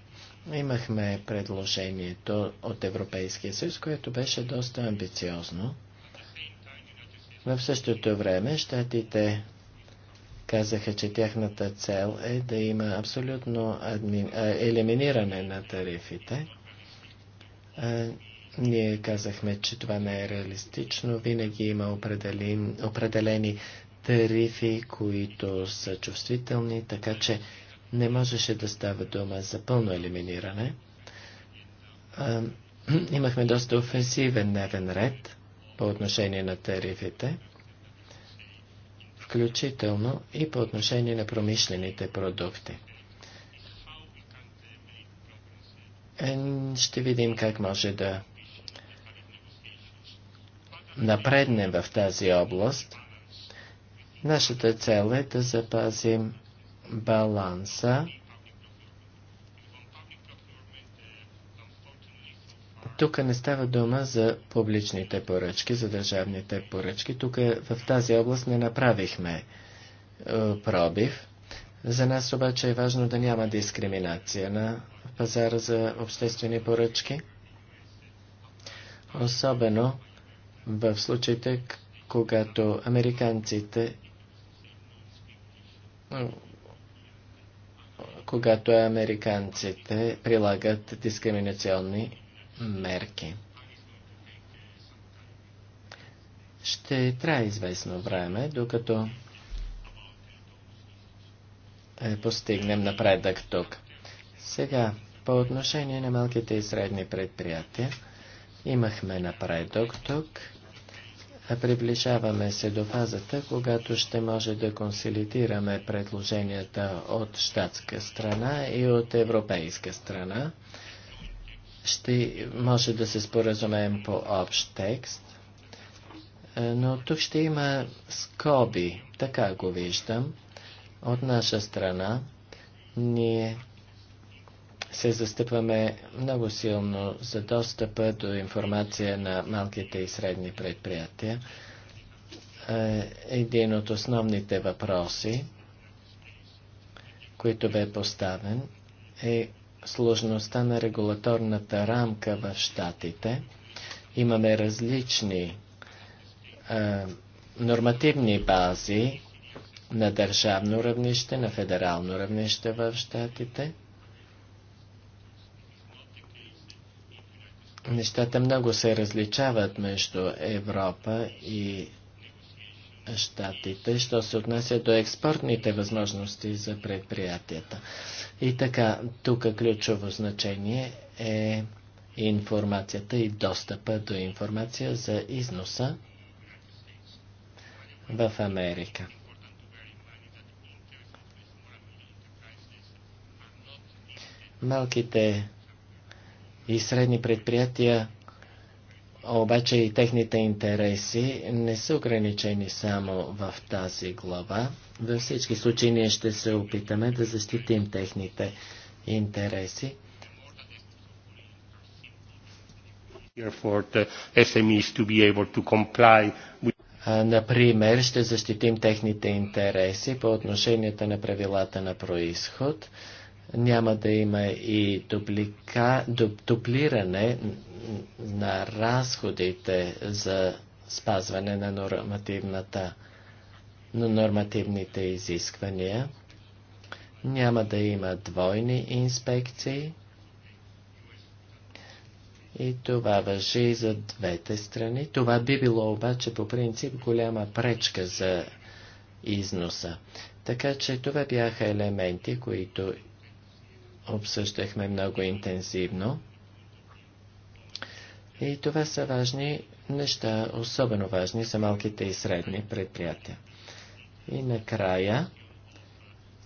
имахме предложението от Европейския съюз, което беше доста амбициозно. В същото време щатите казаха, че тяхната цел е да има абсолютно адми... елиминиране на тарифите. А, ние казахме, че това не е реалистично. Винаги има определен... определени тарифи, които са чувствителни, така че не можеше да става дума за пълно елиминиране. А, имахме доста офенсивен дневен ред по отношение на тарифите, включително и по отношение на промишлените продукти. Е, ще видим как може да напреднем в тази област – Нашата цел е да запазим баланса. Тук не става дума за публичните поръчки, за държавните поръчки. Тук е- в тази област не направихме е, пробив. За нас обаче е важно да няма дискриминация на пазара за обществени поръчки. Особено в случаите, когато американците когато американците прилагат дискриминационни мерки. Ще трае известно време, докато е, постигнем напредък тук. Сега, по отношение на малките и средни предприятия, имахме напредък тук. Приближаваме се до фазата, когато ще може да консолидираме предложенията от щатска страна и от европейска страна. Ще може да се споразумеем по общ текст, е, но тук ще има скоби, така го виждам, от наша страна. Ние се застъпваме много силно за достъпа до информация на малките и средни предприятия. Е, един от основните въпроси, които бе поставен, е сложността на регулаторната рамка в щатите. Имаме различни е, нормативни бази на държавно равнище, на федерално равнище в щатите – Нещата много се различават между Европа и щатите, що се отнася до експортните възможности за предприятията. И така, тук ключово значение е информацията и достъпа до информация за износа в Америка. Малките и средни предприятия, обаче и техните интереси не са ограничени само в тази глава. Във всички случаи ние ще се опитаме да защитим техните интереси. Например, ще защитим техните интереси по отношенията на правилата на происход няма да има и дуплика, дуп, дуплиране на разходите за спазване на нормативната, на нормативните изисквания. Няма да има двойни инспекции. И това въжи и за двете страни. Това би било обаче по принцип голяма пречка за износа. Така че това бяха елементи, които обсъждахме много интензивно. И това са важни неща, особено важни за малките и средни предприятия. И накрая,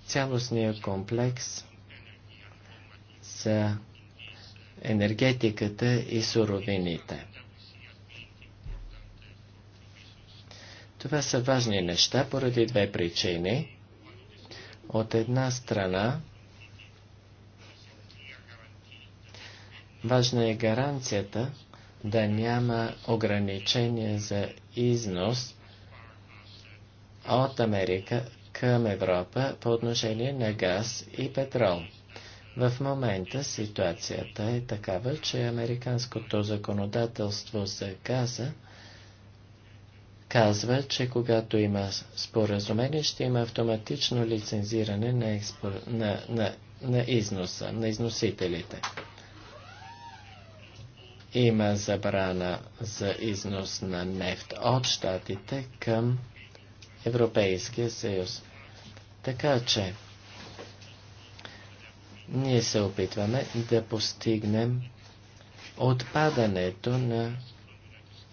цялостния комплекс за енергетиката и суровините. Това са важни неща поради две причини. От една страна, Важна е гаранцията да няма ограничение за износ от Америка към Европа по отношение на газ и петрол. В момента ситуацията е такава, че американското законодателство за газа казва, че когато има споразумение, ще има автоматично лицензиране на, експор... на, на, на износа, на износителите. Има забрана за износ на нефт от щатите към Европейския съюз. Така че, ние се опитваме да постигнем отпадането на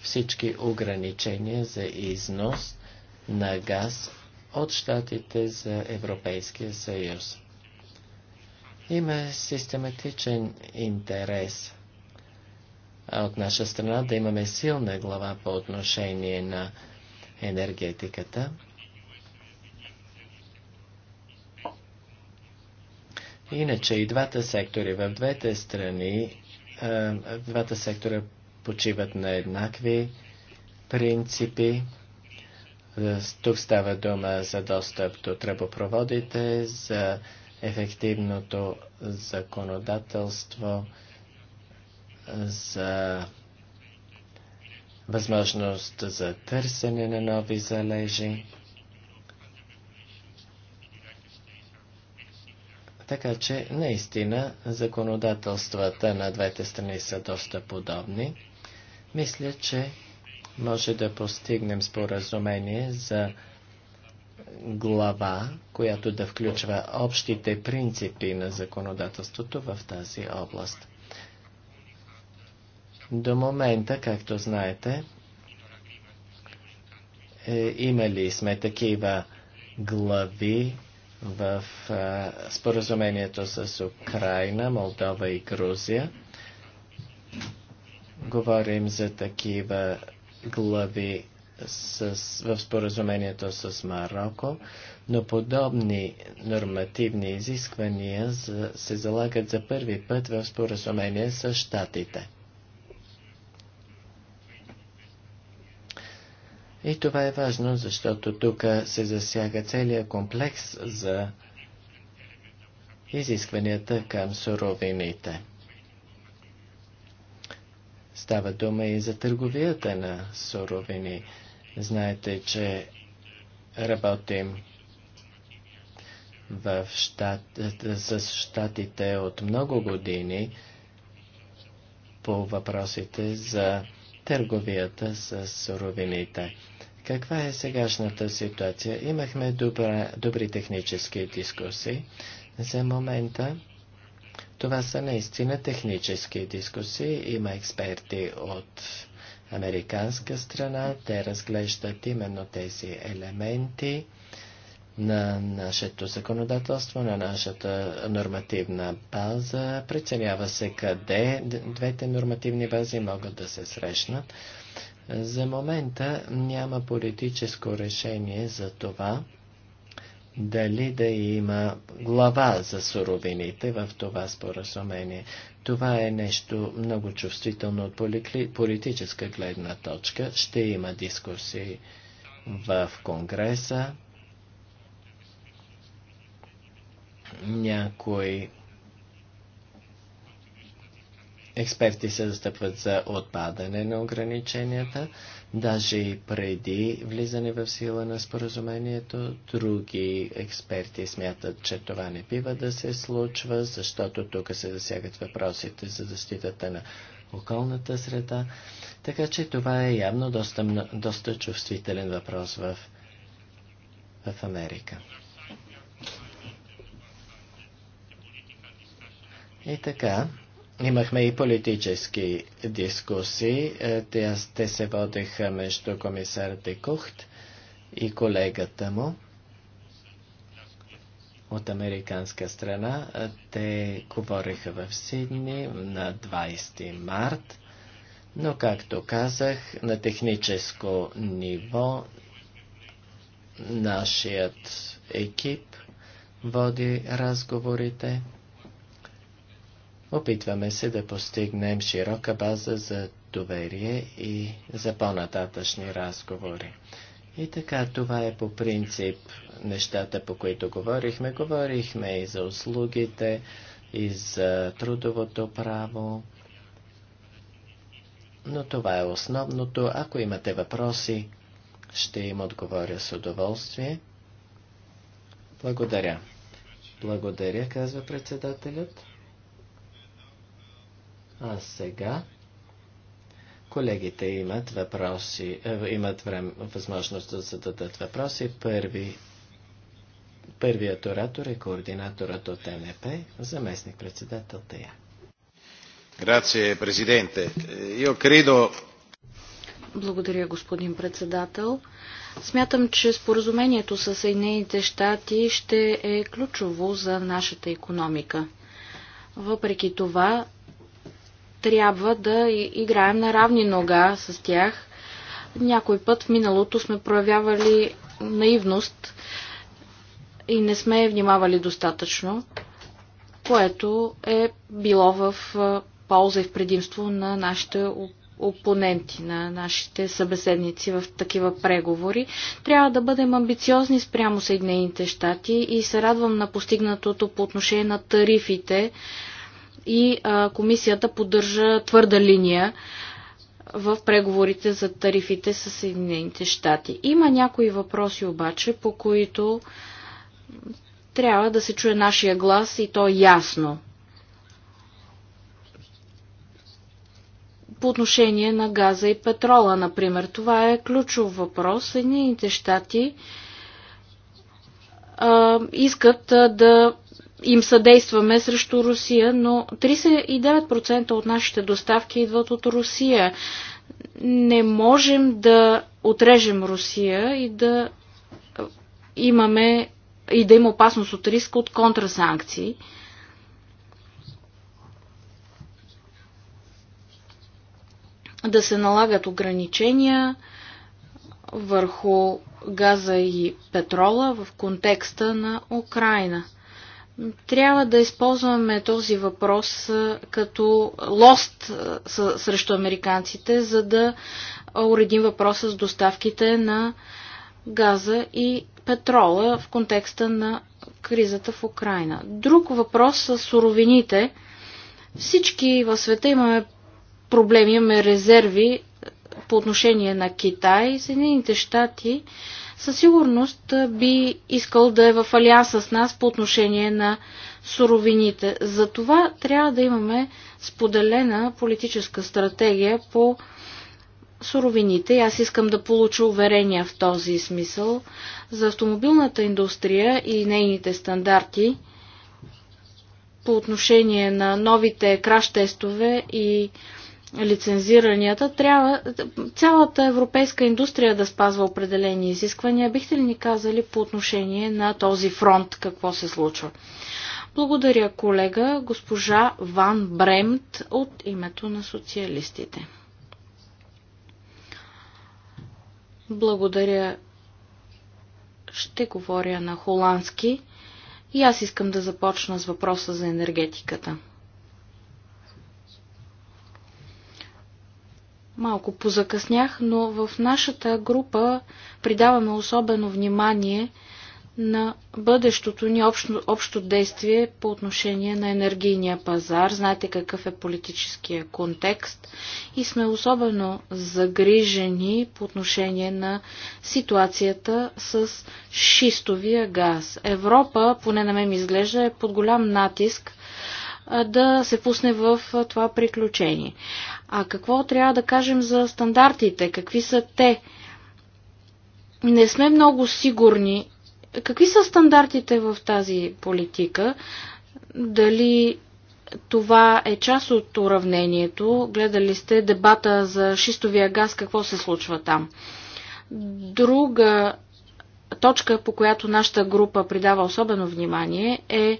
всички ограничения за износ на газ от щатите за Европейския съюз. Има систематичен интерес а от наша страна да имаме силна глава по отношение на енергетиката. Иначе и двата сектори в двете страни, двата сектора почиват на еднакви принципи. Тук става дума за достъп до тръбопроводите, за ефективното законодателство, за възможност за търсене на нови залежи. Така че, наистина, законодателствата на двете страни са доста подобни. Мисля, че може да постигнем споразумение за глава, която да включва общите принципи на законодателството в тази област. До момента, както знаете, е, имали сме такива глави в е, споразумението с Украина, Молдова и Грузия. Говорим за такива глави с, в споразумението с Марокко, но подобни нормативни изисквания за, се залагат за първи път в споразумение с Штатите. И това е важно, защото тук се засяга целият комплекс за изискванията към суровините. Става дума и за търговията на суровини. Знаете, че работим в щат, с щатите от много години по въпросите за търговията с суровините. Каква е сегашната ситуация? Имахме добра, добри технически дискусии. За момента това са наистина технически дискусии. Има експерти от американска страна. Те разглеждат именно тези елементи на нашето законодателство, на нашата нормативна база. Преценява се къде двете нормативни бази могат да се срещнат. За момента няма политическо решение за това, дали да има глава за суровините в това споразумение. Това е нещо много чувствително от политическа гледна точка. Ще има дискусии в Конгреса. Някои Експерти се застъпват за отпадане на ограниченията, даже и преди влизане в сила на споразумението. Други експерти смятат, че това не бива да се случва, защото тук се засягат въпросите за защитата на околната среда. Така че това е явно доста, доста чувствителен въпрос в, в Америка. И така, Имахме и политически дискусии. Е, те, те се водеха между комисар Декухт и колегата му от американска страна. Е, те говориха в Сидни на 20 март, но както казах, на техническо ниво нашият екип води разговорите. Опитваме се да постигнем широка база за доверие и за по-нататъчни разговори. И така, това е по принцип нещата, по които говорихме. Говорихме и за услугите, и за трудовото право. Но това е основното. Ако имате въпроси, ще им отговоря с удоволствие. Благодаря. Благодаря, казва председателят. А сега колегите имат въпроси, е, имат време, възможност да зададат въпроси. Първи, първият оратор е координаторът от НП, заместник председател тея. Грация, президенте. Io credo... Благодаря, господин председател. Смятам, че споразумението с Съединените щати ще е ключово за нашата економика. Въпреки това, трябва да играем на равни нога с тях. Някой път в миналото сме проявявали наивност и не сме внимавали достатъчно, което е било в полза и в предимство на нашите опоненти, на нашите събеседници в такива преговори. Трябва да бъдем амбициозни спрямо Съединените щати и се радвам на постигнатото по отношение на тарифите и а, комисията поддържа твърда линия в преговорите за тарифите с Съединените щати. Има някои въпроси обаче, по които трябва да се чуе нашия глас и то е ясно. По отношение на газа и петрола, например, това е ключов въпрос. Съединените щати искат да им съдействаме срещу Русия, но 39% от нашите доставки идват от Русия. Не можем да отрежем Русия и да имаме и да има опасност от риск от контрасанкции. Да се налагат ограничения върху газа и петрола в контекста на Украина – трябва да използваме този въпрос като лост срещу американците, за да уредим въпроса с доставките на газа и петрола в контекста на кризата в Украина. Друг въпрос са суровините. Всички в света имаме проблеми, имаме резерви по отношение на Китай. Съединените щати със сигурност би искал да е в алианс с нас по отношение на суровините. За това трябва да имаме споделена политическа стратегия по суровините и аз искам да получа уверения в този смисъл за автомобилната индустрия и нейните стандарти по отношение на новите краш тестове и лицензиранията, трябва цялата европейска индустрия да спазва определени изисквания. Бихте ли ни казали по отношение на този фронт какво се случва? Благодаря, колега, госпожа Ван Бремт от името на социалистите. Благодаря. Ще говоря на холандски и аз искам да започна с въпроса за енергетиката. Малко позакъснях, но в нашата група придаваме особено внимание на бъдещото ни общо, общо действие по отношение на енергийния пазар. Знаете какъв е политическия контекст и сме особено загрижени по отношение на ситуацията с шистовия газ. Европа, поне на мен изглежда, е под голям натиск да се пусне в това приключение. А какво трябва да кажем за стандартите? Какви са те? Не сме много сигурни. Какви са стандартите в тази политика? Дали това е част от уравнението? Гледали сте дебата за шистовия газ, какво се случва там? Друга точка, по която нашата група придава особено внимание, е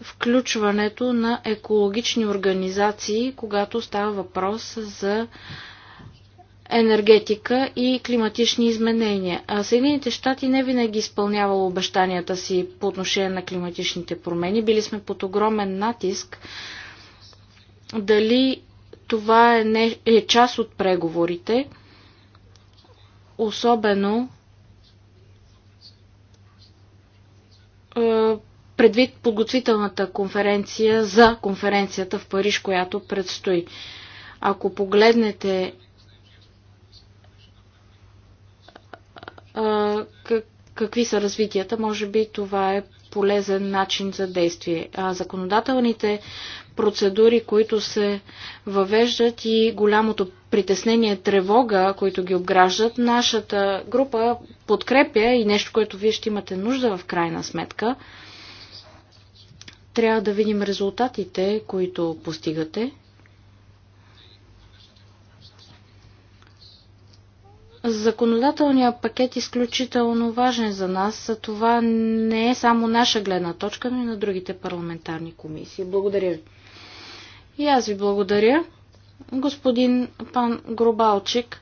включването на екологични организации, когато става въпрос за енергетика и климатични изменения. А Съединените щати не винаги изпълнявало обещанията си по отношение на климатичните промени. Били сме под огромен натиск. Дали това е, не, е част от преговорите, особено е, предвид подготвителната конференция за конференцията в Париж, която предстои. Ако погледнете какви са развитията, може би това е полезен начин за действие. А законодателните процедури, които се въвеждат и голямото притеснение, тревога, които ги обграждат, нашата група подкрепя и нещо, което вие ще имате нужда в крайна сметка – трябва да видим резултатите, които постигате. Законодателният пакет е изключително важен за нас. Това не е само наша гледна точка, но и на другите парламентарни комисии. Благодаря ви. И аз ви благодаря. Господин пан Гробалчик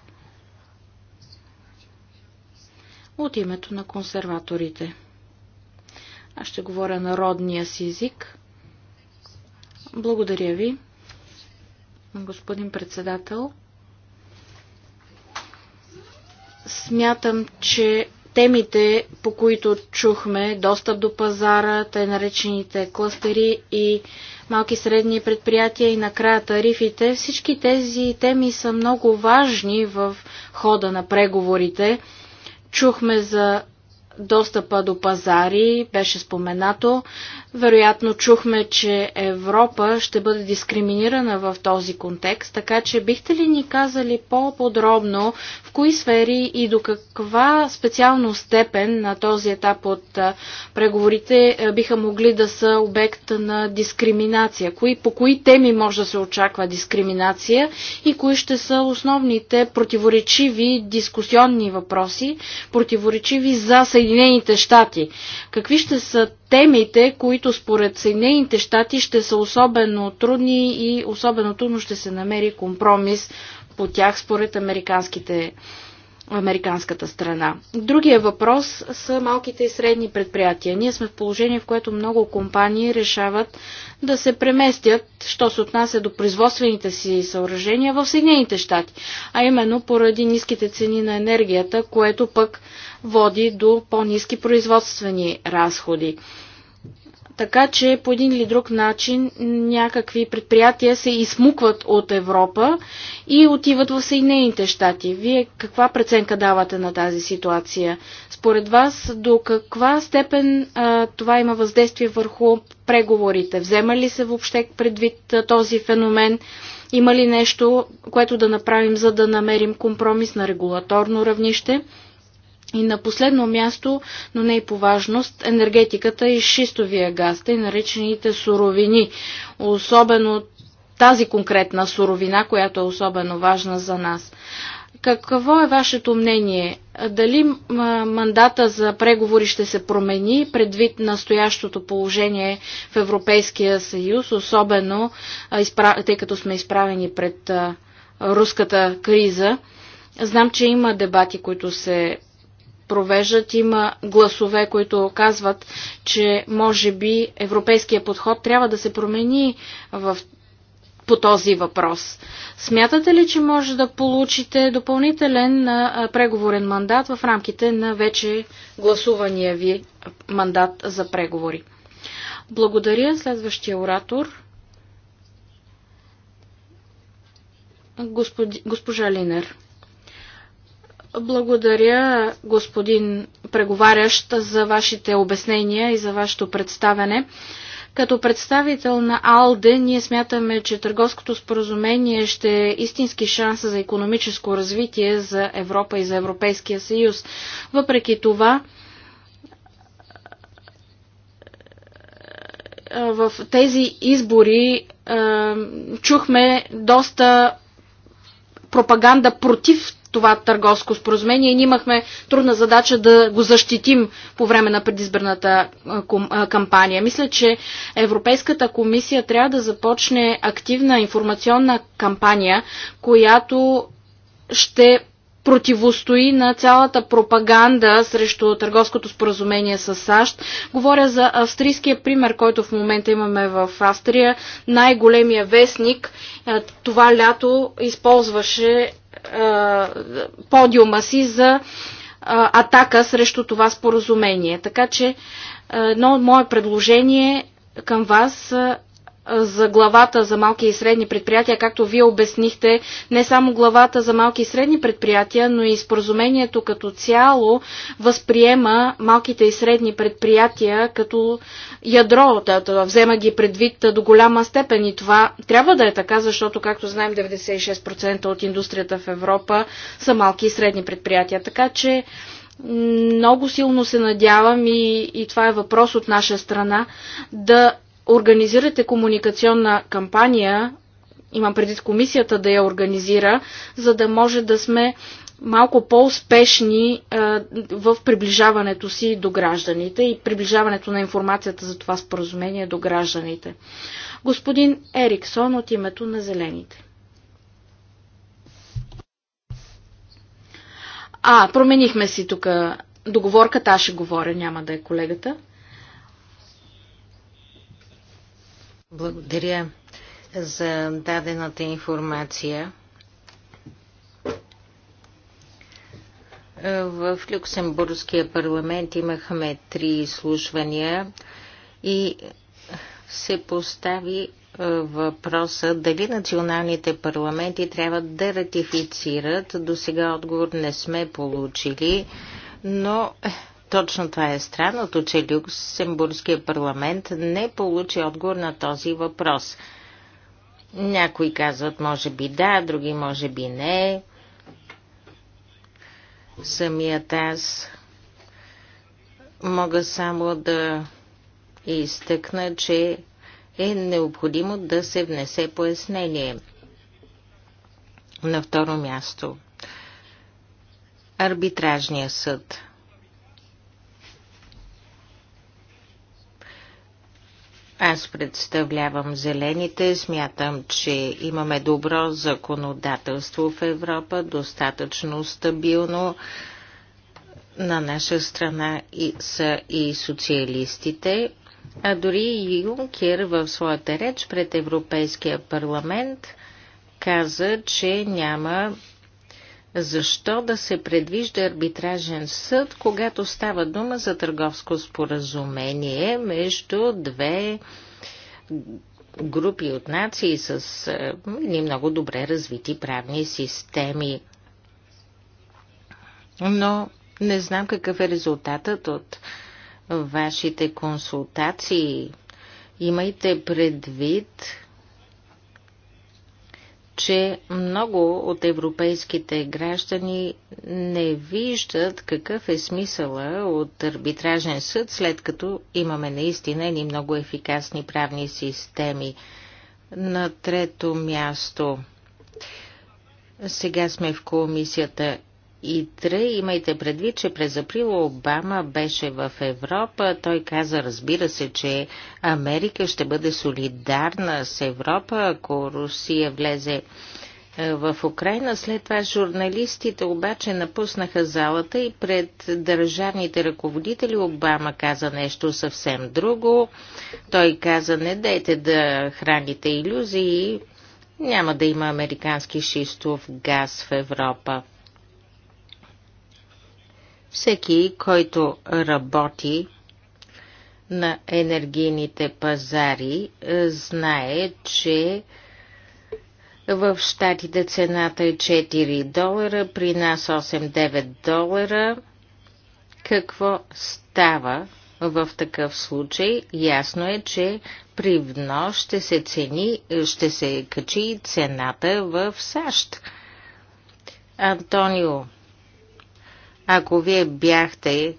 от името на консерваторите. Аз ще говоря на родния си език. Благодаря ви, господин председател. Смятам, че темите, по които чухме, достъп до пазара, тъй наречените кластери и малки средни предприятия и накрая тарифите, всички тези теми са много важни в хода на преговорите. Чухме за достъпа до пазари беше споменато. Вероятно чухме, че Европа ще бъде дискриминирана в този контекст, така че бихте ли ни казали по-подробно в кои сфери и до каква специално степен на този етап от преговорите биха могли да са обект на дискриминация? Кои, по кои теми може да се очаква дискриминация и кои ще са основните противоречиви дискусионни въпроси, противоречиви за Съединените щати? Какви ще са темите, които които според Съединените щати ще са особено трудни и особено трудно ще се намери компромис по тях според американските американската страна. Другия въпрос са малките и средни предприятия. Ние сме в положение, в което много компании решават да се преместят, що се отнася до производствените си съоръжения в Съединените щати, а именно поради ниските цени на енергията, което пък води до по-низки производствени разходи. Така че по един или друг начин някакви предприятия се измукват от Европа и отиват в Съединените щати. Вие каква преценка давате на тази ситуация? Според вас до каква степен а, това има въздействие върху преговорите? Взема ли се въобще предвид а, този феномен? Има ли нещо, което да направим, за да намерим компромис на регулаторно равнище? И на последно място, но не и по важност, енергетиката и шистовия газ, тъй наречените суровини. Особено тази конкретна суровина, която е особено важна за нас. Какво е вашето мнение? Дали мандата за преговори ще се промени предвид настоящото положение в Европейския съюз, особено тъй като сме изправени пред руската криза? Знам, че има дебати, които се провеждат. Има гласове, които казват, че може би европейския подход трябва да се промени в по този въпрос. Смятате ли, че може да получите допълнителен преговорен мандат в рамките на вече гласувания ви мандат за преговори? Благодаря. Следващия оратор. Господи, госпожа Линер. Благодаря, господин преговарящ, за вашите обяснения и за вашето представяне. Като представител на АЛДЕ, ние смятаме, че търговското споразумение ще е истински шанс за економическо развитие за Европа и за Европейския съюз. Въпреки това, в тези избори чухме доста пропаганда против това търговско споразумение и ние имахме трудна задача да го защитим по време на предизберната кампания. Мисля, че Европейската комисия трябва да започне активна информационна кампания, която ще противостои на цялата пропаганда срещу търговското споразумение с САЩ. Говоря за австрийския пример, който в момента имаме в Австрия. Най-големия вестник това лято използваше подиума си за атака срещу това споразумение. Така че едно от мое предложение към вас за главата за малки и средни предприятия, както вие обяснихте, не само главата за малки и средни предприятия, но и споразумението като цяло възприема малките и средни предприятия като ядро, да взема ги предвид до голяма степен и това трябва да е така, защото, както знаем, 96% от индустрията в Европа са малки и средни предприятия. Така че много силно се надявам и, и това е въпрос от наша страна, да организирате комуникационна кампания, имам предвид комисията да я организира, за да може да сме малко по-успешни в приближаването си до гражданите и приближаването на информацията за това споразумение до гражданите. Господин Ериксон от името на Зелените. А, променихме си тук договорката, аз ще говоря, няма да е колегата. Благодаря за дадената информация. В Люксембургския парламент имахме три изслушвания и се постави въпроса дали националните парламенти трябва да ратифицират. До сега отговор не сме получили, но точно това е странното, че Люксембургския парламент не получи отговор на този въпрос. Някои казват може би да, други може би не. Самият аз мога само да изтъкна, че е необходимо да се внесе пояснение. На второ място. Арбитражния съд – Аз представлявам зелените. Смятам, че имаме добро законодателство в Европа, достатъчно стабилно. На наша страна и са и социалистите, а дори Юнкер в своята реч пред Европейския парламент каза, че няма защо да се предвижда арбитражен съд, когато става дума за търговско споразумение между две групи от нации с едни много добре развити правни системи? Но не знам какъв е резултатът от вашите консултации. Имайте предвид, че много от европейските граждани не виждат какъв е смисъла от арбитражен съд, след като имаме наистина едни много ефикасни правни системи. На трето място. Сега сме в комисията и тре, имайте предвид, че през април Обама беше в Европа. Той каза, разбира се, че Америка ще бъде солидарна с Европа, ако Русия влезе е, в Украина. След това журналистите обаче напуснаха залата и пред държавните ръководители Обама каза нещо съвсем друго. Той каза, не дайте да храните иллюзии, няма да има американски шистов газ в Европа. Всеки, който работи на енергийните пазари, е, знае, че в щатите цената е 4 долара, при нас 8-9 долара. Какво става в такъв случай? Ясно е, че при внос ще се цени, е, ще се качи цената в САЩ. Антонио ако вие бяхте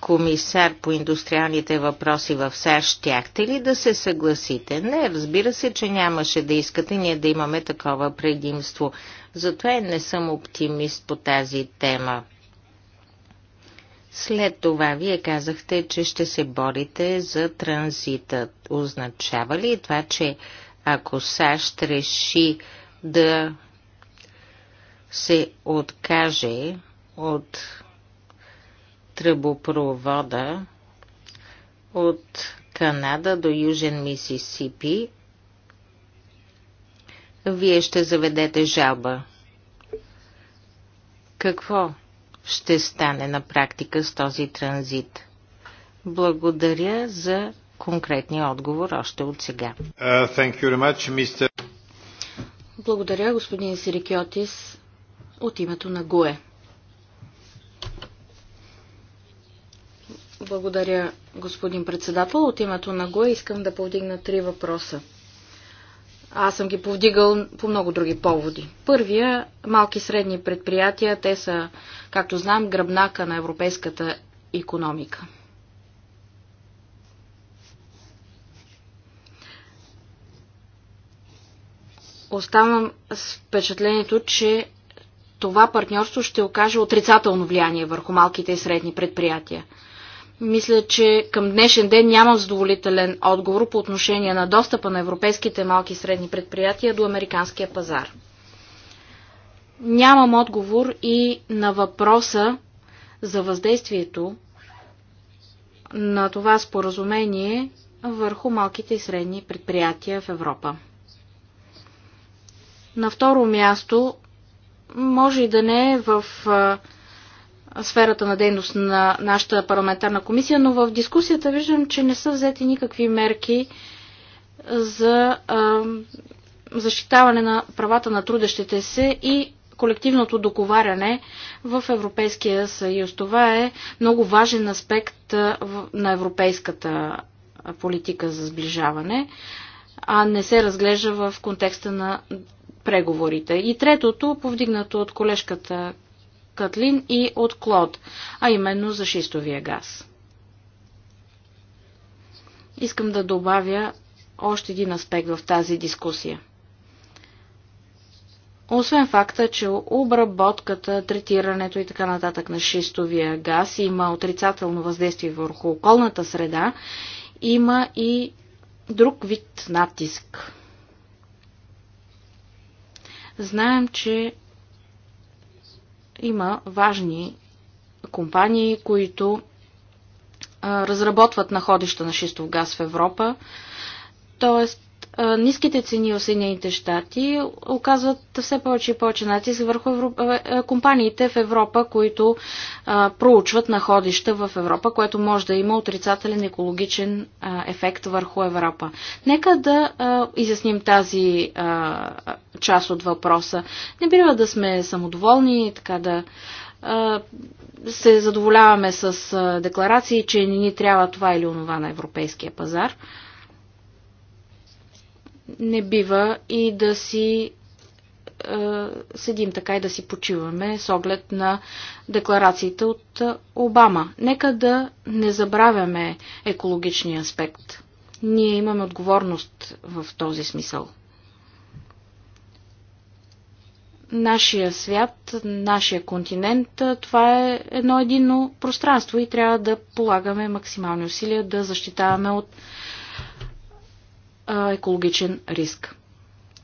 комисар по индустриалните въпроси в САЩ, щяхте ли да се съгласите? Не, разбира се, че нямаше да искате ние да имаме такова предимство. Затова не съм оптимист по тази тема. След това вие казахте, че ще се борите за транзита. Означава ли това, че ако САЩ реши да се откаже от тръбопровода от Канада до Южен Мисисипи, вие ще заведете жалба. Какво ще стане на практика с този транзит? Благодаря за конкретния отговор още от сега. Uh, much, Благодаря, господин Сирикиотис, от името на ГУЕ. Благодаря, господин председател. От името на ГОЕ искам да повдигна три въпроса. Аз съм ги повдигал по много други поводи. Първия – малки и средни предприятия. Те са, както знам, гръбнака на европейската економика. Оставам с впечатлението, че това партньорство ще окаже отрицателно влияние върху малките и средни предприятия – мисля, че към днешен ден няма задоволителен отговор по отношение на достъпа на европейските малки и средни предприятия до американския пазар. Нямам отговор и на въпроса за въздействието на това споразумение върху малките и средни предприятия в Европа. На второ място, може и да не е в сферата на дейност на нашата парламентарна комисия, но в дискусията виждам, че не са взети никакви мерки за а, защитаване на правата на трудещите се и колективното договаряне в Европейския съюз. Това е много важен аспект на европейската политика за сближаване, а не се разглежда в контекста на преговорите. И третото, повдигнато от колежката Катлин и от Клод, а именно за шистовия газ. Искам да добавя още един аспект в тази дискусия. Освен факта, че обработката, третирането и така нататък на шистовия газ има отрицателно въздействие върху околната среда, има и друг вид натиск. Знаем, че има важни компании, които разработват находища на шистов газ в Европа. Тоест, ниските цени в Съединените щати оказват все повече и повече натиск върху Европ... компаниите в Европа, които а, проучват находища в Европа, което може да има отрицателен екологичен а, ефект върху Европа. Нека да а, изясним тази а, част от въпроса. Не бива да сме самодоволни, така да се задоволяваме с декларации, че не ни трябва това или онова на европейския пазар не бива и да си е, седим така и да си почиваме с оглед на декларациите от Обама. Нека да не забравяме екологичния аспект. Ние имаме отговорност в този смисъл. Нашия свят, нашия континент, това е едно единно пространство и трябва да полагаме максимални усилия да защитаваме от а, екологичен риск.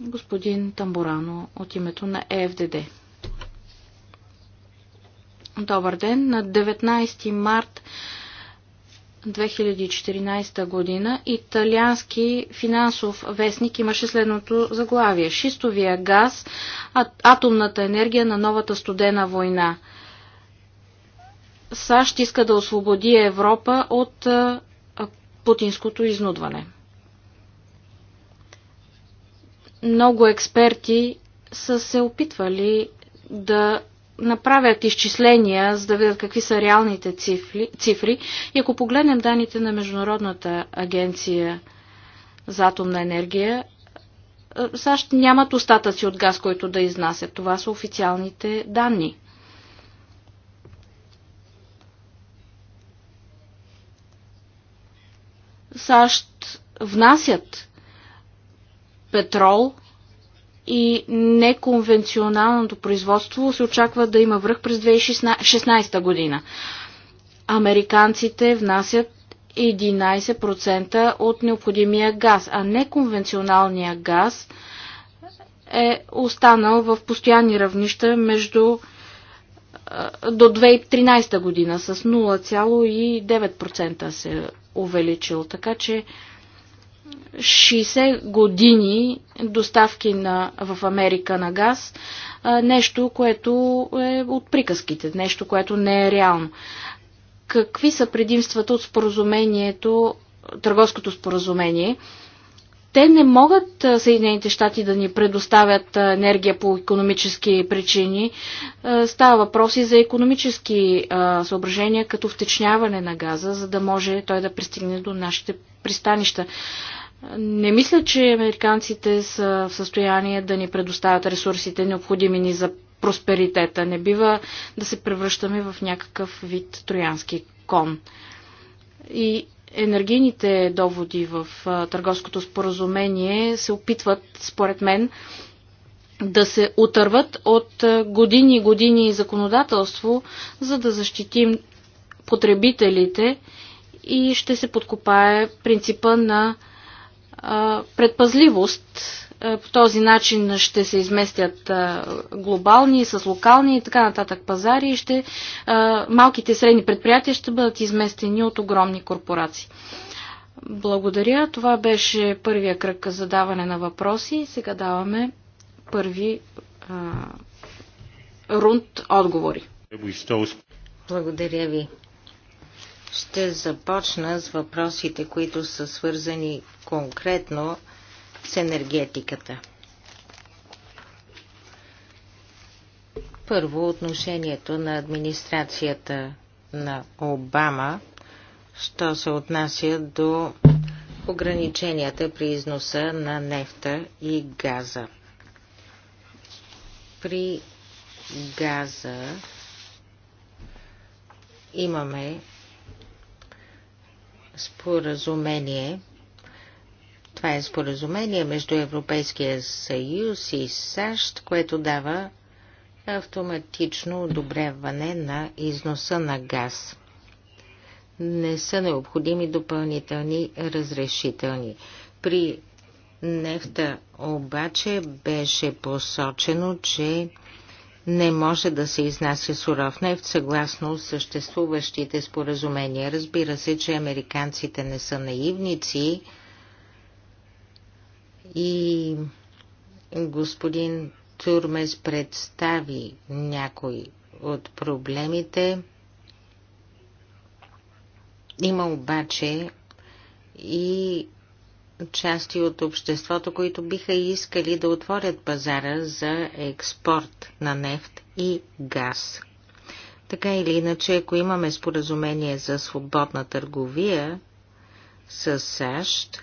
Господин Тамбурано от името на ЕФДД. Добър ден! На 19 март 2014 година италиански финансов вестник имаше следното заглавие. Шистовия газ, атомната енергия на новата студена война. САЩ иска да освободи Европа от путинското изнудване. Много експерти са се опитвали да направят изчисления, за да видят какви са реалните цифри. цифри. И ако погледнем данните на Международната агенция за атомна енергия, САЩ нямат остатъци от газ, който да изнасят. Това са официалните данни. САЩ внасят петрол и неконвенционалното производство се очаква да има връх през 2016 година. Американците внасят 11% от необходимия газ, а неконвенционалния газ е останал в постоянни равнища между до 2013 година с 0,9% се увеличил. Така че 60 години доставки на, в Америка на газ, нещо, което е от приказките, нещо, което не е реално. Какви са предимствата от споразумението, търговското споразумение? Те не могат Съединените щати да ни предоставят енергия по економически причини. Става въпроси за економически съображения, като втечняване на газа, за да може той да пристигне до нашите пристанища. Не мисля, че американците са в състояние да ни предоставят ресурсите, необходими ни за просперитета. Не бива да се превръщаме в някакъв вид троянски кон. И енергийните доводи в търговското споразумение се опитват, според мен, да се отърват от години и години законодателство, за да защитим потребителите и ще се подкопае принципа на предпазливост е, по този начин ще се изместят е, глобални, с локални и така нататък пазари и ще, е, малките и средни предприятия ще бъдат изместени от огромни корпорации. Благодаря. Това беше първия кръг за даване на въпроси. Сега даваме първи рунд отговори. Благодаря ви. Ще започна с въпросите, които са свързани конкретно с енергетиката. Първо, отношението на администрацията на Обама, що се отнася до ограниченията при износа на нефта и газа. При газа имаме споразумение това е споразумение между Европейския съюз и САЩ, което дава автоматично одобряване на износа на газ. Не са необходими допълнителни разрешителни. При нефта обаче беше посочено, че не може да се изнася суров нефт съгласно съществуващите споразумения. Разбира се, че американците не са наивници, и господин Турмес представи някои от проблемите. Има обаче и части от обществото, които биха искали да отворят пазара за експорт на нефт и газ. Така или иначе, ако имаме споразумение за свободна търговия с САЩ,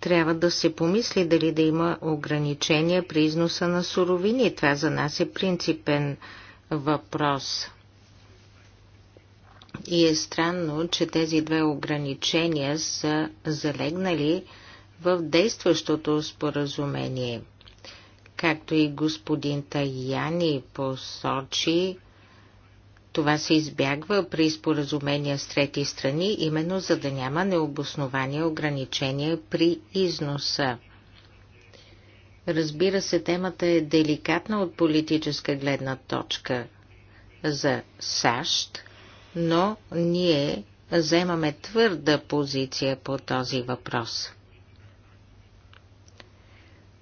трябва да се помисли дали да има ограничения при износа на суровини. Това за нас е принципен въпрос. И е странно, че тези две ограничения са залегнали в действащото споразумение. Както и господин Таяни посочи, това се избягва при споразумения с трети страни, именно за да няма необосновани ограничения при износа. Разбира се, темата е деликатна от политическа гледна точка за САЩ, но ние вземаме твърда позиция по този въпрос.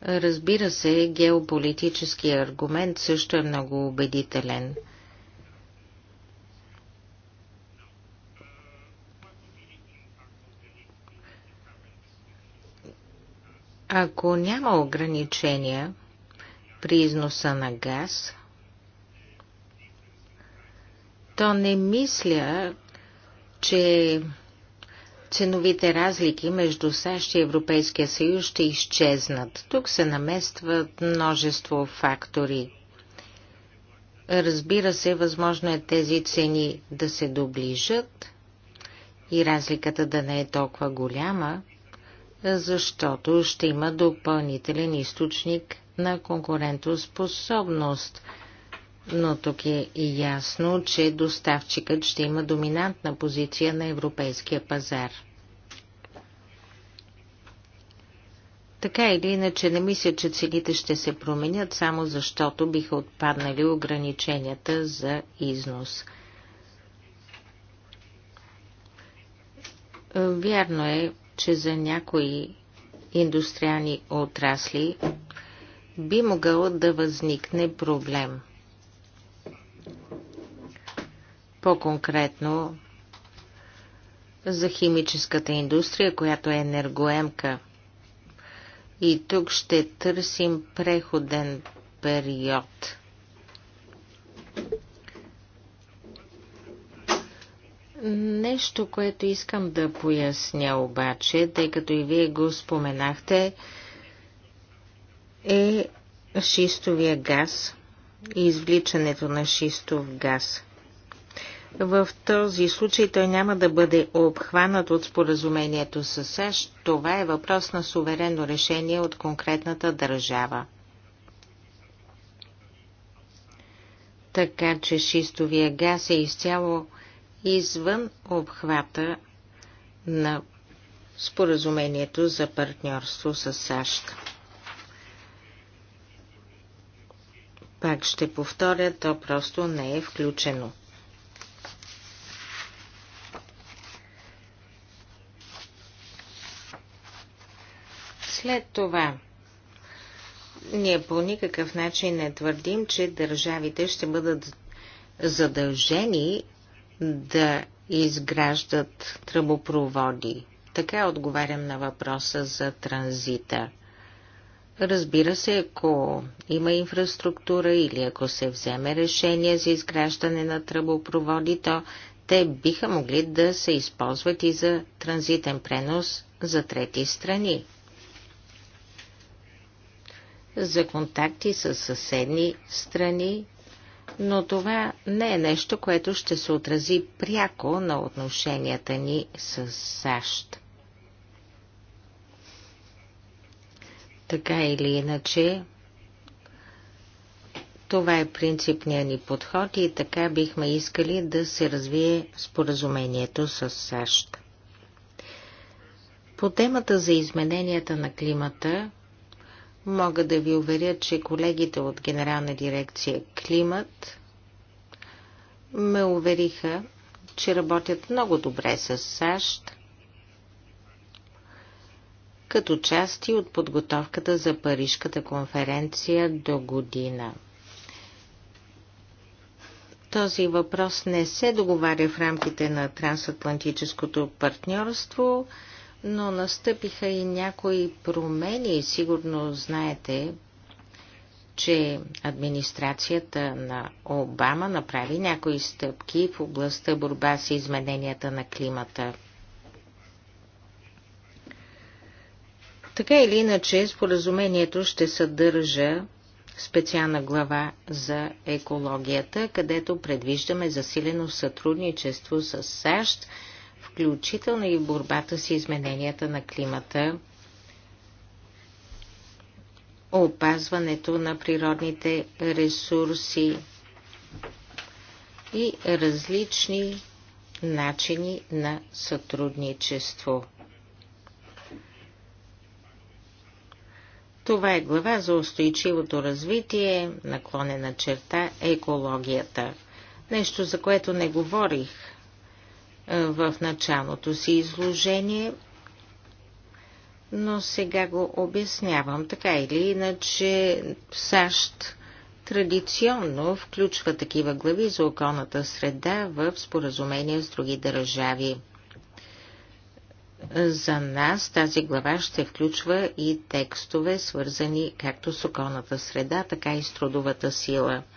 Разбира се, геополитическият аргумент също е много убедителен – Ако няма ограничения при износа на газ, то не мисля, че ценовите разлики между САЩ и Европейския съюз ще изчезнат. Тук се наместват множество фактори. Разбира се, възможно е тези цени да се доближат и разликата да не е толкова голяма, защото ще има допълнителен източник на конкурентоспособност. Но тук е ясно, че доставчикът ще има доминантна позиция на европейския пазар. Така или иначе не мисля, че целите ще се променят, само защото биха отпаднали ограниченията за износ. Вярно е, че за някои индустриални отрасли би могъл да възникне проблем. По-конкретно за химическата индустрия, която е енергоемка. И тук ще търсим преходен период – Нещо, което искам да поясня обаче, тъй като и вие го споменахте, е шистовия газ и извличането на шистов газ. В този случай той няма да бъде обхванат от споразумението с САЩ. Това е въпрос на суверенно решение от конкретната държава. Така че шистовия газ е изцяло извън обхвата на споразумението за партньорство с САЩ. Пак ще повторя, то просто не е включено. След това, ние по никакъв начин не твърдим, че държавите ще бъдат задължени да изграждат тръбопроводи. Така отговарям на въпроса за транзита. Разбира се, ако има инфраструктура или ако се вземе решение за изграждане на тръбопроводи, то те биха могли да се използват и за транзитен пренос за трети страни. За контакти с съседни страни но това не е нещо, което ще се отрази пряко на отношенията ни с САЩ. Така или иначе, това е принципният ни подход и така бихме искали да се развие споразумението с САЩ. По темата за измененията на климата Мога да ви уверя, че колегите от Генерална дирекция Климат ме увериха, че работят много добре с САЩ като части от подготовката за Парижката конференция до година. Този въпрос не се договаря в рамките на трансатлантическото партньорство но настъпиха и някои промени. Сигурно знаете, че администрацията на Обама направи някои стъпки в областта борба с измененията на климата. Така или иначе, споразумението ще съдържа специална глава за екологията, където предвиждаме засилено сътрудничество с САЩ – включително и в борбата с измененията на климата, опазването на природните ресурси и различни начини на сътрудничество. Това е глава за устойчивото развитие, наклонена черта екологията. Нещо, за което не говорих в началото си изложение, но сега го обяснявам. Така или иначе САЩ традиционно включва такива глави за околната среда в споразумения с други държави. За нас тази глава ще включва и текстове, свързани както с околната среда, така и с трудовата сила –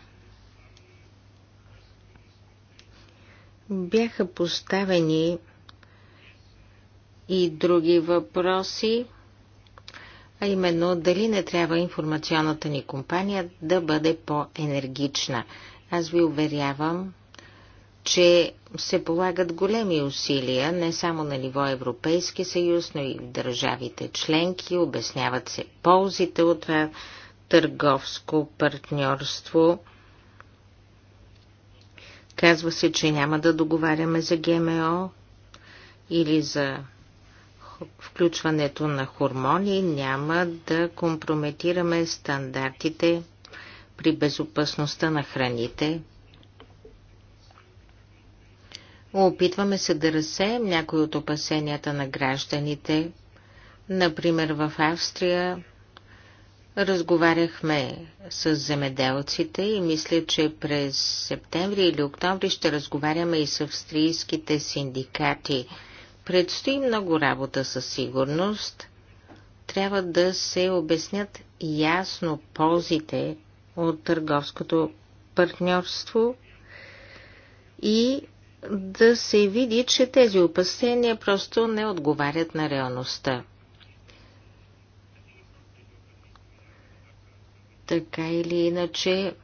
Бяха поставени и други въпроси, а именно дали не трябва информационната ни компания да бъде по-енергична. Аз ви уверявам, че се полагат големи усилия не само на ниво Европейски съюз, но и в държавите членки. Обясняват се ползите от това търговско партньорство. Казва се, че няма да договаряме за ГМО или за включването на хормони, няма да компрометираме стандартите при безопасността на храните. Опитваме се да разсеем някои от опасенията на гражданите. Например, в Австрия Разговаряхме с земеделците и мисля, че през септември или октомври ще разговаряме и с австрийските синдикати. Предстои много работа със сигурност. Трябва да се обяснят ясно ползите от търговското партньорство и да се види, че тези опасения просто не отговарят на реалността. Така или иначе,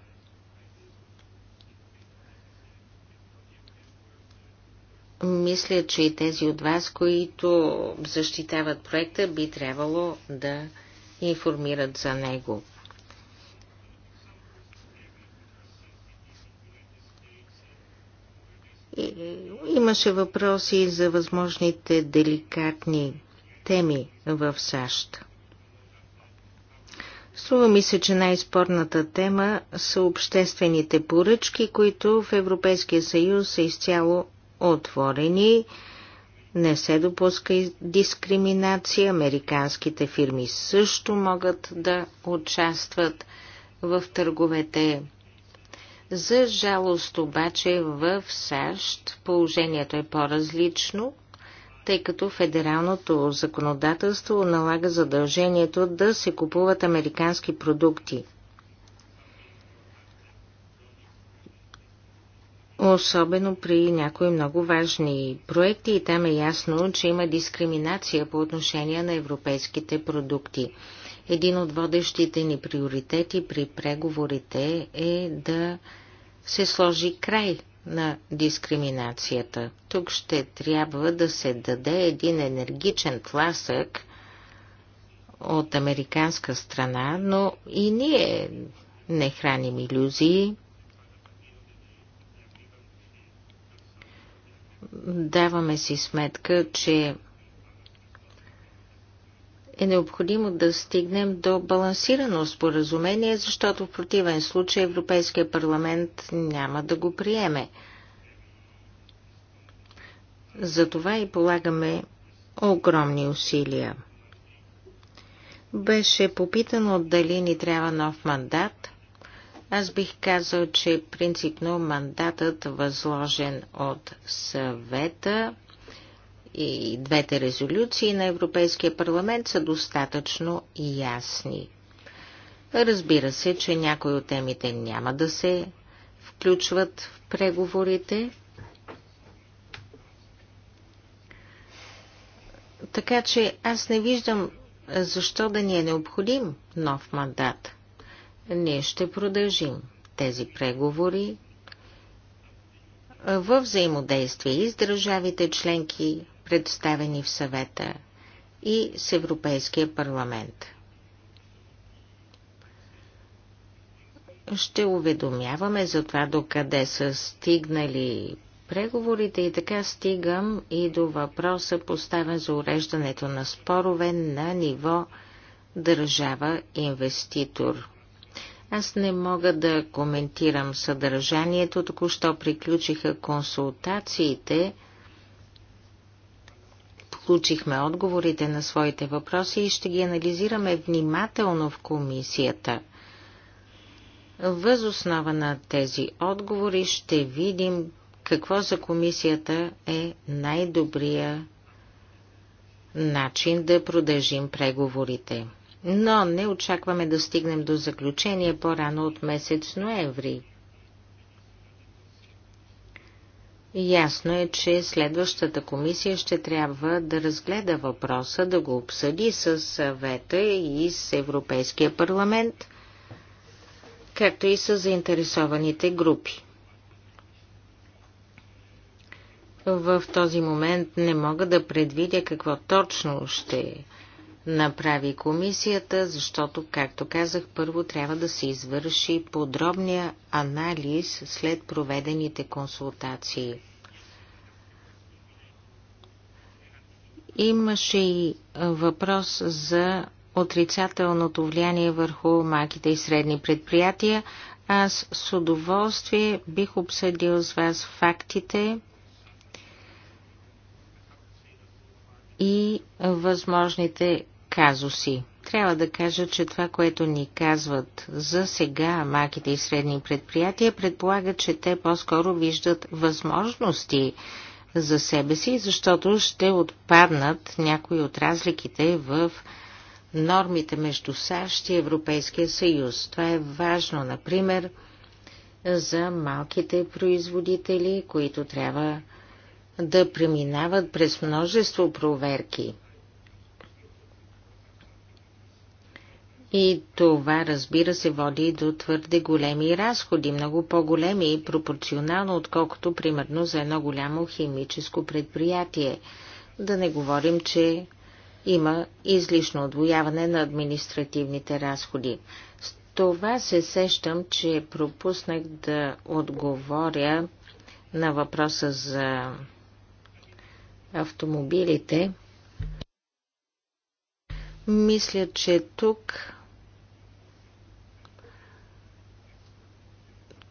мисля, че и тези от вас, които защитават проекта, би трябвало да информират за него. Имаше въпроси за възможните деликатни теми в САЩ. Струва ми се, че най-спорната тема са обществените поръчки, които в Европейския съюз са изцяло отворени. Не се допуска и дискриминация. Американските фирми също могат да участват в търговете. За жалост обаче в САЩ положението е по-различно тъй като федералното законодателство налага задължението да се купуват американски продукти. Особено при някои много важни проекти и там е ясно, че има дискриминация по отношение на европейските продукти. Един от водещите ни приоритети при преговорите е да се сложи край на дискриминацията. Тук ще трябва да се даде един енергичен тласък от американска страна, но и ние не храним иллюзии. Даваме си сметка, че е необходимо да стигнем до балансирано споразумение, защото в противен случай Европейския парламент няма да го приеме. Затова и полагаме огромни усилия. Беше попитано дали ни трябва нов мандат. Аз бих казал, че принципно мандатът, възложен от съвета, и двете резолюции на Европейския парламент са достатъчно ясни. Разбира се, че някои от темите няма да се включват в преговорите. Така че аз не виждам защо да ни е необходим нов мандат. Ние ще продължим тези преговори в взаимодействие и с държавите членки, представени в съвета и с Европейския парламент. Ще уведомяваме за това докъде са стигнали преговорите и така стигам и до въпроса поставен за уреждането на спорове на ниво държава-инвеститор. Аз не мога да коментирам съдържанието, току-що приключиха консултациите Получихме отговорите на своите въпроси и ще ги анализираме внимателно в комисията. Въз основа на тези отговори ще видим какво за комисията е най-добрия начин да продължим преговорите. Но не очакваме да стигнем до заключение по-рано от месец ноември. Ясно е, че следващата комисия ще трябва да разгледа въпроса, да го обсъди с съвета и с Европейския парламент, както и с заинтересованите групи. В този момент не мога да предвидя какво точно ще направи комисията, защото, както казах, първо трябва да се извърши подробния анализ след проведените консултации. Имаше и въпрос за отрицателното влияние върху малките и средни предприятия. Аз с удоволствие бих обсъдил с вас фактите и възможните казуси. Трябва да кажа, че това, което ни казват за сега малките и средни предприятия, предполага, че те по-скоро виждат възможности за себе си, защото ще отпаднат някои от разликите в нормите между САЩ и Европейския съюз. Това е важно, например, за малките производители, които трябва да преминават през множество проверки – И това, разбира се, води до твърде големи разходи, много по-големи и пропорционално, отколкото, примерно, за едно голямо химическо предприятие. Да не говорим, че има излишно отвояване на административните разходи. С това се сещам, че пропуснах да отговоря на въпроса за автомобилите. Мисля, че тук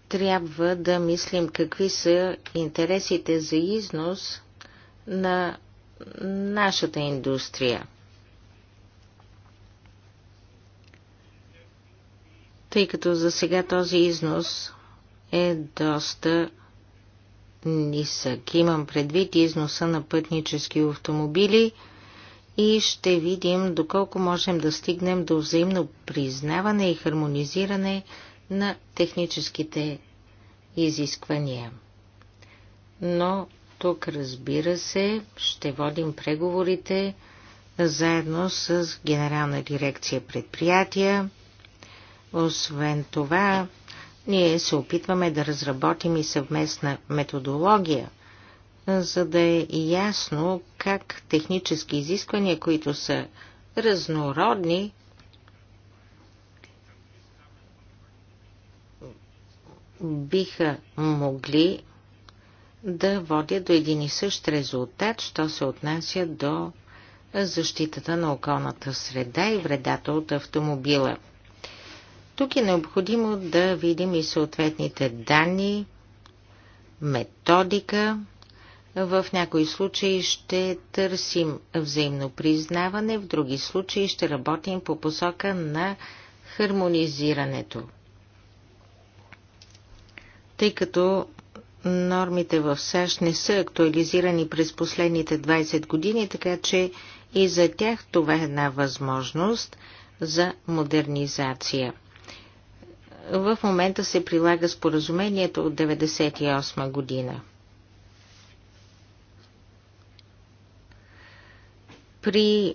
трябва да мислим какви са интересите за износ на нашата индустрия. Тъй като за сега този износ е доста нисък. Имам предвид износа на пътнически автомобили и ще видим доколко можем да стигнем до взаимно признаване и хармонизиране на техническите изисквания. Но тук, разбира се, ще водим преговорите заедно с Генерална дирекция предприятия. Освен това, ние се опитваме да разработим и съвместна методология, за да е ясно как технически изисквания, които са разнородни, биха могли да водят до един и същ резултат, що се отнася до защитата на околната среда и вредата от автомобила. Тук е необходимо да видим и съответните данни, методика. В някои случаи ще търсим взаимно признаване, в други случаи ще работим по посока на хармонизирането тъй като нормите в САЩ не са актуализирани през последните 20 години, така че и за тях това е една възможност за модернизация. В момента се прилага споразумението от 1998 година. При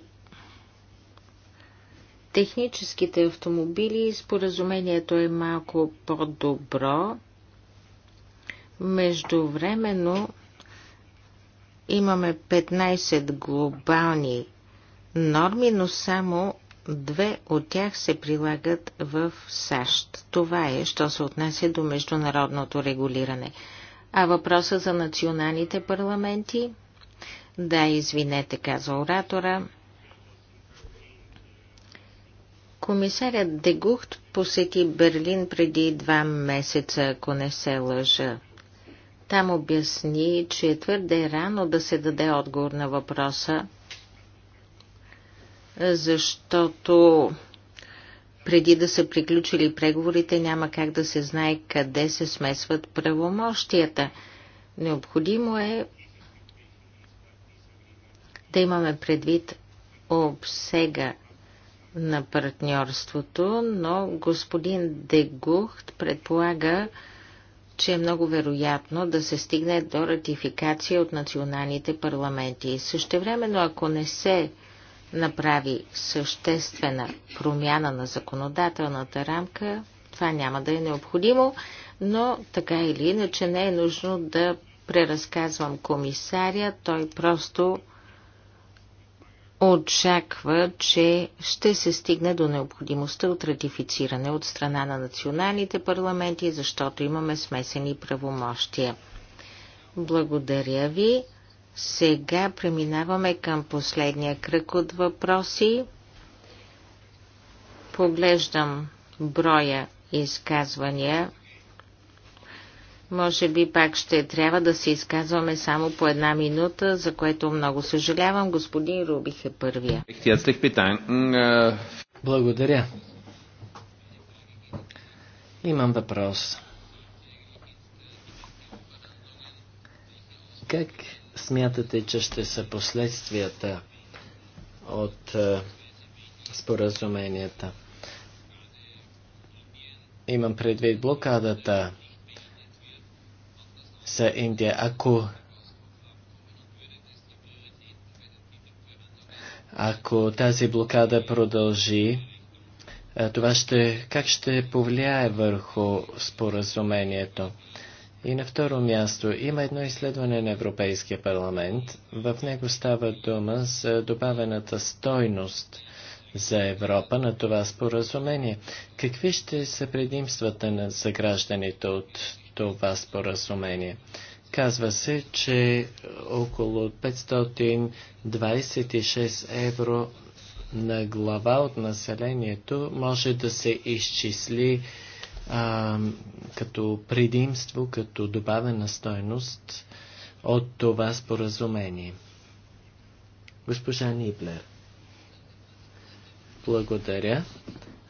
техническите автомобили споразумението е малко по-добро, Междувременно имаме 15 глобални норми, но само две от тях се прилагат в САЩ. Това е, що се отнася до международното регулиране. А въпроса за националните парламенти? Да, извинете, каза оратора. Комисарят Дегухт посети Берлин преди два месеца, ако не се лъжа. Там обясни, че е твърде рано да се даде отговор на въпроса, защото преди да са приключили преговорите, няма как да се знае къде се смесват правомощията. Необходимо е да имаме предвид обсега на партньорството, но господин Дегухт предполага че е много вероятно да се стигне до ратификация от националните парламенти. Същевременно, ако не се направи съществена промяна на законодателната рамка, това няма да е необходимо, но така или иначе не е нужно да преразказвам комисаря, той просто очаква, че ще се стигне до необходимостта от ратифициране от страна на националните парламенти, защото имаме смесени правомощия. Благодаря ви. Сега преминаваме към последния кръг от въпроси. Поглеждам броя изказвания може би пак ще трябва да се изказваме само по една минута, за което много съжалявам. Господин Рубих е първия. Благодаря. Имам въпрос. Как смятате, че ще са последствията от е, споразуменията? Имам предвид блокадата за Индия. Ако ако тази блокада продължи, това ще, как ще повлияе върху споразумението? И на второ място, има едно изследване на Европейския парламент. В него става дума за добавената стойност за Европа на това споразумение. Какви ще са предимствата на, за гражданите от това споразумение. Казва се, че около 526 евро на глава от населението може да се изчисли а, като предимство, като добавена стойност от това споразумение. Госпожа Ниблер, благодаря.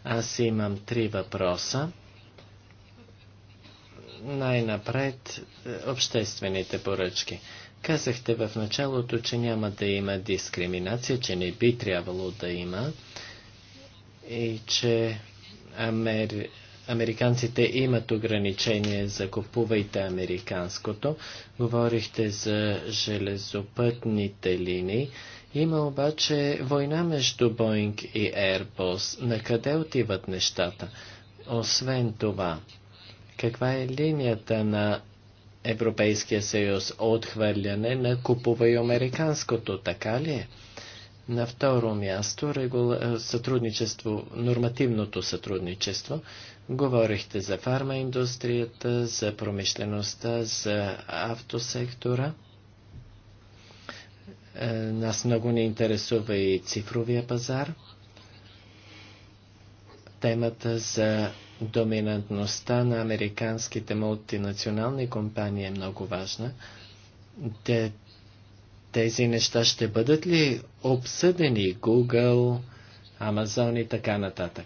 Аз имам три въпроса. Най-напред е, обществените поръчки. Казахте в началото, че няма да има дискриминация, че не би трябвало да има и че Амер... американците имат ограничение за купувайте американското. Говорихте за железопътните линии. Има обаче война между Боинг и Airbus. На къде отиват нещата? Освен това, каква е линията на Европейския съюз? Отхвърляне на купува и американското, така ли е? На второ място регула... сътрудничество, нормативното сътрудничество. Говорихте за фармаиндустрията, за промишлеността, за автосектора. Е, нас много ни интересува и цифровия пазар. Темата за Доминантността на американските мултинационални компании е много важна. Те, тези неща ще бъдат ли обсъдени Google, Amazon и така нататък?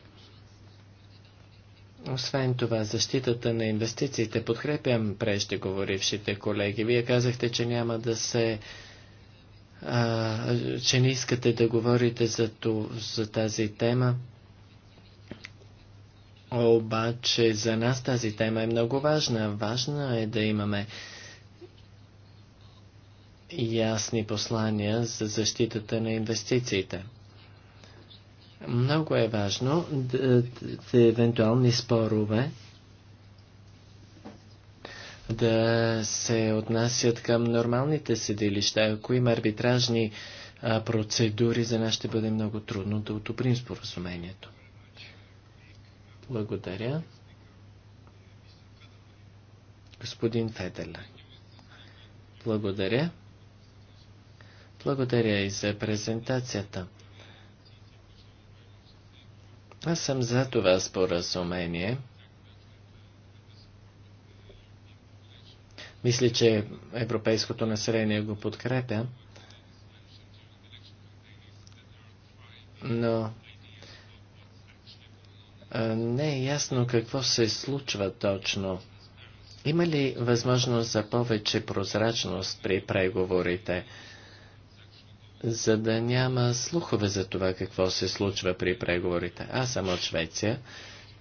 Освен това, защитата на инвестициите, подкрепям преждеговорившите колеги. Вие казахте, че няма да се а, че не искате да говорите за, ту, за тази тема. Обаче за нас тази тема е много важна. Важно е да имаме ясни послания за защитата на инвестициите. Много е важно да, евентуални спорове да се отнасят към нормалните съдилища. Ако има арбитражни процедури, за нас ще бъде много трудно да отоприм споразумението. Благодаря. Господин Федерле. Благодаря. Благодаря и за презентацията. Аз съм за това споразумение. Мисля, че европейското население го подкрепя, но не е ясно какво се случва точно. Има ли възможност за повече прозрачност при преговорите, за да няма слухове за това какво се случва при преговорите? Аз съм от Швеция.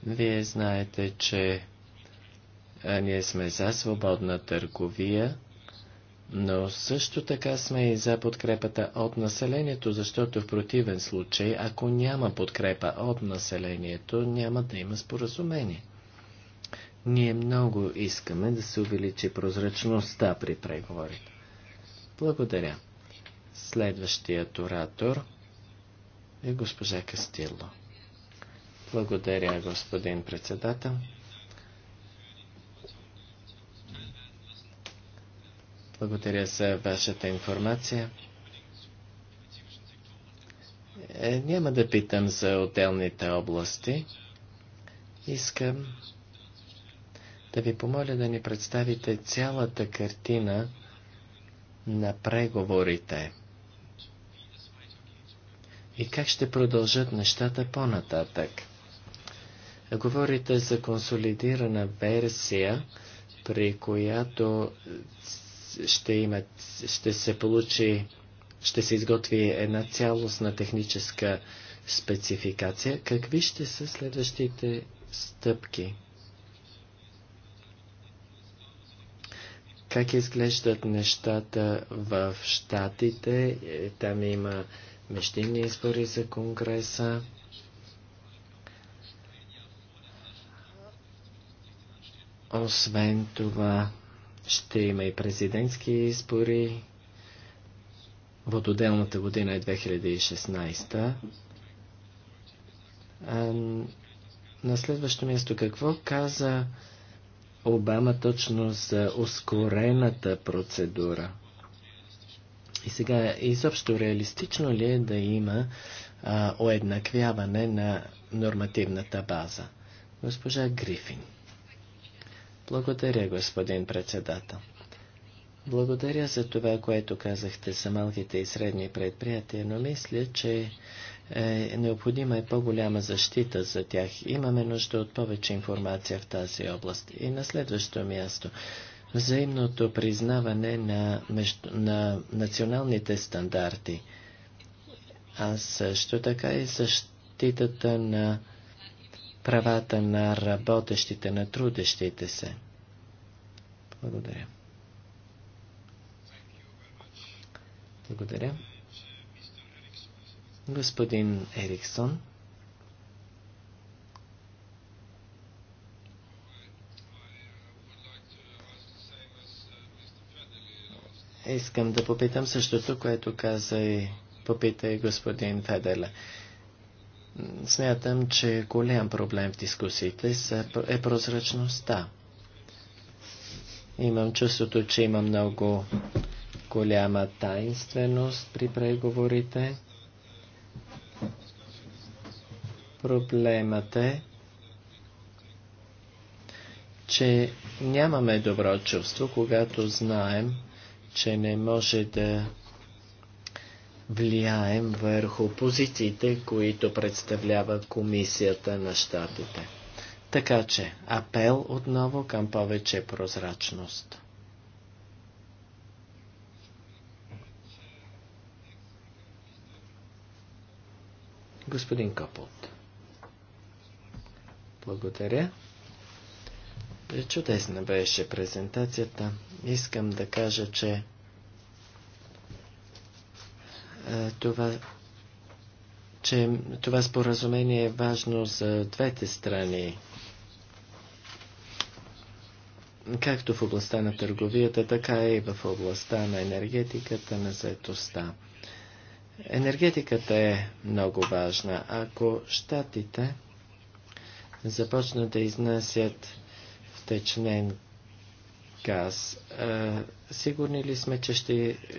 Вие знаете, че ние сме за свободна търговия но също така сме и за подкрепата от населението, защото в противен случай, ако няма подкрепа от населението, няма да има споразумение. Ние много искаме да се увеличи прозрачността при преговорите. Благодаря. Следващият оратор е госпожа Кастило. Благодаря, господин председател. Благодаря за вашата информация. Е, няма да питам за отделните области. Искам да ви помоля да ни представите цялата картина на преговорите. И как ще продължат нещата по-нататък? Говорите за консолидирана версия, при която ще, имат, ще се получи, ще се изготви една цялостна техническа спецификация. Какви ще са следващите стъпки? Как изглеждат нещата в Штатите? Там има междинни избори за Конгреса. Освен това, ще има и президентски избори. В отделната година е 2016. А, на следващо място, какво каза Обама точно за ускорената процедура? И сега, изобщо реалистично ли е да има а, уеднаквяване на нормативната база? Госпожа Грифин. Благодаря, господин председател. Благодаря за това, което казахте за малките и средни предприятия, но мисля, че е, необходима е по-голяма защита за тях. Имаме нужда от повече информация в тази област. И на следващо място взаимното признаване на, между, на националните стандарти, а също така и защитата на правата на работещите, на трудещите се. Благодаря. Благодаря. Господин Ериксон. Искам да попитам същото, което каза и попита и господин Федерле. Смятам, че голям проблем в дискусиите е прозрачността. Имам чувството, че има много голяма таинственост при преговорите. Проблемът е, че нямаме добро чувство, когато знаем, че не може да влияем върху позициите, които представлява Комисията на Штатите. Така че, апел отново към повече прозрачност. Господин Капот. Благодаря. Чудесна беше презентацията. Искам да кажа, че е, това, че това споразумение е важно за двете страни, както в областта на търговията, така и в областта на енергетиката, на заетостта. Енергетиката е много важна. Ако щатите започнат да изнасят втечнен газ. сигурни ли сме, че ще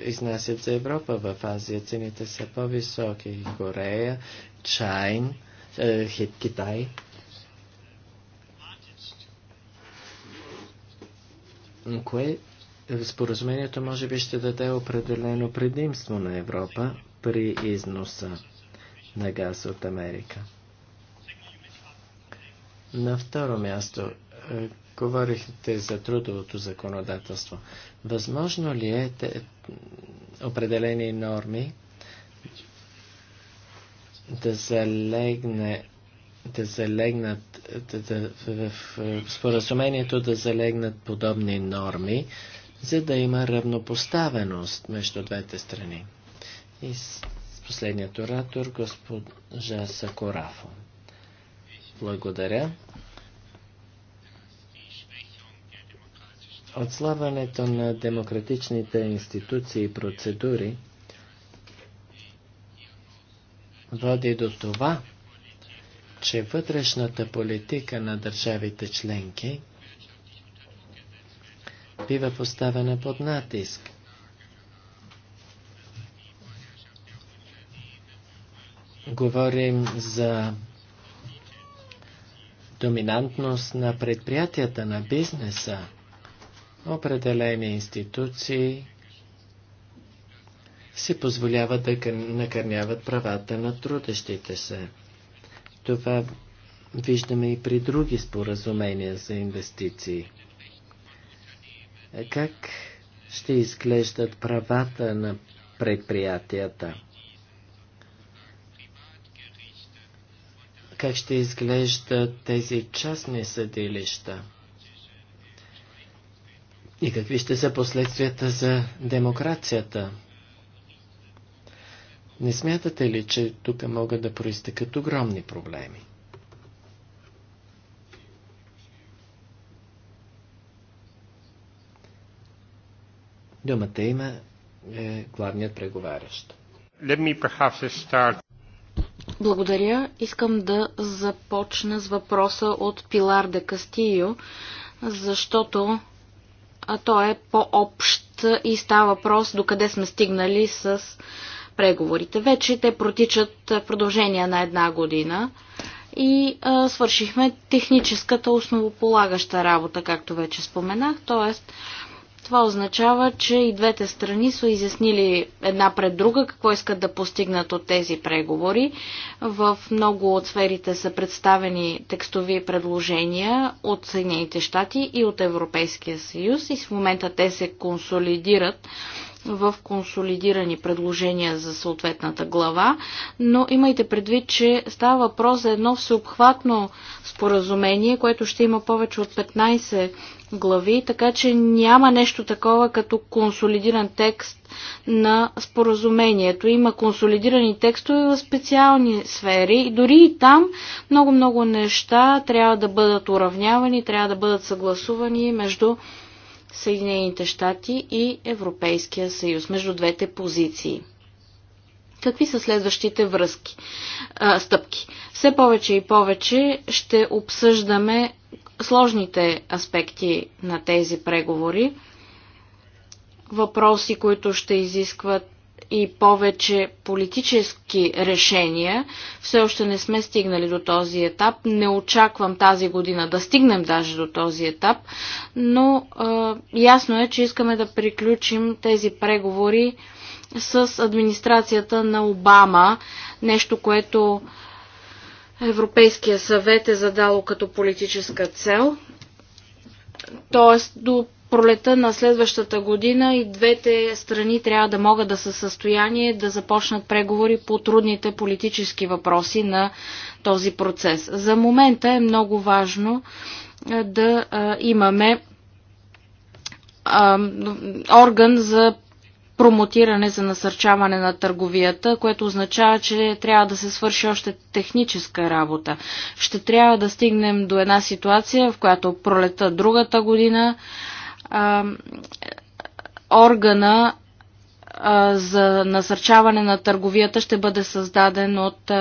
изнасят за Европа? В Азия цените са по-високи. Корея, Чайн, Хит Китай. Кое споразумението може би ще даде определено предимство на Европа при износа на газ от Америка? На второ място, Говорихте за трудовото законодателство. Възможно ли е те, определени норми да залегне да залегнат да, да, в, в споразумението да залегнат подобни норми, за да има равнопоставеност между двете страни. И последният оратор, госпожа Сакорафо. Благодаря. Отслабването на демократичните институции и процедури води до това, че вътрешната политика на държавите членки бива поставена под натиск. Говорим за доминантност на предприятията, на бизнеса определени институции си позволяват да накърняват правата на трудещите се. Това виждаме и при други споразумения за инвестиции. Как ще изглеждат правата на предприятията? Как ще изглеждат тези частни съдилища? И какви ще са последствията за демокрацията? Не смятате ли, че тук могат да проистекат огромни проблеми? Думата има е, главният преговарящ. Благодаря. Искам да започна с въпроса от Пилар де Кастио, защото а той е по-общ и става въпрос до къде сме стигнали с преговорите. Вече те протичат в продължение на една година и а, свършихме техническата основополагаща работа, както вече споменах, т.е. Това означава, че и двете страни са изяснили една пред друга какво искат да постигнат от тези преговори. В много от сферите са представени текстови предложения от Съединените щати и от Европейския съюз и в момента те се консолидират в консолидирани предложения за съответната глава, но имайте предвид, че става въпрос за едно всеобхватно споразумение, което ще има повече от 15 глави, така че няма нещо такова като консолидиран текст на споразумението. Има консолидирани текстове в специални сфери и дори и там много-много неща трябва да бъдат уравнявани, трябва да бъдат съгласувани между Съединените щати и Европейския съюз, между двете позиции. Какви са следващите връзки, а, стъпки? Все повече и повече ще обсъждаме сложните аспекти на тези преговори, въпроси, които ще изискват и повече политически решения. Все още не сме стигнали до този етап. Не очаквам тази година да стигнем даже до този етап, но е, ясно е, че искаме да приключим тези преговори с администрацията на Обама, нещо, което е, Европейския съвет е задало като политическа цел. Тоест до пролета на следващата година и двете страни трябва да могат да са в състояние да започнат преговори по трудните политически въпроси на този процес. За момента е много важно да имаме орган за промотиране за насърчаване на търговията, което означава, че трябва да се свърши още техническа работа. Ще трябва да стигнем до една ситуация, в която пролета другата година а, органа за насърчаване на търговията ще бъде създаден от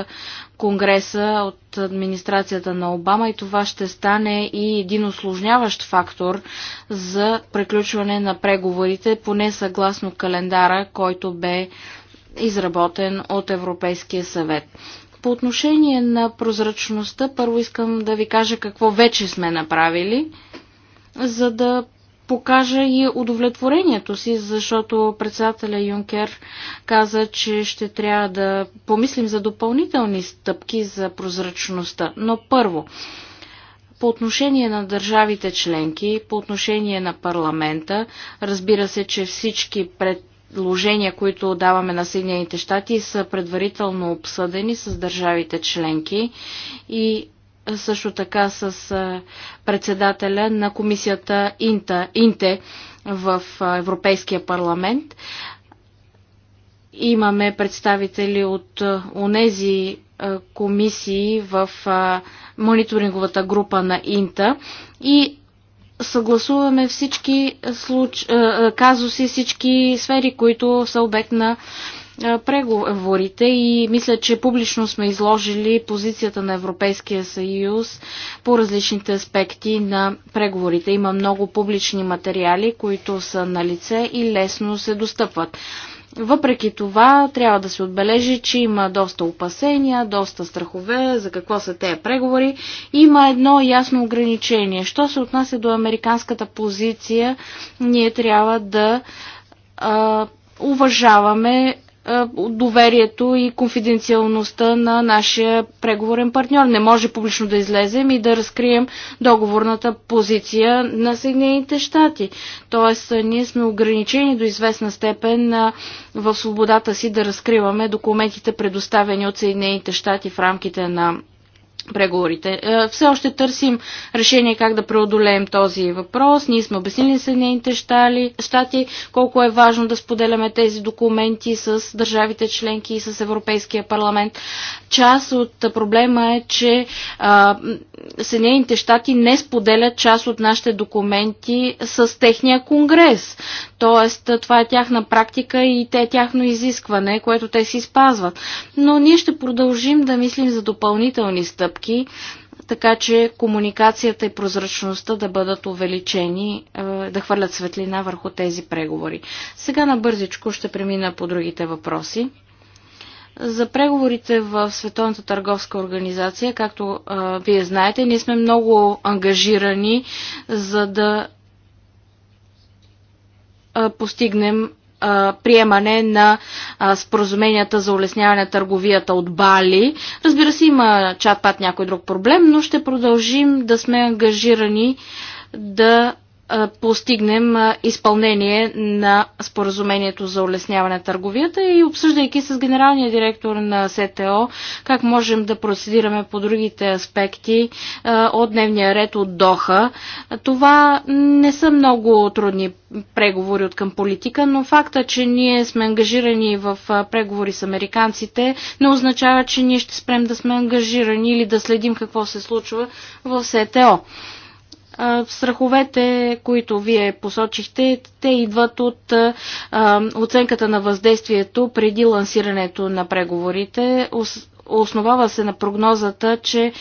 Конгреса, от администрацията на Обама и това ще стане и един осложняващ фактор за приключване на преговорите, поне съгласно календара, който бе изработен от Европейския съвет. По отношение на прозрачността, първо искам да ви кажа какво вече сме направили, за да покажа и удовлетворението си, защото председателя Юнкер каза, че ще трябва да помислим за допълнителни стъпки за прозрачността. Но първо, по отношение на държавите членки, по отношение на парламента, разбира се, че всички пред предложения, които даваме на Съединените щати, са предварително обсъдени с държавите членки и също така с председателя на комисията Инта, Инте в Европейския парламент. Имаме представители от онези комисии в мониторинговата група на Инта и съгласуваме всички случ... казуси, всички сфери, които са обект на преговорите и мисля, че публично сме изложили позицията на Европейския съюз по различните аспекти на преговорите. Има много публични материали, които са на лице и лесно се достъпват. Въпреки това, трябва да се отбележи, че има доста опасения, доста страхове за какво са тези преговори. Има едно ясно ограничение. Що се отнася до американската позиция, ние трябва да а, уважаваме е, доверието и конфиденциалността на нашия преговорен партньор. Не може публично да излезем и да разкрием договорната позиция на Съединените щати. Тоест, е, ние сме ограничени до известна степен е, в свободата си да разкриваме документите, предоставени от Съединените щати в рамките на преговорите. Е, все още търсим решение как да преодолеем този въпрос. Ние сме обяснили Съединените щати колко е важно да споделяме тези документи с държавите членки и с Европейския парламент. Част от проблема е, че Съединените щати не споделят част от нашите документи с техния конгрес. Тоест, това е тяхна практика и те е тяхно изискване, което те си спазват. Но ние ще продължим да мислим за допълнителни стъпки стъпки, така че комуникацията и прозрачността да бъдат увеличени, е, да хвърлят светлина върху тези преговори. Сега набързичко ще премина по другите въпроси. За преговорите в Световната търговска организация, както а, е, вие знаете, ние сме много ангажирани, за да а, е, постигнем приемане на споразуменията за улесняване на търговията от Бали. Разбира се, има чат пат някой друг проблем, но ще продължим да сме ангажирани да постигнем изпълнение на споразумението за улесняване на търговията и обсъждайки с генералния директор на СТО как можем да процедираме по другите аспекти от дневния ред от Доха. Това не са много трудни преговори от към политика, но факта, че ние сме ангажирани в преговори с американците, не означава, че ние ще спрем да сме ангажирани или да следим какво се случва в СТО. Страховете, които вие посочихте, те идват от оценката на въздействието преди лансирането на преговорите. Основава се на прогнозата, че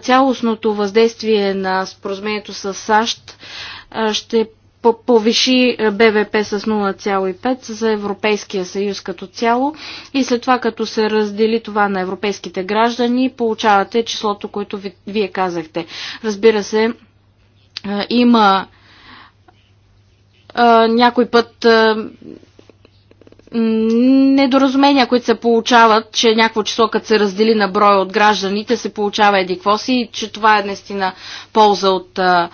цялостното въздействие на споразумението с САЩ ще повиши БВП с 0,5 за Европейския съюз като цяло и след това като се раздели това на европейските граждани, получавате числото, което вие казахте. Разбира се, има някой път недоразумения, които се получават, че някакво число, като се раздели на брой от гражданите, се получава едиквоси, и че това е наистина полза от а,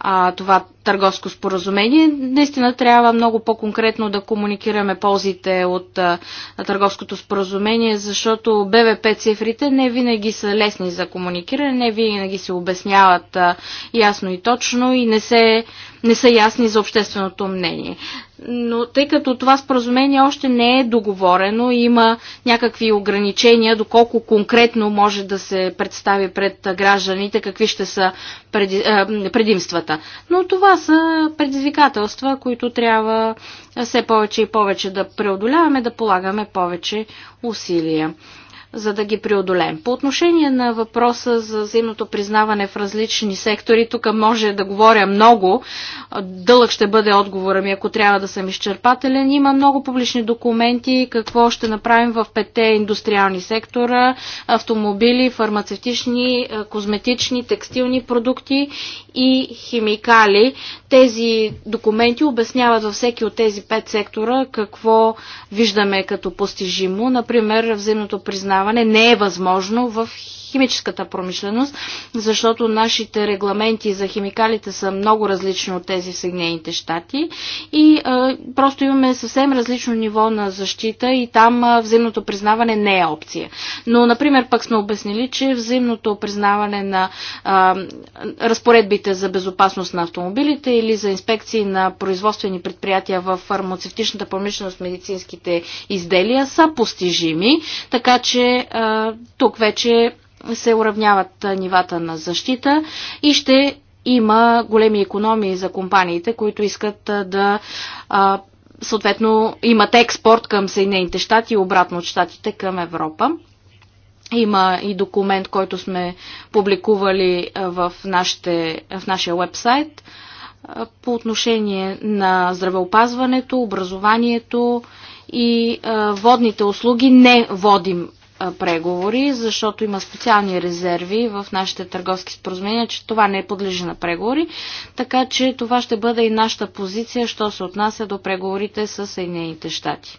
а, това търговско споразумение. Наистина трябва много по-конкретно да комуникираме ползите от а, търговското споразумение, защото БВП цифрите не винаги са лесни за комуникиране, не винаги се обясняват а, ясно и точно и не, се, не са ясни за общественото мнение но тъй като това споразумение още не е договорено, има някакви ограничения, доколко конкретно може да се представи пред гражданите, какви ще са преди, предимствата. Но това са предизвикателства, които трябва все повече и повече да преодоляваме, да полагаме повече усилия за да ги преодолеем. По отношение на въпроса за взаимното признаване в различни сектори, тук може да говоря много. Дълъг ще бъде отговора ми, ако трябва да съм изчерпателен. Има много публични документи, какво ще направим в пете индустриални сектора, автомобили, фармацевтични, е, козметични, текстилни продукти и химикали. Тези документи обясняват във всеки от тези пет сектора какво виждаме като постижимо. Например, взаимното признаване не е възможно в химическата промишленост, защото нашите регламенти за химикалите са много различни от тези в Съединените щати и а, просто имаме съвсем различно ниво на защита и там а, взаимното признаване не е опция. Но, например, пък сме обяснили, че взаимното признаване на а, разпоредбите за безопасност на автомобилите или за инспекции на производствени предприятия в фармацевтичната промишленост, медицинските изделия са постижими, така че а, тук вече се уравняват нивата на защита и ще има големи економии за компаниите, които искат да съответно имат експорт към Съединените щати и обратно от щатите към Европа. Има и документ, който сме публикували в, нашите, в нашия вебсайт по отношение на здравеопазването, образованието и водните услуги. Не водим преговори, защото има специални резерви в нашите търговски споразумения, че това не е подлежи на преговори. Така че това ще бъде и нашата позиция, що се отнася до преговорите с Съединените щати.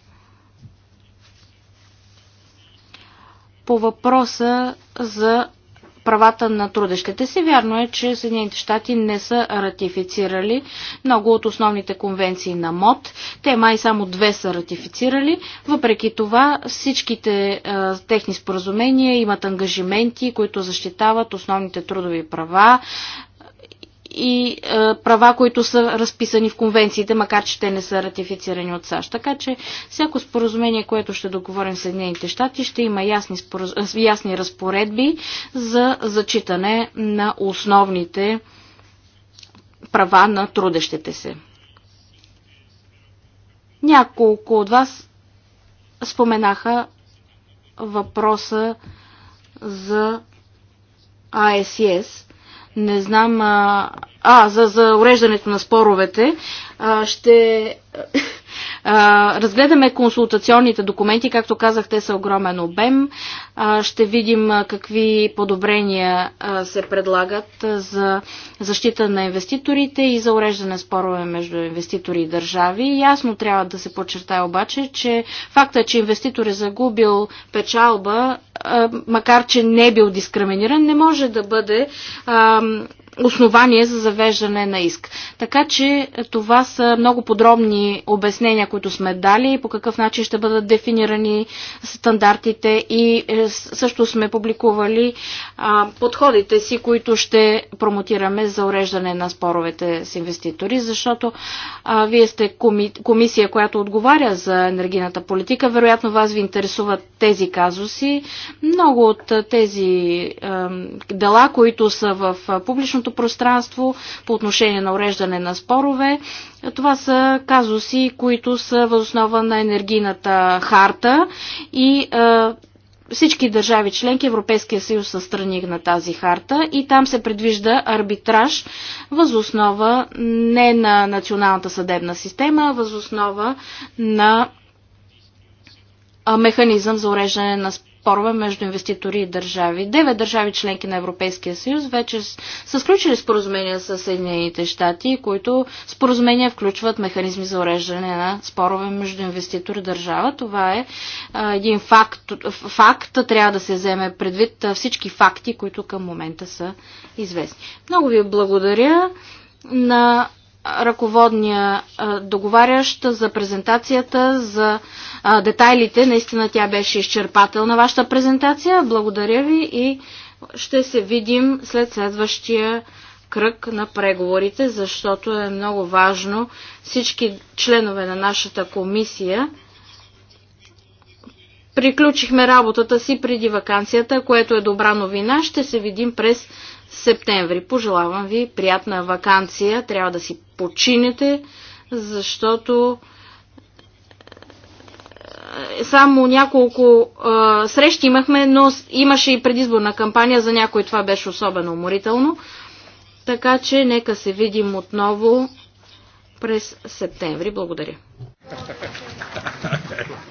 По въпроса за правата на трудещите се. Вярно е, че Съединените щати не са ратифицирали много от основните конвенции на МОД. Те май само две са ратифицирали. Въпреки това всичките а, техни споразумения имат ангажименти, които защитават основните трудови права, и а, е, права, които са разписани в конвенциите, макар че те не са ратифицирани от САЩ. Така че всяко споразумение, което ще договорим с Съединените щати, ще има ясни, спораз... Е, ясни разпоредби за зачитане на основните права на трудещите се. Няколко от вас споменаха въпроса за АСС не знам. А, а за, за уреждането на споровете. А, ще а, разгледаме консултационните документи, както казах, те са огромен обем. А, ще видим какви подобрения а, се предлагат за защита на инвеститорите и за уреждане спорове между инвеститори и държави. Ясно трябва да се подчертая обаче, че факта, е, че инвеститор е загубил печалба, макар че не е бил дискриминиран, не може да бъде основание за завеждане на иск. Така че е, това са много подробни обяснения, които сме дали и по какъв начин ще бъдат дефинирани стандартите и е, също сме публикували а, подходите си, които ще промотираме за уреждане на споровете с инвеститори, защото а, вие сте коми, комисия, която отговаря за енергийната политика. Вероятно вас ви интересуват тези казуси. Много от тези а, дела, които са в публичното публичното пространство по отношение на уреждане на спорове. Това са казуси, които са възоснова на енергийната харта и всички държави членки, Европейския съюз са страни на тази харта и там се предвижда арбитраж възоснова не на националната съдебна система, а възоснова на механизъм за уреждане на спорове спорове между инвеститори и държави. Девет държави членки на Европейския съюз вече са сключили споразумения с Съединените щати, които споразумения включват механизми за уреждане на спорове между инвеститор и държава. Това е а, един факт, факт. Трябва да се вземе предвид всички факти, които към момента са известни. Много ви благодаря на ръководния договарящ за презентацията, за детайлите. Наистина тя беше изчерпателна вашата презентация. Благодаря ви и ще се видим след следващия кръг на преговорите, защото е много важно всички членове на нашата комисия Приключихме работата си преди вакансията, което е добра новина. Ще се видим през септември. Пожелавам ви приятна вакансия. Трябва да си починете, защото е, само няколко а, срещи имахме, но имаше и предизборна кампания. За някой това беше особено уморително. Така че нека се видим отново през септември. Благодаря.